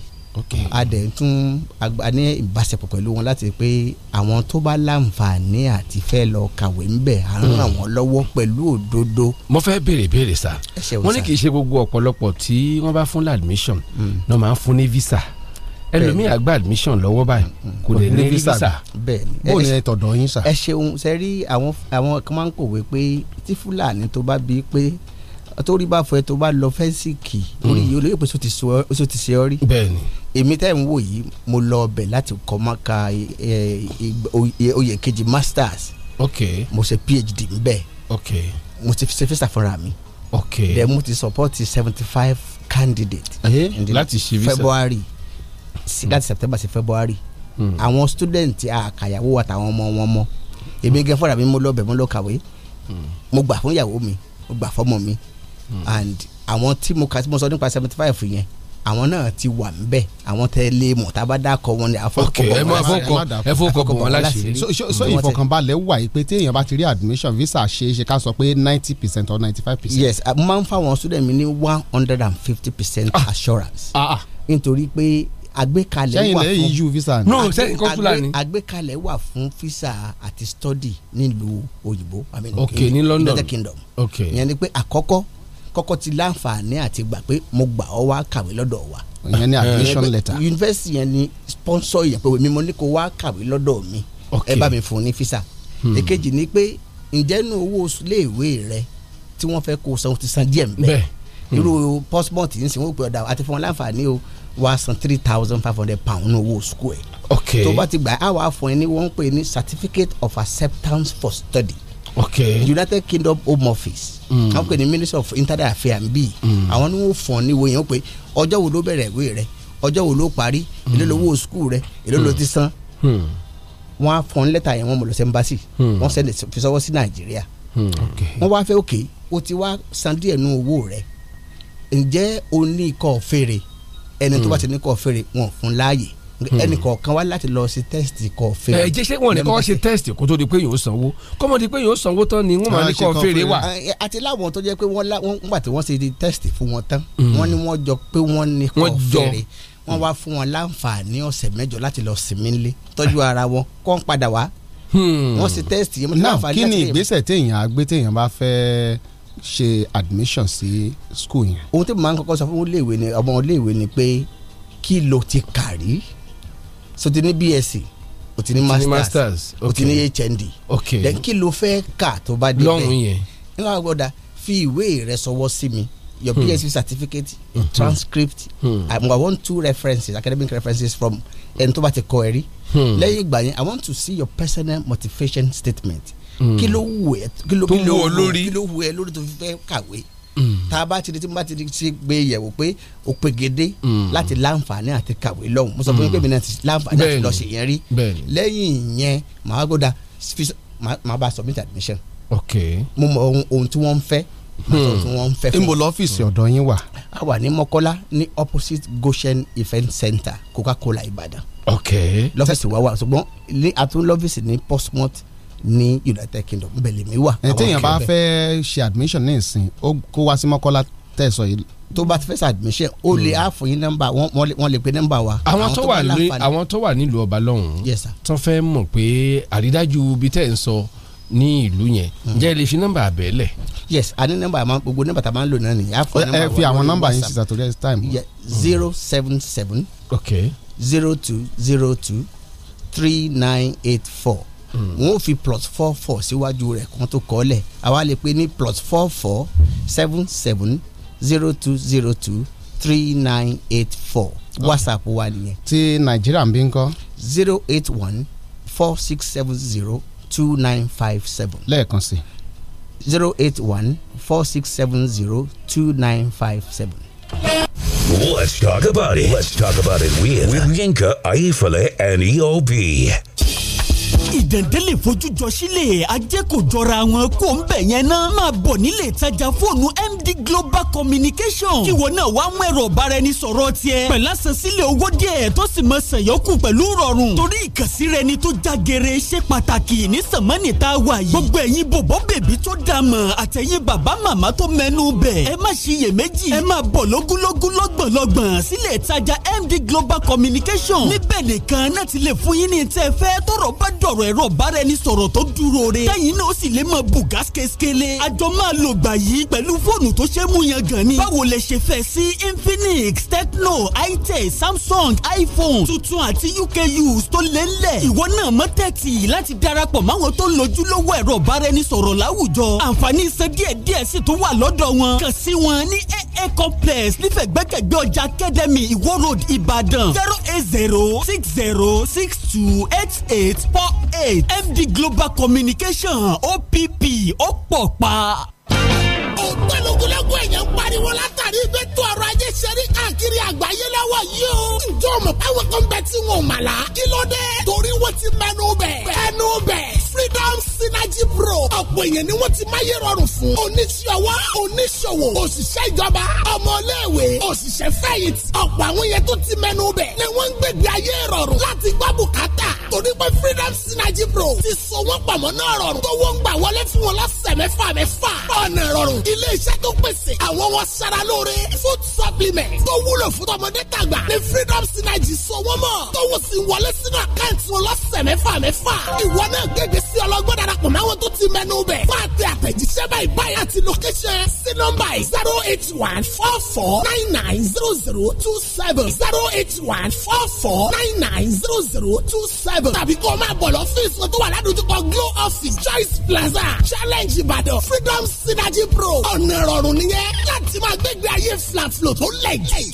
a dẹ̀ tún a ní ìbáṣepọ̀ pẹ̀lú wọn láti pé àwọn tó bá láǹfààní àti fẹ́ lọ kàwé ńbẹ̀ à ń hmm. ràn wọ́n lọ́wọ́ pẹ̀lú òdodo. mo fẹ́ béèrè béèrè sa wọ́n ní kì í ṣe gbogbo ọ̀pọ̀lọpọ̀ tí wọ́n bá fún admission hmm. náà máa ń fún ní visa ẹlòmíì àgbà admission lọ́wọ́ báyìí hmm. kò lè ní visa bó ni ẹ tọ̀dọ̀ yín sà. ẹ ṣeun ṣe rí àwọn kan máa ń kòwé pé tí fúlàní tó bá bí pé torí bá fọ ẹ tó bá lọ fẹ́ǹsì kì orí yìí olóyè pé so ti ṣe ọ rí. bẹ́ẹ̀ni èmi tẹ́ ń wò yìí mo lọ ọbẹ̀ láti kọ́ mọ́ ka oyè kejì masters ok mo ṣe phd ńbẹ̀ ok mo ti ṣe fisa fúnra mi then mo ti support seventy five candidate eh, in the láti february sí hmm. láti september sí february hmm. àwọn students àkàyàwó àtàwọn ọmọ wọn mọ èmi hmm. gẹ fúnra mi mo lọ ọbẹ̀ mo lọ kàwé mo gbà fún ìyàwó mi mo gbà fọmọ mi and àwọn tí mo kà tí mo sọ nípa seventy five yẹn àwọn náà ti wà ńbẹ̀ àwọn tẹ lé mọ tábà dákọ wọn ni àfọkọbọ wọn láṣìírí. so ìfọkànbalẹ̀ wà yìí pé téèyàn bá ti rí admission visa ṣe é ṣe ká sọ pé ninety percent or ninety five percent. yes mo máa ń fáwọn student mi ní one hundred and fifty percent ah. assurance ah, ah. nítorí pé àgbékalẹ̀ wà fún sẹ́yìn lẹ́yìn eu visa ni. no sẹ́yìn kọ́ fúlàní. àgbékalẹ̀ wà fún visa àti study nílùú òyìnbó. ok ní London United Kingdom. ok ìyẹn ni pé àkọ́kọ́ kọ́kọ́ ti láǹfààní àti gbà pé mo gbà ọ́ wá kàwé lọ́dọ̀ wa. ìyẹn ni admission eh, eh, letter. yunifásitì yẹn ni sponsor yẹn pé mi mo ní kó wá kàwé lọ́dọ̀ mi ẹ bá mi fún ní fisa. Hmm. èkejì ni pé ǹjẹ́ nu owó iléèwé rẹ tí wọ́n fẹ́ kó san ti san díẹ̀ mbẹ́ hmm. irú postmort yìí ń sìn wọ́n pè ọ̀dà àti fún wọn láǹfààní o wàá san three thousand five hundred pounds ní owó sukuu ẹ̀. ok tó bá ti gbà á wàá fún ẹ ní wọ́n pè ní certificate of acceptance for study okay. united kingdom home office àwọn mm. pè ní minister of internal affairs bíi mm. àwọn ni wọn fọ ní ìwé yẹn pé ọjọ́ wo ló bẹ̀rẹ̀ ìwé rẹ ọjọ́ wo ló parí èló mm. lówó skul rẹ èló ló ti san hmm. wọn á fọn lẹ́tà yẹn wọn mọ̀ lọ sí embassy hmm. wọn sẹ́ni fi sọ́wọ́ sí nàìjíríà hmm. wọn wá fẹ́ òkè o ti wá san díẹ̀ nú owó rẹ ǹjẹ́ o ní ikọ̀ fèrè ẹni tó bá ti ní ikọ̀ fèrè wọn fún láàyè Hmm. ẹnìkọ̀ọ̀kan wá láti lọ sí test kọ fèrè. ẹ jẹ́ ṣé wọ́n ní kọ́ ṣe test kó tó di pé yóò sanwó kọ́mọ di pé yóò sanwó tán ni wọ́n máa ní kọ́ fèrè wà. àti láwọn tó jẹ́ pé wọ́n gbà tí wọ́n ṣe di test fún wọn tán hmm. wọ́n ní wọ́n jọ pé wọ́n ní kọ́ fèrè wọ́n wá fún wọn láǹfààní ọ̀sẹ̀ mẹ́jọ láti lọ sinmi nílé tọ́jú hmm. ara wọn kọ́ ń padà wá wọ́n ṣe test yẹn kí lo ti kà so ti ní bsc o ti ní masters, masters. Okay. o ti ní hnd okay then kí ló fẹ́ kà tó bá dé bẹ́ẹ̀ lọ́run yẹn nígbà gbọ́dọ̀ fi ìwé rẹ sọwọ́ sí mi your hmm. bsc certificate hmm. transcript hmm. I, i want two references academic references from ẹni tó bá ti kọ ẹ rí hmm. lẹ́yìn ìgbà yẹn i want to see your personal motivation statement hmm. kí ló wù ẹ́ kí ló wù ẹ́ lórí kí lórí tó fi fẹ́ kàwé tá a bá ti di tí mo bá ti di ti gbé yẹ̀wò pé o pegede láti láǹfààní àti kàwé lọ́hùn mo sọ pé pèmí náà ti láǹfààní àti lọ sí yẹn rí lẹ́yìn yẹn màá gbọ́dọ̀ màá bá submit admission mo mọ ohun tí wọ́n ń fẹ́ nbọ lọ́fíìsì ọ̀dọ̀ yín wà. a wà ní Mọ́kọ́lá ní opposite Goshen event center Coca-Cola Ìbàdàn. ok lọ́fíìsì wa wà ṣùgbọ́n a tún lọ́fíìsì ní Portsmouth ní United Kingdom bẹ̀lẹ̀ mi wà. ẹ̀ téèyàn bá fẹ́ ṣe admission ní ìsìn kó wá sí Mọ́kọ́lá tẹ̀sán yìí tó bá fẹ́ sàdìmíṣẹ́ ó lè á hmm. fún yín nọ́mbà wọ́n lè pe nọ́mbà wa. àwọn tó wà ní àwọn tó wà nílùú ọba lọ́hùn-ún tó fẹ́ mọ̀ pé àrídájú ibi tẹ́ ń sọ ní ìlú yẹn hmm. ǹjẹ́ lè fi nọ́mbà àbẹ́lẹ̀. yes a ní nọ́mbà àmọ́ gbogbo nọ́mbà tá a máa ń lò náà nìyí. ẹ fi àwọn nọ́mbà yín sí sàtúndẹ̀ time. Hmm. zero seven seven. okay. zero two zero two three nine eight four wọn ò fi plus four four síwájú rẹ̀ kan tó kọ́ lẹ̀ àwa lè pe ní plus four four seven seven zero two zero two three nine eight four ah. whatsapp wa nìyẹn. ti nàìjíríà ń bí ń kọ́. zero eight one four six seven zero two nine five seven. lẹ́ẹ̀kan sí. zero eight one four six seven zero two nine five seven. Let's talk about it. Let's talk about it with, with Yinka, Aifale, and EOB ìdẹ̀ndẹ́ lè fojú jọ sílẹ̀ ajé kò jọra wọn kó ń bẹ̀ yẹn náà máa bọ̀ nílé ìtajà fóònù MD Global Communication kí wọn náà wá mú ẹ̀rọ ọ̀bára ẹni sọ̀rọ̀ tiẹ̀ pẹ̀lú àṣẹsílẹ̀ owó díẹ̀ tó sì mọ sẹ̀yọ́kù pẹ̀lú rọrùn torí ìkànsí rẹ ni tó já gere ṣe pàtàkì ní sàmánì tá a wà yìí gbogbo ẹ̀yin bòbọ́ bèbí tó dà mọ̀ àtẹ̀yìn bàbá màmá tó mẹ́nu bẹ̀ ẹ má ṣiyèméjì ẹ máa bọ̀ lógúnlógún lọ́gbọ̀nlọ́gbọ̀n sílẹ̀ ìtajà MD Global Communication níbẹ̀ nìkan náà ti lè fún yín ní tẹ́ fẹ́ tọ̀rọ̀ bá dọ̀rọ̀ ọ̀rọ̀ ẹ̀rọ ìbáraẹnisọ̀rọ̀ tó dúró re lẹ́yìn náà ó sì lè máa bù gas kéékèèlé àjọ máa lò gbà yìí pẹ̀lú fóònù tó ṣe é mú yan gan ni báwo lẹ ṣe fẹ́ sí Infinix Tecno itel Samsung iPhone tuntun àti UKUs tó lé ńlẹ̀ ìwọ náà mọ́ tẹ̀tì láti darapọ̀ máwọn tó lójúlówó ẹ̀rọ ìbáraẹnisọ̀rọ̀ láwùjọ àǹfààní iṣẹ́ díẹ̀díẹ̀ sì tún wà lọ́dọ̀ wọn kàn sí wọn ní aa complex nífẹ̀gbẹ́kẹ̀gbẹ́ ọjà academy Iwo Road Ìbàdàn zero eight zero six zero six two eight eight four eight MD Global Communication OPP ó pọ̀ pa. ògbẹ́lógúnlógún èèyàn pariwo látàrí ìgbẹ́tọ̀ ọrọ̀ ajé ṣẹ́rí káàkiri àgbáyé lọ́wọ́ yìí o. ǹjọ́ mọ̀ báwọn kan bẹ tí wọn ò mà lá. kí ló dé? torí wọ́n ti mẹ́nu bẹ̀. mẹ́nu bẹ̀ freedom synergy pro ọ̀pọ̀ èèyàn ni wọ́n ti máyé rọrùn fún oníṣòwò oníṣòwò òṣìṣẹ́ ìjọba ọmọléèwé òṣìṣẹ́ fẹ̀yìntì ọ̀pọ̀ àwọn yẹn tó ti mẹ́nu bẹ̀ ni wọ́n ń gbègbè ayé rọrùn láti gbọ́ bùkátà torí pé freedom synergy pro ti so wọ́n pàmò náà rọrùn tó wọ́n ń gbà wọlé fún wọn lọ́sẹ̀ mẹ́fà mẹ́fà ọ̀nà rọrùn ilé iṣẹ́ tó pèsè àwọn wọn sara lóore food supplement tó wúlò fún tọmọdé tàgbà ni freedom synergy so wọ́n mọ̀ tó wọ́n sì wọlé sínú àkáǹtì wọn lọ́sẹ̀ mẹ́fà mẹ́fà ìwọ náà gbègbè sí ọlọ́gbọ́n darapọ̀ mọ́ àwọn tó ti mẹ́nu bẹ̀. fún àti àtẹ̀jíṣẹ́ báyìí báyìí àti lókẹ́ṣẹ́ sí nọ́mbà yìí zero eight one four four nine nine zero zero two seven zero eight one four four nine nine zero zero two seven. tàbí kó o máa bọ̀ lọ́fíìsì tó wà ládùúgbò Glo office Choice Plaza Challenge Ìbàdàn Freedom Synergy Pro ọ̀nà ìrọ̀rùn nìyẹn láti máa gbégbé ayé flaflo tó lẹ̀ jẹ́.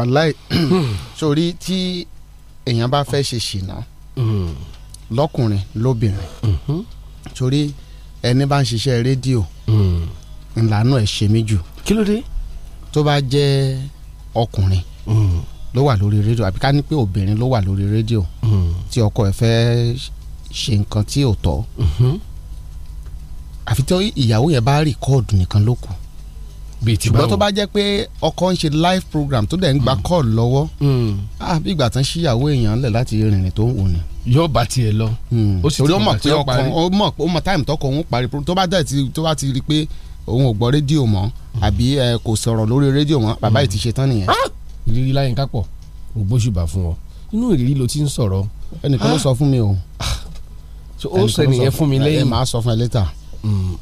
wàláì hmm. sórí tí èèyàn bá fẹ́ ṣe ṣìnà hmm. lọ́kùnrin lóbìnrin hmm. sórí ẹni bá ń ṣiṣẹ́ rédíò ńlànà ẹ̀ ṣe mí jù. kí ló dé. tó bá jẹ́ ọkùnrin ló wà lórí rédíò àbí ká ní pé obìnrin ló wà lórí rédíò tí ọkọ ẹ̀ fẹ́ ṣe nǹkan tí ò tọ́ àfi tí ìyàwó yẹn bá rìkọ́ọ̀dù nìkan ló kù bíi ti báwo ṣùgbọ́n tó bá jẹ́ pé ọkọ ń ṣe live program tó dẹ̀ ń gba mm. call lọ́wọ́ mm. bí ìgbà tán ṣíyàwó èèyàn lẹ̀ láti rìnrìn tó ń wò ni. yóò bá tiẹ̀ lọ. Mm. ó sì ti mọ̀ pé ọkọ ó mọ̀ ó tọkọ òun parí tó bá dẹ̀ tó bá ti rí i pé òun ò gbọ́ rédíò mọ́ àbí kò sọ̀rọ̀ lórí rédíò mọ́ bàbá yìí ti ṣe tán nìyẹn. Ah! ìrírí láyé ká pọ̀ ògbóṣùbà fún ọ inú ìrírí ló ti ń sọ̀rọ̀. ẹnìkan ló ah! sọ fún mi o. Ah! ó sọ ẹnìyẹn fún mi lẹ́yìn. ẹ máa sọ fún ẹ lẹ́tà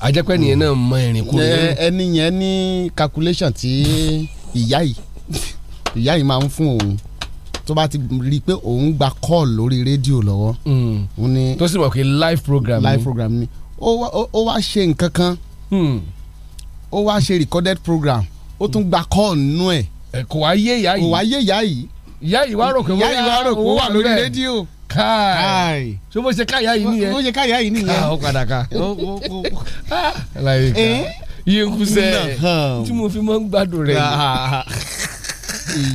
ajẹ́pẹ́ nìyẹn náà mọ ìrìn kúrò lórí. ẹni yẹn ní calculation Ti ìyá yìí ìyá yìí máa ń fún òun tó bá ti rí i pé òun gba call lórí rédíò lọ́wọ́. Hmm. tó sì mọ̀ pé live program ni live program ni ó wá ṣe nǹkan kan hmm. ó wá ṣe recorded program ó tún gba call nínú ẹ̀. kò wá yé ìyá yìí kò wá yé ìyá yìí. ìyá yìí wá rò pé wọ́n wà lórí rédíò káì so bó ṣe káyà yìí nìyẹn bó ṣe káyà yìí nìyẹn ó padà ká láyé ká yínkù sẹ tí mo fi máa ń gbádùn rẹ ah, ah, ah.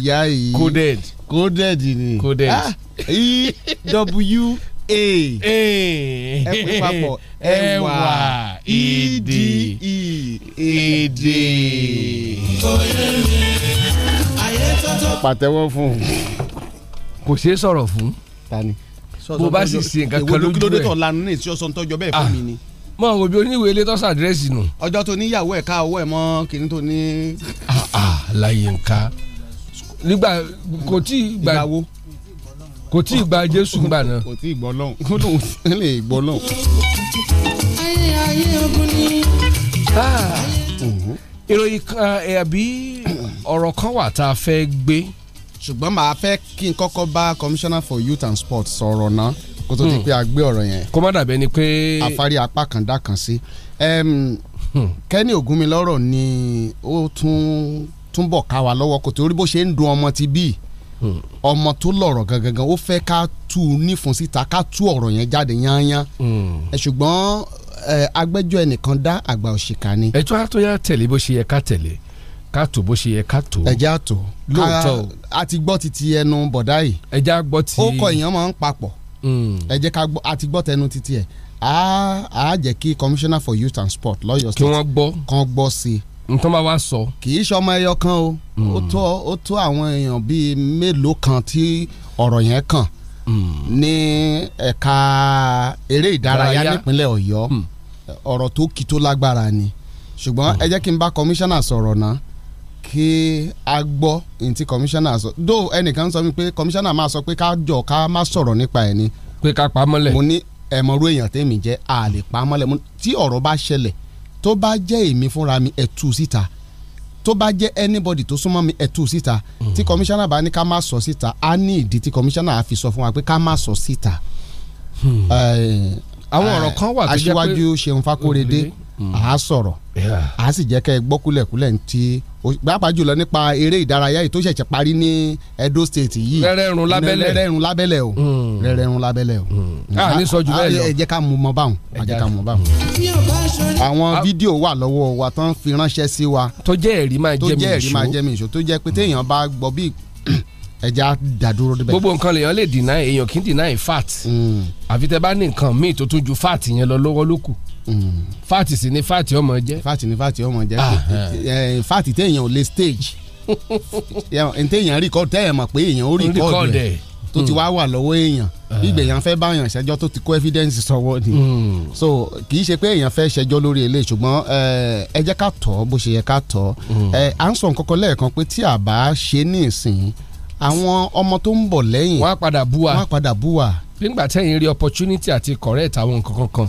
ìyá yìí coded coded ni coded ew a eh. ẹ pè papọ̀ ẹ wà E D. E. E e. pàtẹ́wọ́ fún un. kò ṣeé sọ̀rọ̀ fún ta ni bó bá sì ṣe nǹkan kan lójú rẹ kílódé tó lanu ní ìṣọ́sọ́ ntọ́jọ́ bẹ́ẹ̀ fún ah, mi ni. mọ àwọn òbí oníwèé ilé tọ́sà àdírẹ́sì nù. ọjọ́ tó níyàwó ẹ̀ ká owó ẹ̀ mọ́ kìnní tó ní. Ah, ah, láyé nǹka nígbà kò tí ì gbà kò tí ì gbà jésù gbà náà. kò tí ì gbọ́ lọ́hùn kó lóun lè gbọ́ lọ́hùn. ìròyìn kan eh, àbí ọ̀rọ̀ kan wà tá a fẹ́ gbé ṣùgbọ́n màá fẹ́ kí n kọ́kọ́ bá commissioner for youth and sports sọ̀rọ̀ náà kó tó di hmm. pé a gbé ọ̀rọ̀ yẹn. kó má dàbẹ́ ni pé. àfarí apá kan dá kan sí. Hmm. kẹ́ni ògúnmilọ́rọ̀ ni ó tún túnbọ̀ ká wa lọ́wọ́ kò torí bó ṣe ń dun ọmọ ti bíi hmm. ọmọ tó lọ̀rọ̀ gangan ó fẹ́ ká tú u nífun síta ká tú ọ̀rọ̀ yẹn jáde yányán ṣùgbọ́n agbẹ́jọ́ ẹnìkan dá àgbà òṣìkà ni. ẹjọ́ àtúnyà tẹ̀lé bó ṣe yẹ ká tẹ̀lé ká tó bó ṣe yẹ ká tó. ẹjẹ àtò lóòótọ́ a ti gbọ́ titi ẹnu bọ̀dá yìí. ẹjẹ a gbọ́ ti. ó kọ èèyàn máa ń papọ̀. Hmm. ẹjẹ ká gbọ́ a ti gbọ́ tẹnu titi ẹ̀ a a jẹ́ kí commissioner for youth and sport lọ́yọ̀ state kí wọ́n gbọ́ kan gbọ́ sí i. ntọ́ bá wa sọ. kì í ṣọmọ ẹyọ kan o ó hmm. tó ó tó àwọn èèyàn bíi mélòó kan tí ọ̀rọ̀ yẹn kàn hmm. ní ẹ̀ka eré ìdárayá nípínlẹ̀ ọ̀yọ́ ọ̀rọ̀ tó kì tó lágbára ni ṣùgbọ́n ẹ jẹ́ kí n bá commissioner sọ̀rọ̀ náà kí a gbọ́ ní ti kọmíṣánná sọ dó ẹnìkan sọ mi pé kọmíṣánná máa sọ pé ká jọ ká má sọ̀rọ̀ nípa ẹ̀ ni. pé ká pa mọ́lẹ̀. mo ní ẹ̀mọ́rú èèyàn tèmi jẹ́ a lè pa mọ́lẹ̀ tí ọ̀rọ̀ bá ṣẹlẹ̀ tó bá jẹ́ èmi fúnra mi ẹ̀ tú síta tó bá jẹ́ anybody tó súnmọ́ mi ẹ̀ tú síta tí kọmíṣánná mm. bá ní ká má sọ síta á ní ìdí tí kọmíṣánná á fi sọ fún wa pé ká má sọ síta. Hmm. àwọn ọ̀rọ̀ kan wà tó jẹ́ pé aṣíwájú Ṣeun Fákóredé a sọ̀rọ̀ a sì jẹ́ kẹ́ ẹ gbọ́ kúlẹ̀kúlẹ̀ ń ti pàápàá jùlọ nípa eré ìdárayá yìí tó ṣẹ̀ṣẹ̀ parí ní Edo State yìí rẹ́rẹ́run lábẹ́lẹ̀ rẹ́rẹ́run lábẹ́lẹ̀ o mm. rẹ́rẹ́run lábẹ́lẹ̀ o. Mm. a ah, ní sọ jù bẹ́ẹ̀ lọ ẹ jẹ́ ká mú mọ báwọn ẹ jẹ́ ká mú báwọn. àwọn ah. fídíò wà lọ́wọ́ wa tán fi ránṣẹ́ sí wa. tó jẹ́ ẹ̀rí máa jẹ́ mi ìṣó tó jẹ́ ẹ̀rí máa jẹ́ mi ìṣó tó jẹ́ pé téèyàn bá gbọ́ bí ẹja dàdúró níbẹ̀. gbogbo nǹkan lèèyàn lè deny èèyàn kì í deny fat mm. àfi tẹ bá ní nǹkan míì tó tún ju fat yẹn lọ lọ́wọ́ lókù fáàtì sì ni fáàtì ọmọ jẹ. fáàtì ni fáàtì ọmọ jẹ ah, eh, eh, fáàtì téèyàn ò lè stage téèyàn rìkọ́ téèyàn mọ̀ pé èèyàn ó rìkọ́ dẹ̀ tó ti wá wà lọ́wọ́ èèyàn gbígbẹ̀ eh. yẹn fẹ́ bá èèyàn ṣẹjọ́ tó ti kó evidence sọ́wọ́ ni hmm. so kì í ṣe pé èèyàn fẹ́ ṣẹjọ́ lórí ilé ṣùgbọ́n ẹ jẹ́ ká tọ́ bó ṣe yẹ ká tọ́ hmm. à ń sọ nǹkan kan lẹ́ẹ̀kan pé tí a ṣe ní ìsìn àwọn ọmọ tó ń bọ̀ lẹ́yìn wọ́n á padà bú wọ́n á padà bú nígbà tẹ́yìn rí opportunity àti correct àwọn nǹkan kan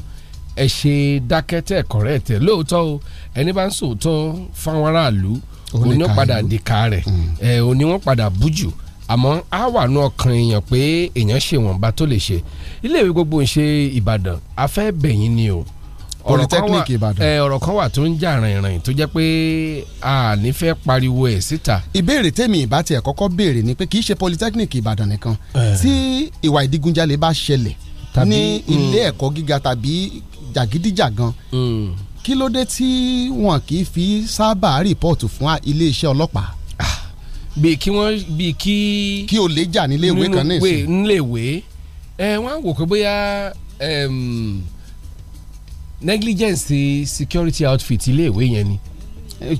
ẹ ṣe dákẹ́ tẹ̀ kọ̀rẹ́ tẹ̀ lóòótọ́ o ẹni bá ń sòótọ́ fáwọn aráàlú òní ó padà dìka rẹ̀ hmm. òní wọ́n padà bújù àmọ́ á wà nú ọkàn èèyàn pé èèyàn ṣe wọ̀nba tó lè ṣe iléèwé gbogbo ń ṣe Ìbàdàn afẹ́ bẹ̀yìn ni o polytechnic Ìbàdàn ọ̀rọ̀ kan wà tó ń jà rìnrìn tó jẹ́ pé a ní fẹ́ pariwo ẹ̀ síta. ìbéèrè tèmi ìbá tiẹ̀ kọ́kọ́ béèrè ni pé kì í ṣe polytechnic Ìbàdàn nìkan tí ìwà ìdigunjalè bá ṣẹlẹ̀ ní hmm. ilé ẹ̀kọ́ gíga tàbí jàgídíjàgan hmm. kí ló dé tí wọn kì í fi sábà rìpọ́ọ̀tù fún iléeṣẹ́ ọlọ́pàá ah, bíi kí wọ́n bíi kí. kí o lè jà nílé ìwé kan ní ìsìn. nílé ìwé ẹ wọ́n á wò pé bóyá negligence security outfit ilé ìwé yẹn ni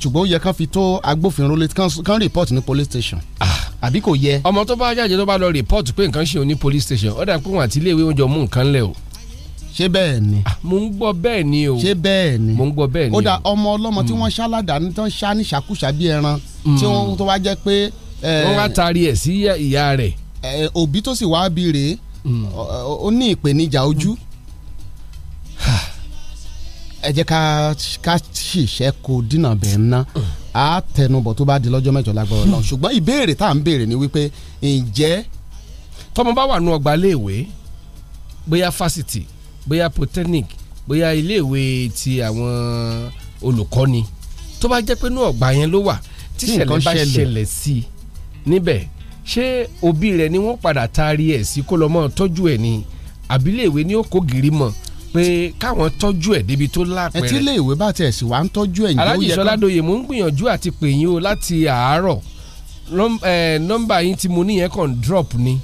ṣùgbọ́n ó yẹ kán fi tó agbófinró létí kán report ní police station. Ah. àbí kò yẹ. ọmọ tó bá jáde tó bá lọ report pé nǹkan ṣe òun ní police station ó dà pé òun àti iléèwé oúnjẹ mú nǹkan lẹ̀ o ṣé bẹ́ẹ̀ ni. Ah, mo ń gbọ́ bẹ́ẹ̀ ni o. ṣé bẹ́ẹ̀ ni. mo ń gbọ́ bẹ́ẹ̀ ni o. ó dà ọmọ ọlọ́mọ tí wọ́n ṣáládàá ní tán ṣá ní ṣàkúṣà bí ẹran mm. tí wọ́n tó wá jẹ́ pé. wọ́n wá taari ẹ̀ sí ìyá rẹ̀. òbí tó sì wáá bi rèé mm. ó ní ìpèníjà ojú. ẹ jẹ́ ká ṣiṣẹ́ kó dínà bẹ́ẹ̀ ná a tẹnubọ̀ tó bá di lọ́jọ́ mẹ́jọ lágbára náà ṣùgbọ́n ìbéèrè tá ni wípé ǹjẹ́. tọ́mọ bá wà nù ọgbà bóyá polytechnic bóyá iléèwé ti àwọn olùkọ́ni tó bá jẹ́ pé inú ọgbà yẹn ló wà tíṣẹ̀lẹ̀ bá ṣẹlẹ̀ sí i níbẹ̀ ṣé òbí rẹ̀ ni wọ́n padà taari ẹ̀ sí kó lọ mọ́ tọ́jú ẹ̀ ni àbílẹ̀wé ni ó kó gírí mọ́ pé káwọn tọ́jú ẹ̀ débi tó lápẹ̀rẹ̀. ẹtí iléèwé bá tẹ̀ sí wa ń tọ́jú ẹ̀ ní ó yẹ kó. alájì sọládòye mò ń gbìyànjú àti pè yín o láti àárọ̀ nọ́mbà yín tí mo níyẹn kàn drop ni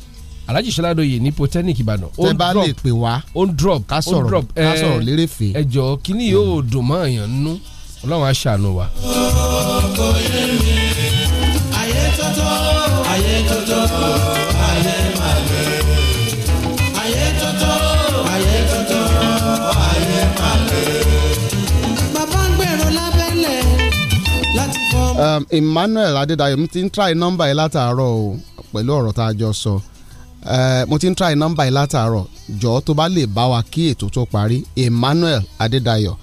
alhaji sọládòye ní potenic ìbàdàn. tẹ bá lè pè wá ó drop ká sọ̀rọ̀ lérè fè. ẹ jọ kíní yóò dùn mọ́ èèyàn nínú ọlọ́run á wa. Um, Emmanuel Adédayọ̀ mi ti ń try nọ́mbà yìí látàárọ̀ o pẹ̀lú ọ̀rọ̀ tá a jọ sọ. So Uh, mo ti ń try nọ́mbà yìí látàárọ̀ jọ̀ọ́ tó bá lè bá wa kí ètò tó parí Emmanuel Adédayọ̀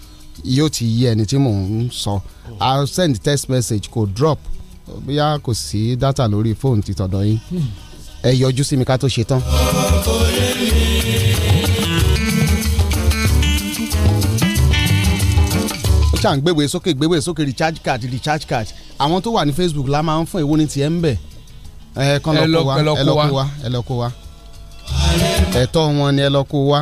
yóò ti yí ẹni tí mò ń sọ a send text message kò drop bóyá kò sí data lórí fóònù ti tọ̀dọ̀ yín ẹ yọjú sí mi ká tó ṣe tán. ó ṣàn sókè gbéwèé sókè recharge card recharge card àwọn tó wà ní Facebook la máa ń fún èwo ní tiẹ̀ ń bẹ̀ ẹ kàn lọ kó wa ẹ lọ kó wa ẹ lọ kó wa ẹ̀tọ́ wọn ni ẹ lọ kó wa.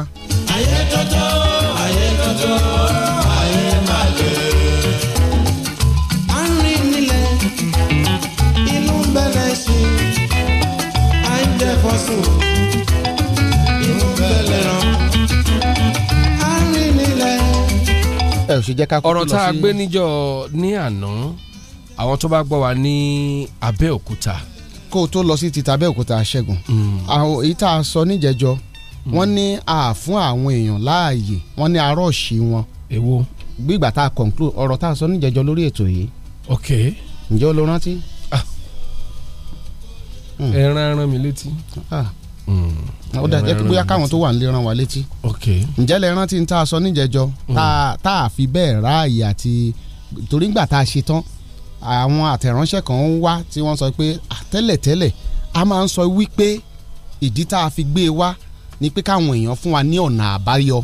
ọ̀rọ̀ tá a gbé níjọ́ ní àná àwọn tó bá gbọ́ wa ní Abẹ́òkúta kó o tó lọ sí títa Abẹ́òkúta Ṣẹ́gun hmm. àwọn èyí tá a sọ níjẹ̀jọ hmm. wọ́n ní a fún àwọn èèyàn láàyè wọ́n ní arọ́ọ̀ṣì wọn. èwo. gbígbà tá a conclude ọ̀rọ̀ tá a sọ níjẹ̀jọ lórí ètò yìí. ok. ǹjẹ́ o lo rántí. Ah. Hmm. ẹ rán rán mi létí. Ah. ó dàjẹ́ pé bóyá káwọn tó wà nílé rán wa létí. ok. ǹjẹ́ lẹ rántí tá a sọ níjẹ̀jọ tá a fi bẹ́ẹ̀ ráàyè àti torí ńgbà tá a ṣe tán àwọn àtẹ̀ránṣẹ́ kan ń wá tí wọ́n sọ pé tẹ́lẹ̀tẹ́lẹ̀ a máa ń sọ wípé ìdí tá a fi gbé e wá ni pé káwọn èèyàn fún wa ní ọ̀nà àbáyọ